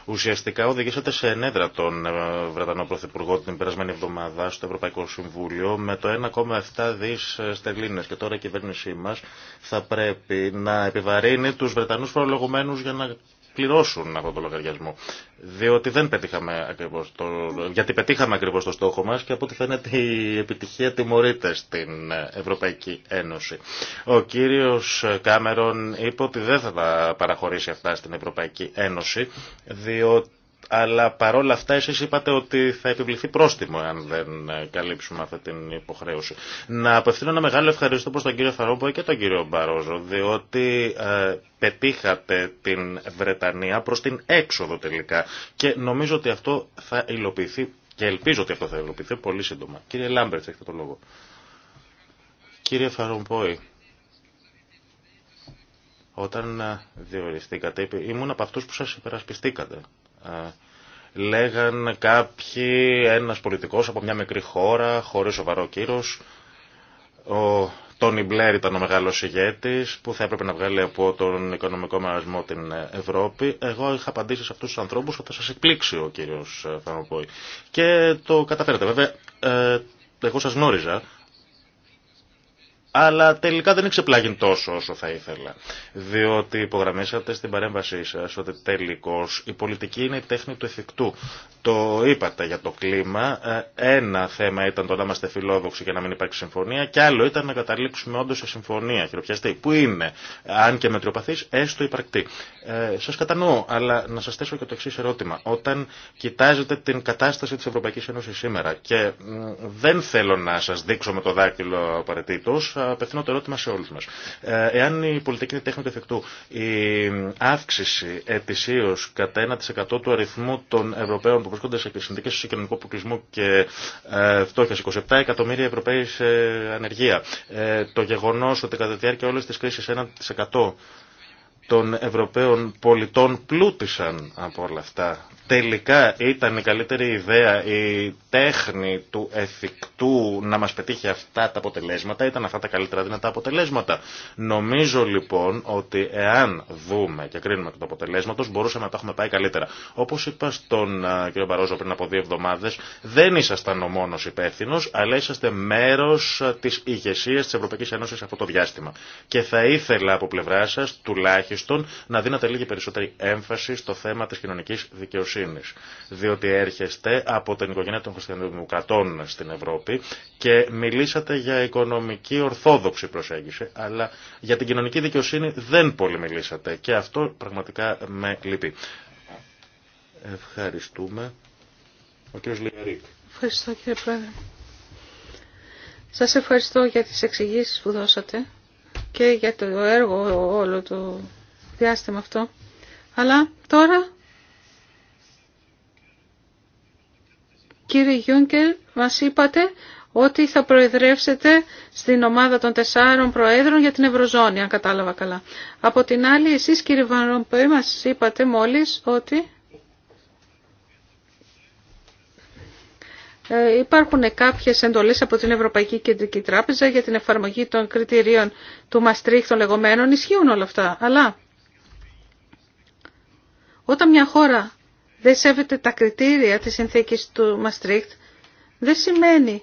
ουσιαστικά οδηγήσατε σε ενέδρα τον ε, Βρετανό Πρωθυπουργό την περασμένη εβδομάδα στο Ευρωπαϊκό Συμβούλιο με το 1,7 δι στελίνε. και τώρα η κυβέρνησή μα θα πρέπει να επιβαρύνει του Βρετανού προλογουμένου για να πληρώσουν αυτό το λογαριασμό. Διότι δεν πετύχαμε ακριβώς το... γιατί πετύχαμε ακριβώς το στόχο μας και από ό,τι φαίνεται η επιτυχία τιμωρείται στην Ευρωπαϊκή Ένωση. Ο κύριος Κάμερον είπε ότι δεν θα παραχωρήσει αυτά στην Ευρωπαϊκή Ένωση διότι αλλά παρόλα αυτά εσείς είπατε ότι θα επιβληθεί πρόστιμο αν δεν ε, καλύψουμε αυτή την υποχρέωση. Να απευθύνω ένα μεγάλο ευχαριστώ προς τον κύριο Φαρόμπο και τον κύριο Μπαρόζο, διότι ε, πετύχατε την Βρετανία προς την έξοδο τελικά και νομίζω ότι αυτό θα υλοποιηθεί και ελπίζω ότι αυτό θα υλοποιηθεί πολύ σύντομα. Κύριε Λάμπερτ, έχετε το λόγο. Κύριε Φαρομπόη, όταν ε, διοριστήκατε, ήμουν από αυτούς που σας υπερασπιστήκατε λέγαν κάποιοι, ένας πολιτικός από μια μικρή χώρα, χωρίς σοβαρό κύρος, ο Τόνι Μπλερ ήταν ο μεγάλος ηγέτης που θα έπρεπε να βγάλει από τον οικονομικό μερασμό την Ευρώπη. Εγώ είχα απαντήσει σε αυτούς τους ανθρώπους ότι θα σας εκπλήξει ο κύριος Φανοπόη. Και το καταφέρατε. Βέβαια, ε, εγώ σας γνώριζα, αλλά τελικά δεν εξεπλάγει τόσο όσο θα ήθελα. Διότι υπογραμμίσατε στην παρέμβασή σα ότι τελικώ η πολιτική είναι η τέχνη του εφικτού. Το είπατε για το κλίμα. Ε, ένα θέμα ήταν το να είμαστε φιλόδοξοι για να μην υπάρξει συμφωνία και άλλο ήταν να καταλήξουμε όντω σε συμφωνία χειροπιαστή. Που είναι, αν και μετριοπαθή, έστω υπαρκτή. Ε, σας κατανοώ, αλλά να σα θέσω και το εξή ερώτημα. Όταν κοιτάζετε την κατάσταση τη Ευρωπαϊκή Ένωση σήμερα και δεν θέλω να σα δείξω με το δάκτυλο απαραίτητο, θα απευθύνω το ερώτημα σε όλους μας. Ε, εάν η πολιτική είναι τέχνη του εφικτού, η αύξηση ετησίως κατά 1% του αριθμού των Ευρωπαίων που βρίσκονται σε συνδίκες του κοινωνικού αποκλεισμού και ε, φτώχειας, 27 εκατομμύρια Ευρωπαίοι σε ανεργία, ε, το γεγονός ότι κατά τη διάρκεια όλες τις κρίσεις 1% των Ευρωπαίων πολιτών πλούτησαν από όλα αυτά. Τελικά ήταν η καλύτερη ιδέα η τέχνη του εφικτού να μας πετύχει αυτά τα αποτελέσματα, ήταν αυτά τα καλύτερα δυνατά αποτελέσματα. Νομίζω λοιπόν ότι εάν δούμε και κρίνουμε το αποτελέσματο μπορούσαμε να τα έχουμε πάει καλύτερα. Όπως είπα στον κ. Μπαρόζο πριν από δύο εβδομάδες, δεν ήσασταν ο μόνος υπεύθυνο, αλλά είσαστε μέρος της ηγεσίας της Ευρωπαϊκής Ένωσης αυτό το διάστημα. Και θα ήθελα από πλευρά σας τουλάχιστον να δίνετε λίγη περισσότερη έμφαση στο θέμα της κοινωνικής δικαιοσύνης. Διότι έρχεστε από την οικογένεια των χριστιανοδημοκρατών στην Ευρώπη και μιλήσατε για οικονομική ορθόδοξη προσέγγιση, αλλά για την κοινωνική δικαιοσύνη δεν πολύ μιλήσατε και αυτό πραγματικά με λυπεί. Ευχαριστούμε. Ο κύριος Λιγαρίκ. Ευχαριστώ κύριε Πρόεδρε. Σας ευχαριστώ για τις εξηγήσεις που δώσατε και για το έργο όλο του Διάστε με αυτό. Αλλά τώρα, κύριε Γιούγκερ μας είπατε ότι θα προεδρεύσετε στην ομάδα των τεσσάρων προέδρων για την Ευρωζώνη, αν κατάλαβα καλά. Από την άλλη, εσείς κύριε Βανρομπέ, μας είπατε μόλις ότι ε, υπάρχουν κάποιες εντολές από την Ευρωπαϊκή Κεντρική Τράπεζα για την εφαρμογή των κριτηρίων του Μαστρίχ των λεγόμενων. Ισχύουν όλα αυτά, αλλά όταν μια χώρα δεν σέβεται τα κριτήρια της συνθήκης του Μαστρίχτ δεν σημαίνει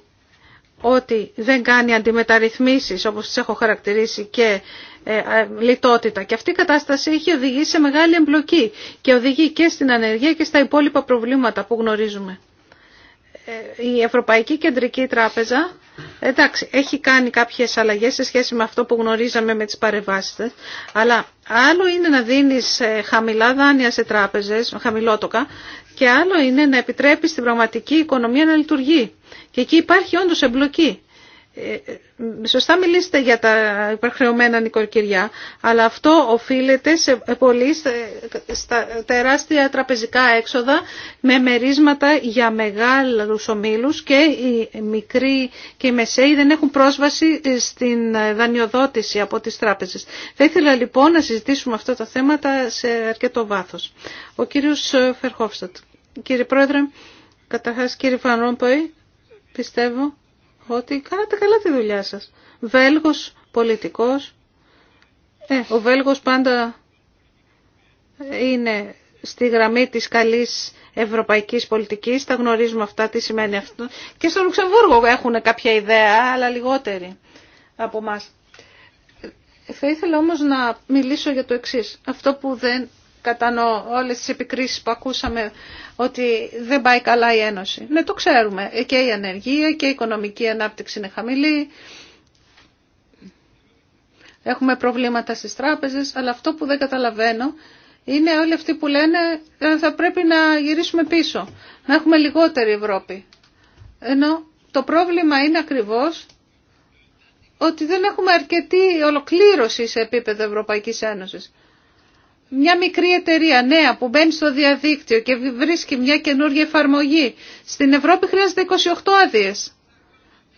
ότι δεν κάνει αντιμεταρρυθμίσεις όπως τις έχω χαρακτηρίσει και ε, ε, λιτότητα. Και αυτή η κατάσταση έχει οδηγήσει σε μεγάλη εμπλοκή και οδηγεί και στην ανεργία και στα υπόλοιπα προβλήματα που γνωρίζουμε. Ε, η Ευρωπαϊκή Κεντρική Τράπεζα εντάξει, έχει κάνει κάποιες αλλαγές σε σχέση με αυτό που γνωρίζαμε με τις παρεμβάσεις αλλά άλλο είναι να δίνεις ε, χαμηλά δάνεια σε τράπεζες, χαμηλότοκα και άλλο είναι να επιτρέπεις την πραγματική οικονομία να λειτουργεί. Και εκεί υπάρχει όντως εμπλοκή. Ε, ε, σωστά μιλήσετε για τα υπερχρεωμένα νοικοκυριά, αλλά αυτό οφείλεται σε ε, πολύ στα τεράστια τραπεζικά έξοδα με μερίσματα για μεγάλους ομίλους και οι μικροί και οι μεσαίοι δεν έχουν πρόσβαση στην δανειοδότηση από τις τράπεζες. Θα ήθελα λοιπόν να συζητήσουμε αυτά τα θέματα σε αρκετό βάθος. Ο κύριος Φερχόφστατ. Κύριε Πρόεδρε, καταρχάς κύριε Φανρόμποη, πιστεύω ότι κάνατε καλά τη δουλειά σας. Βέλγος πολιτικός. Ε. ο Βέλγος πάντα είναι στη γραμμή της καλής ευρωπαϊκής πολιτικής. Τα γνωρίζουμε αυτά, τι σημαίνει αυτό. Και στο Λουξεμβούργο έχουν κάποια ιδέα, αλλά λιγότεροι από μας. Θα ήθελα όμως να μιλήσω για το εξής. Αυτό που δεν κατανοώ όλες τις επικρίσεις που ακούσαμε ότι δεν πάει καλά η Ένωση. Ναι, το ξέρουμε. Και η ανεργία και η οικονομική ανάπτυξη είναι χαμηλή. Έχουμε προβλήματα στις τράπεζες, αλλά αυτό που δεν καταλαβαίνω είναι όλοι αυτοί που λένε ότι ε, θα πρέπει να γυρίσουμε πίσω, να έχουμε λιγότερη Ευρώπη. Ενώ το πρόβλημα είναι ακριβώς ότι δεν έχουμε αρκετή ολοκλήρωση σε επίπεδο Ευρωπαϊκής Ένωσης μια μικρή εταιρεία νέα που μπαίνει στο διαδίκτυο και βρίσκει μια καινούργια εφαρμογή. Στην Ευρώπη χρειάζεται 28 άδειε.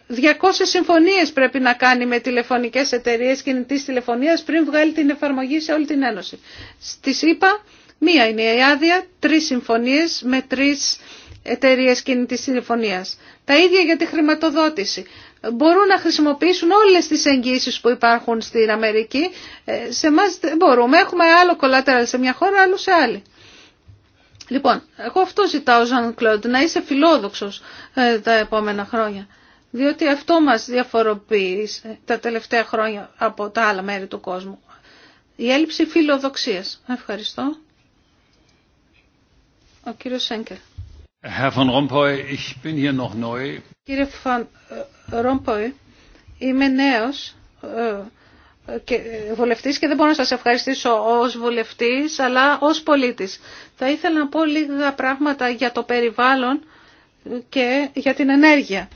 200 συμφωνίες πρέπει να κάνει με τηλεφωνικές εταιρείε κινητή τηλεφωνία πριν βγάλει την εφαρμογή σε όλη την Ένωση. Στη ΣΥΠΑ μία είναι η άδεια, τρει συμφωνίες με τρει εταιρείε κινητή τηλεφωνίας. Τα ίδια για τη χρηματοδότηση μπορούν να χρησιμοποιήσουν όλες τις εγγύσεις που υπάρχουν στην Αμερική. Ε, σε εμάς δεν μπορούμε. Έχουμε άλλο κολάτερα σε μια χώρα, άλλο σε άλλη. Λοιπόν, εγώ αυτό ζητάω, Ζαν Κλοντ, να είσαι φιλόδοξος ε, τα επόμενα χρόνια. Διότι αυτό μας διαφοροποιεί τα τελευταία χρόνια από τα άλλα μέρη του κόσμου. Η έλλειψη φιλοδοξίας. Ευχαριστώ. Ο κύριος Σέγκερ ich bin hier noch neu. Κύριε Φαν Rompuy, ε, είμαι νέος ε, και ε, βουλευτής και δεν μπορώ να σας ευχαριστήσω ως βουλευτής αλλά ως πολίτης. Θα ήθελα να πω λίγα πράγματα για το περιβάλλον και για την ενέργεια.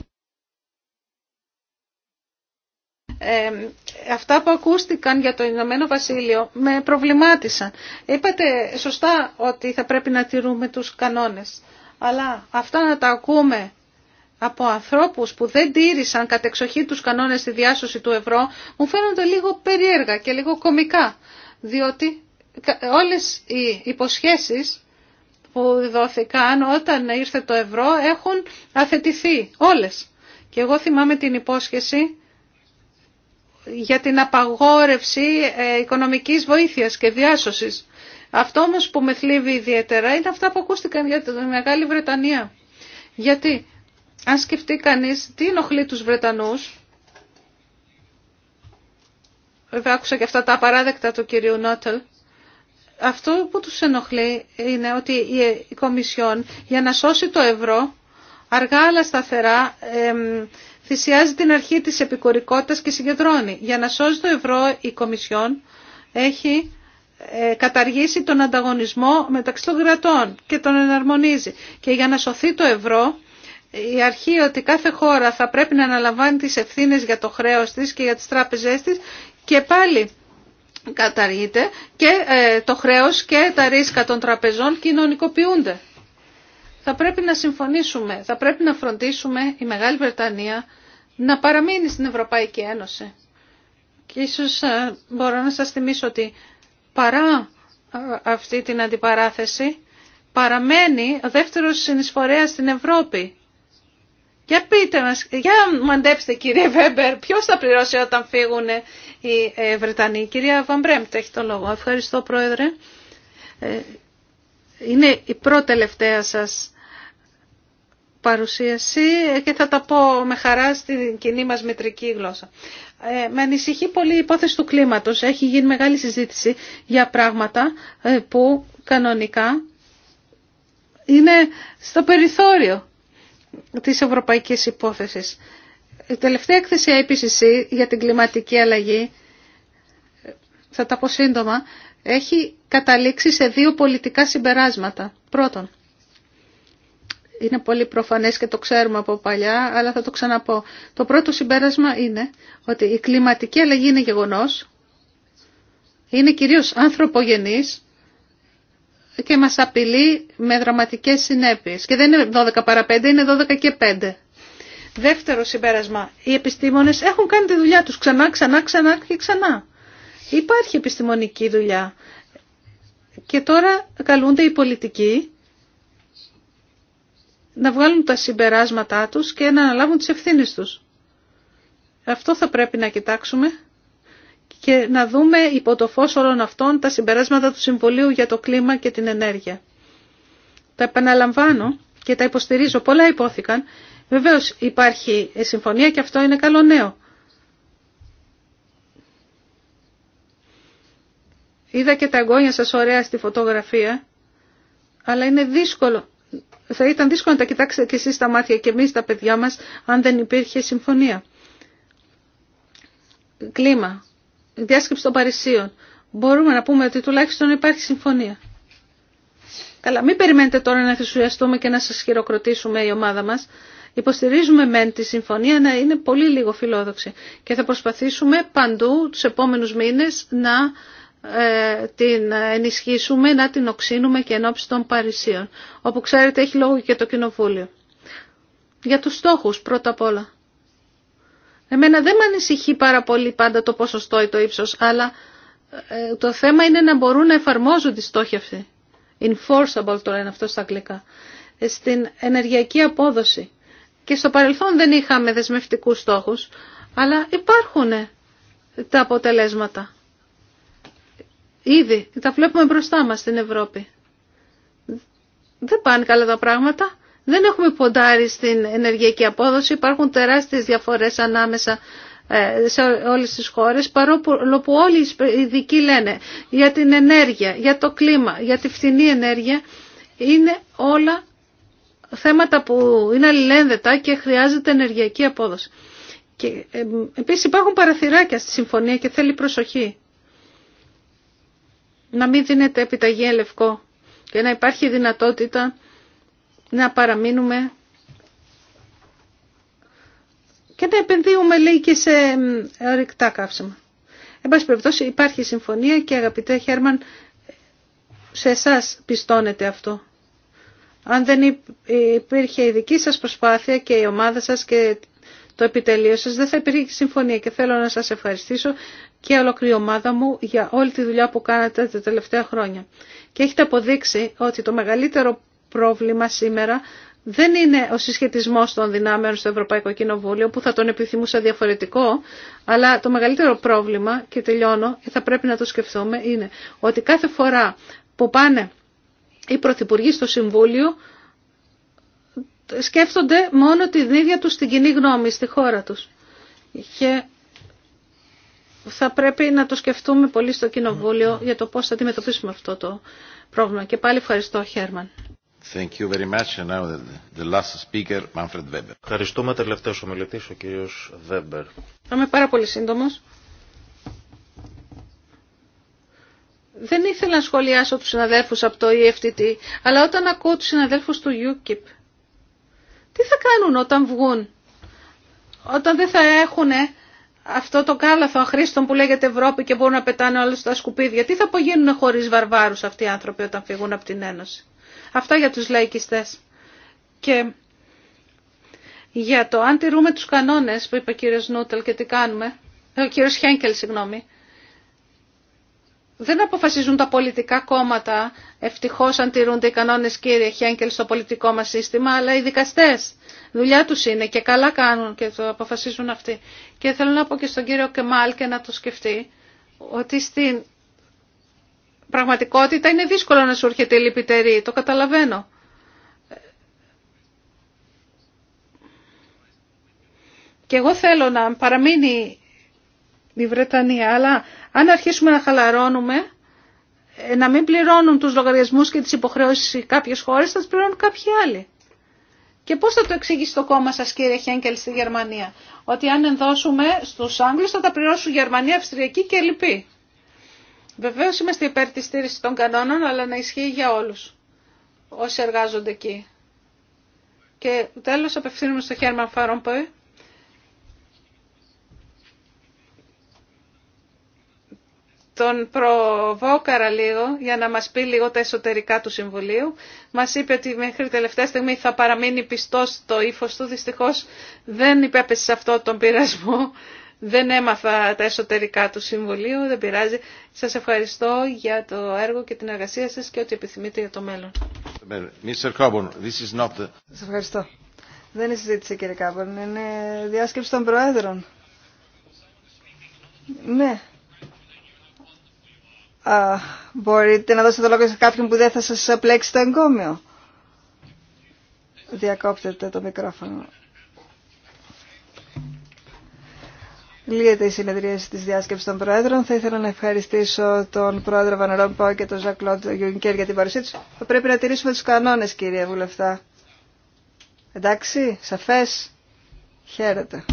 αυτά που ακούστηκαν για το Ηνωμένο Βασίλειο με προβλημάτισαν. Είπατε σωστά ότι θα πρέπει να τηρούμε τους κανόνες αλλά αυτά να τα ακούμε από ανθρώπους που δεν τήρησαν κατ' εξοχή τους κανόνες στη διάσωση του ευρώ, μου φαίνονται λίγο περίεργα και λίγο κομικά, διότι όλες οι υποσχέσεις που δόθηκαν όταν ήρθε το ευρώ έχουν αθετηθεί όλες. Και εγώ θυμάμαι την υπόσχεση για την απαγόρευση ε, οικονομικής βοήθειας και διάσωσης. Αυτό όμως που με θλίβει ιδιαίτερα είναι αυτά που ακούστηκαν για τη Μεγάλη Βρετανία. Γιατί αν σκεφτεί κανείς τι ενοχλεί τους Βρετανούς, βέβαια άκουσα και αυτά τα απαράδεκτα του κυρίου Νότελ, αυτό που τους ενοχλεί είναι ότι η Κομισιόν για να σώσει το ευρώ αργά αλλά σταθερά θυσιάζει την αρχή της επικορικότητας και συγκεντρώνει. Για να σώσει το ευρώ η Κομισιόν έχει ε, καταργήσει τον ανταγωνισμό μεταξύ των κρατών και τον εναρμονίζει. Και για να σωθεί το ευρώ, η αρχή ότι κάθε χώρα θα πρέπει να αναλαμβάνει τις ευθύνες για το χρέος της και για τις τράπεζές της και πάλι καταργείται και ε, το χρέος και τα ρίσκα των τραπεζών κοινωνικοποιούνται. Θα πρέπει να συμφωνήσουμε, θα πρέπει να φροντίσουμε η Μεγάλη Βρετανία να παραμείνει στην Ευρωπαϊκή Ένωση. Και ίσως ε, μπορώ να σας θυμίσω ότι παρά ε, αυτή την αντιπαράθεση παραμένει ο δεύτερος συνεισφορέας στην Ευρώπη. Για πείτε μας, για μαντέψτε κύριε Βέμπερ, ποιος θα πληρώσει όταν φύγουν οι ε, Βρετανοί. Κυρία Βαμπρέμπτ έχει το λόγο. Ευχαριστώ πρόεδρε. Ε, είναι η πρώτη τελευταία σας παρουσίαση και θα τα πω με χαρά στην κοινή μας μετρική γλώσσα. Ε, με ανησυχεί πολύ η υπόθεση του κλίματος. Έχει γίνει μεγάλη συζήτηση για πράγματα ε, που κανονικά είναι στο περιθώριο της ευρωπαϊκής υπόθεσης. Η τελευταία έκθεση IPCC για την κλιματική αλλαγή, θα τα πω σύντομα, έχει καταλήξει σε δύο πολιτικά συμπεράσματα. Πρώτον, είναι πολύ προφανές και το ξέρουμε από παλιά, αλλά θα το ξαναπώ. Το πρώτο συμπέρασμα είναι ότι η κλιματική αλλαγή είναι γεγονός, είναι κυρίως ανθρωπογενής και μας απειλεί με δραματικές συνέπειες. Και δεν είναι 12 παρα 5, είναι 12 και 5. Δεύτερο συμπέρασμα, οι επιστήμονες έχουν κάνει τη δουλειά τους ξανά, ξανά, ξανά και ξανά. Υπάρχει επιστημονική δουλειά. Και τώρα καλούνται οι πολιτικοί να βγάλουν τα συμπεράσματά τους και να αναλάβουν τις ευθύνες τους. Αυτό θα πρέπει να κοιτάξουμε και να δούμε υπό το φως όλων αυτών τα συμπεράσματα του Συμβουλίου για το κλίμα και την ενέργεια. Τα επαναλαμβάνω και τα υποστηρίζω. Πολλά υπόθηκαν. Βεβαίως υπάρχει συμφωνία και αυτό είναι καλό νέο. Είδα και τα εγγόνια σας ωραία στη φωτογραφία, αλλά είναι δύσκολο θα ήταν δύσκολο να τα κοιτάξετε και εσείς τα μάτια και εμείς τα παιδιά μας αν δεν υπήρχε συμφωνία. Κλίμα. Διάσκεψη των Παρισίων. Μπορούμε να πούμε ότι τουλάχιστον υπάρχει συμφωνία. Καλά, μην περιμένετε τώρα να ενθουσιαστούμε και να σας χειροκροτήσουμε η ομάδα μας. Υποστηρίζουμε μεν τη συμφωνία να είναι πολύ λίγο φιλόδοξη και θα προσπαθήσουμε παντού τους επόμενους μήνες να ε, την ενισχύσουμε, να την οξύνουμε και ώψη των Παρισίων, όπου ξέρετε έχει λόγο και το Κοινοβούλιο. Για τους στόχους πρώτα απ' όλα. Εμένα δεν με ανησυχεί πάρα πολύ πάντα το ποσοστό ή το ύψος, αλλά ε, το θέμα είναι να μπορούν να εφαρμόζουν τη στόχη Enforceable το λένε αυτό στα αγγλικά. Ε, στην ενεργειακή απόδοση. Και στο παρελθόν δεν είχαμε δεσμευτικούς στόχους, αλλά υπάρχουν τα αποτελέσματα. Ήδη τα βλέπουμε μπροστά μας στην Ευρώπη. Δεν πάνε καλά τα πράγματα. Δεν έχουμε ποντάρει στην ενεργειακή απόδοση. Υπάρχουν τεράστιες διαφορές ανάμεσα ε, σε όλες τις χώρες παρόλο που όλοι οι ειδικοί λένε για την ενέργεια, για το κλίμα, για τη φθηνή ενέργεια είναι όλα θέματα που είναι αλληλένδετα και χρειάζεται ενεργειακή απόδοση. Και, επίσης υπάρχουν παραθυράκια στη συμφωνία και θέλει προσοχή να μην δίνεται επιταγή λευκό και να υπάρχει δυνατότητα να παραμείνουμε και να επενδύουμε λέει και σε ορυκτά καύσιμα. Εν πάση περιπτώσει υπάρχει συμφωνία και αγαπητέ Χέρμαν σε εσά πιστώνεται αυτό. Αν δεν υπήρχε η δική σας προσπάθεια και η ομάδα σας και το επιτελείο σας δεν θα υπήρχε συμφωνία και θέλω να σας ευχαριστήσω και ολόκληρη ομάδα μου για όλη τη δουλειά που κάνατε τα τελευταία χρόνια. Και έχετε αποδείξει ότι το μεγαλύτερο πρόβλημα σήμερα δεν είναι ο συσχετισμός των δυνάμεων στο Ευρωπαϊκό Κοινοβούλιο που θα τον επιθυμούσα διαφορετικό, αλλά το μεγαλύτερο πρόβλημα, και τελειώνω, και θα πρέπει να το σκεφτούμε, είναι ότι κάθε φορά που πάνε οι πρωθυπουργοί στο Συμβούλιο σκέφτονται μόνο την ίδια τους την κοινή γνώμη στη χώρα τους θα πρέπει να το σκεφτούμε πολύ στο Κοινοβούλιο για το πώς θα αντιμετωπίσουμε αυτό το πρόβλημα. Και πάλι ευχαριστώ, Χέρμαν. Thank you very much. Ευχαριστούμε ομιλητής, ο κύριος Βέμπερ. Θα είμαι πάρα πολύ σύντομος. Δεν ήθελα να σχολιάσω τους συναδέλφους από το EFTT, αλλά όταν ακούω τους συναδέλφους του UKIP, τι θα κάνουν όταν βγουν, όταν δεν θα έχουν αυτό το κάλαθο αχρήστων που λέγεται Ευρώπη και μπορούν να πετάνε όλα στα σκουπίδια. Τι θα απογίνουν χωρί βαρβάρους αυτοί οι άνθρωποι όταν φύγουν από την Ένωση. Αυτά για τους λαϊκιστές. Και για το αν τηρούμε τους κανόνες που είπε ο κύριο Νούτελ και τι κάνουμε, ο κύριο Χένκελ συγγνώμη, δεν αποφασίζουν τα πολιτικά κόμματα, ευτυχώς αν τηρούνται οι κανόνες κύριε Χένκελ στο πολιτικό μας σύστημα, αλλά οι δικαστές. Δουλειά τους είναι και καλά κάνουν και το αποφασίζουν αυτοί. Και θέλω να πω και στον κύριο Κεμάλ και να το σκεφτεί, ότι στην πραγματικότητα είναι δύσκολο να σου έρχεται η λυπητερή, το καταλαβαίνω. Και εγώ θέλω να παραμείνει η Βρετανία, αλλά αν αρχίσουμε να χαλαρώνουμε, ε, να μην πληρώνουν τους λογαριασμούς και τις υποχρεώσεις κάποιες χώρες, θα τις πληρώνουν κάποιοι άλλοι. Και πώς θα το εξήγησε το κόμμα σας κύριε Χένκελ στη Γερμανία, ότι αν ενδώσουμε στους Άγγλους θα τα πληρώσουν Γερμανία, Αυστριακή και λοιπή. Βεβαίως είμαστε υπέρ της στήριξης των κανόνων, αλλά να ισχύει για όλους όσοι εργάζονται εκεί. Και τέλος απευθύνουμε στο Χέρμαν Φαρόμποε τον προβόκαρα λίγο για να μας πει λίγο τα εσωτερικά του Συμβουλίου. Μας είπε ότι μέχρι τελευταία στιγμή θα παραμείνει πιστός το ύφο του. Δυστυχώς δεν υπέπεσε σε αυτό τον πειρασμό. Δεν έμαθα τα εσωτερικά του Συμβουλίου. Δεν πειράζει. Σας ευχαριστώ για το έργο και την εργασία σας και ό,τι επιθυμείτε για το μέλλον. Σας ευχαριστώ. Δεν είναι συζήτηση κύριε Κάμπον. Είναι διάσκεψη των Προέδρων. Ναι. Α, μπορείτε να δώσετε το λόγο σε κάποιον που δεν θα σας πλέξει το εγκόμιο. Διακόπτεται το μικρόφωνο. Λύεται η συνεδρία της διάσκεψης των Προέδρων. Θα ήθελα να ευχαριστήσω τον Πρόεδρο Βανερόμπο και τον Ζακ Κλόντ για την παρουσία τους. Θα πρέπει να τηρήσουμε τους κανόνες, κύριε Βουλευτά. Εντάξει, σαφές. Χαίρετε.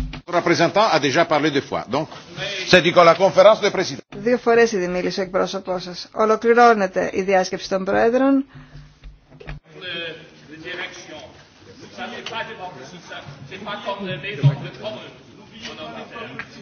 Δύο φορέ ήδη μίλησε ο εκπρόσωπό σα. Ολοκληρώνεται η διάσκεψη των Πρόεδρων.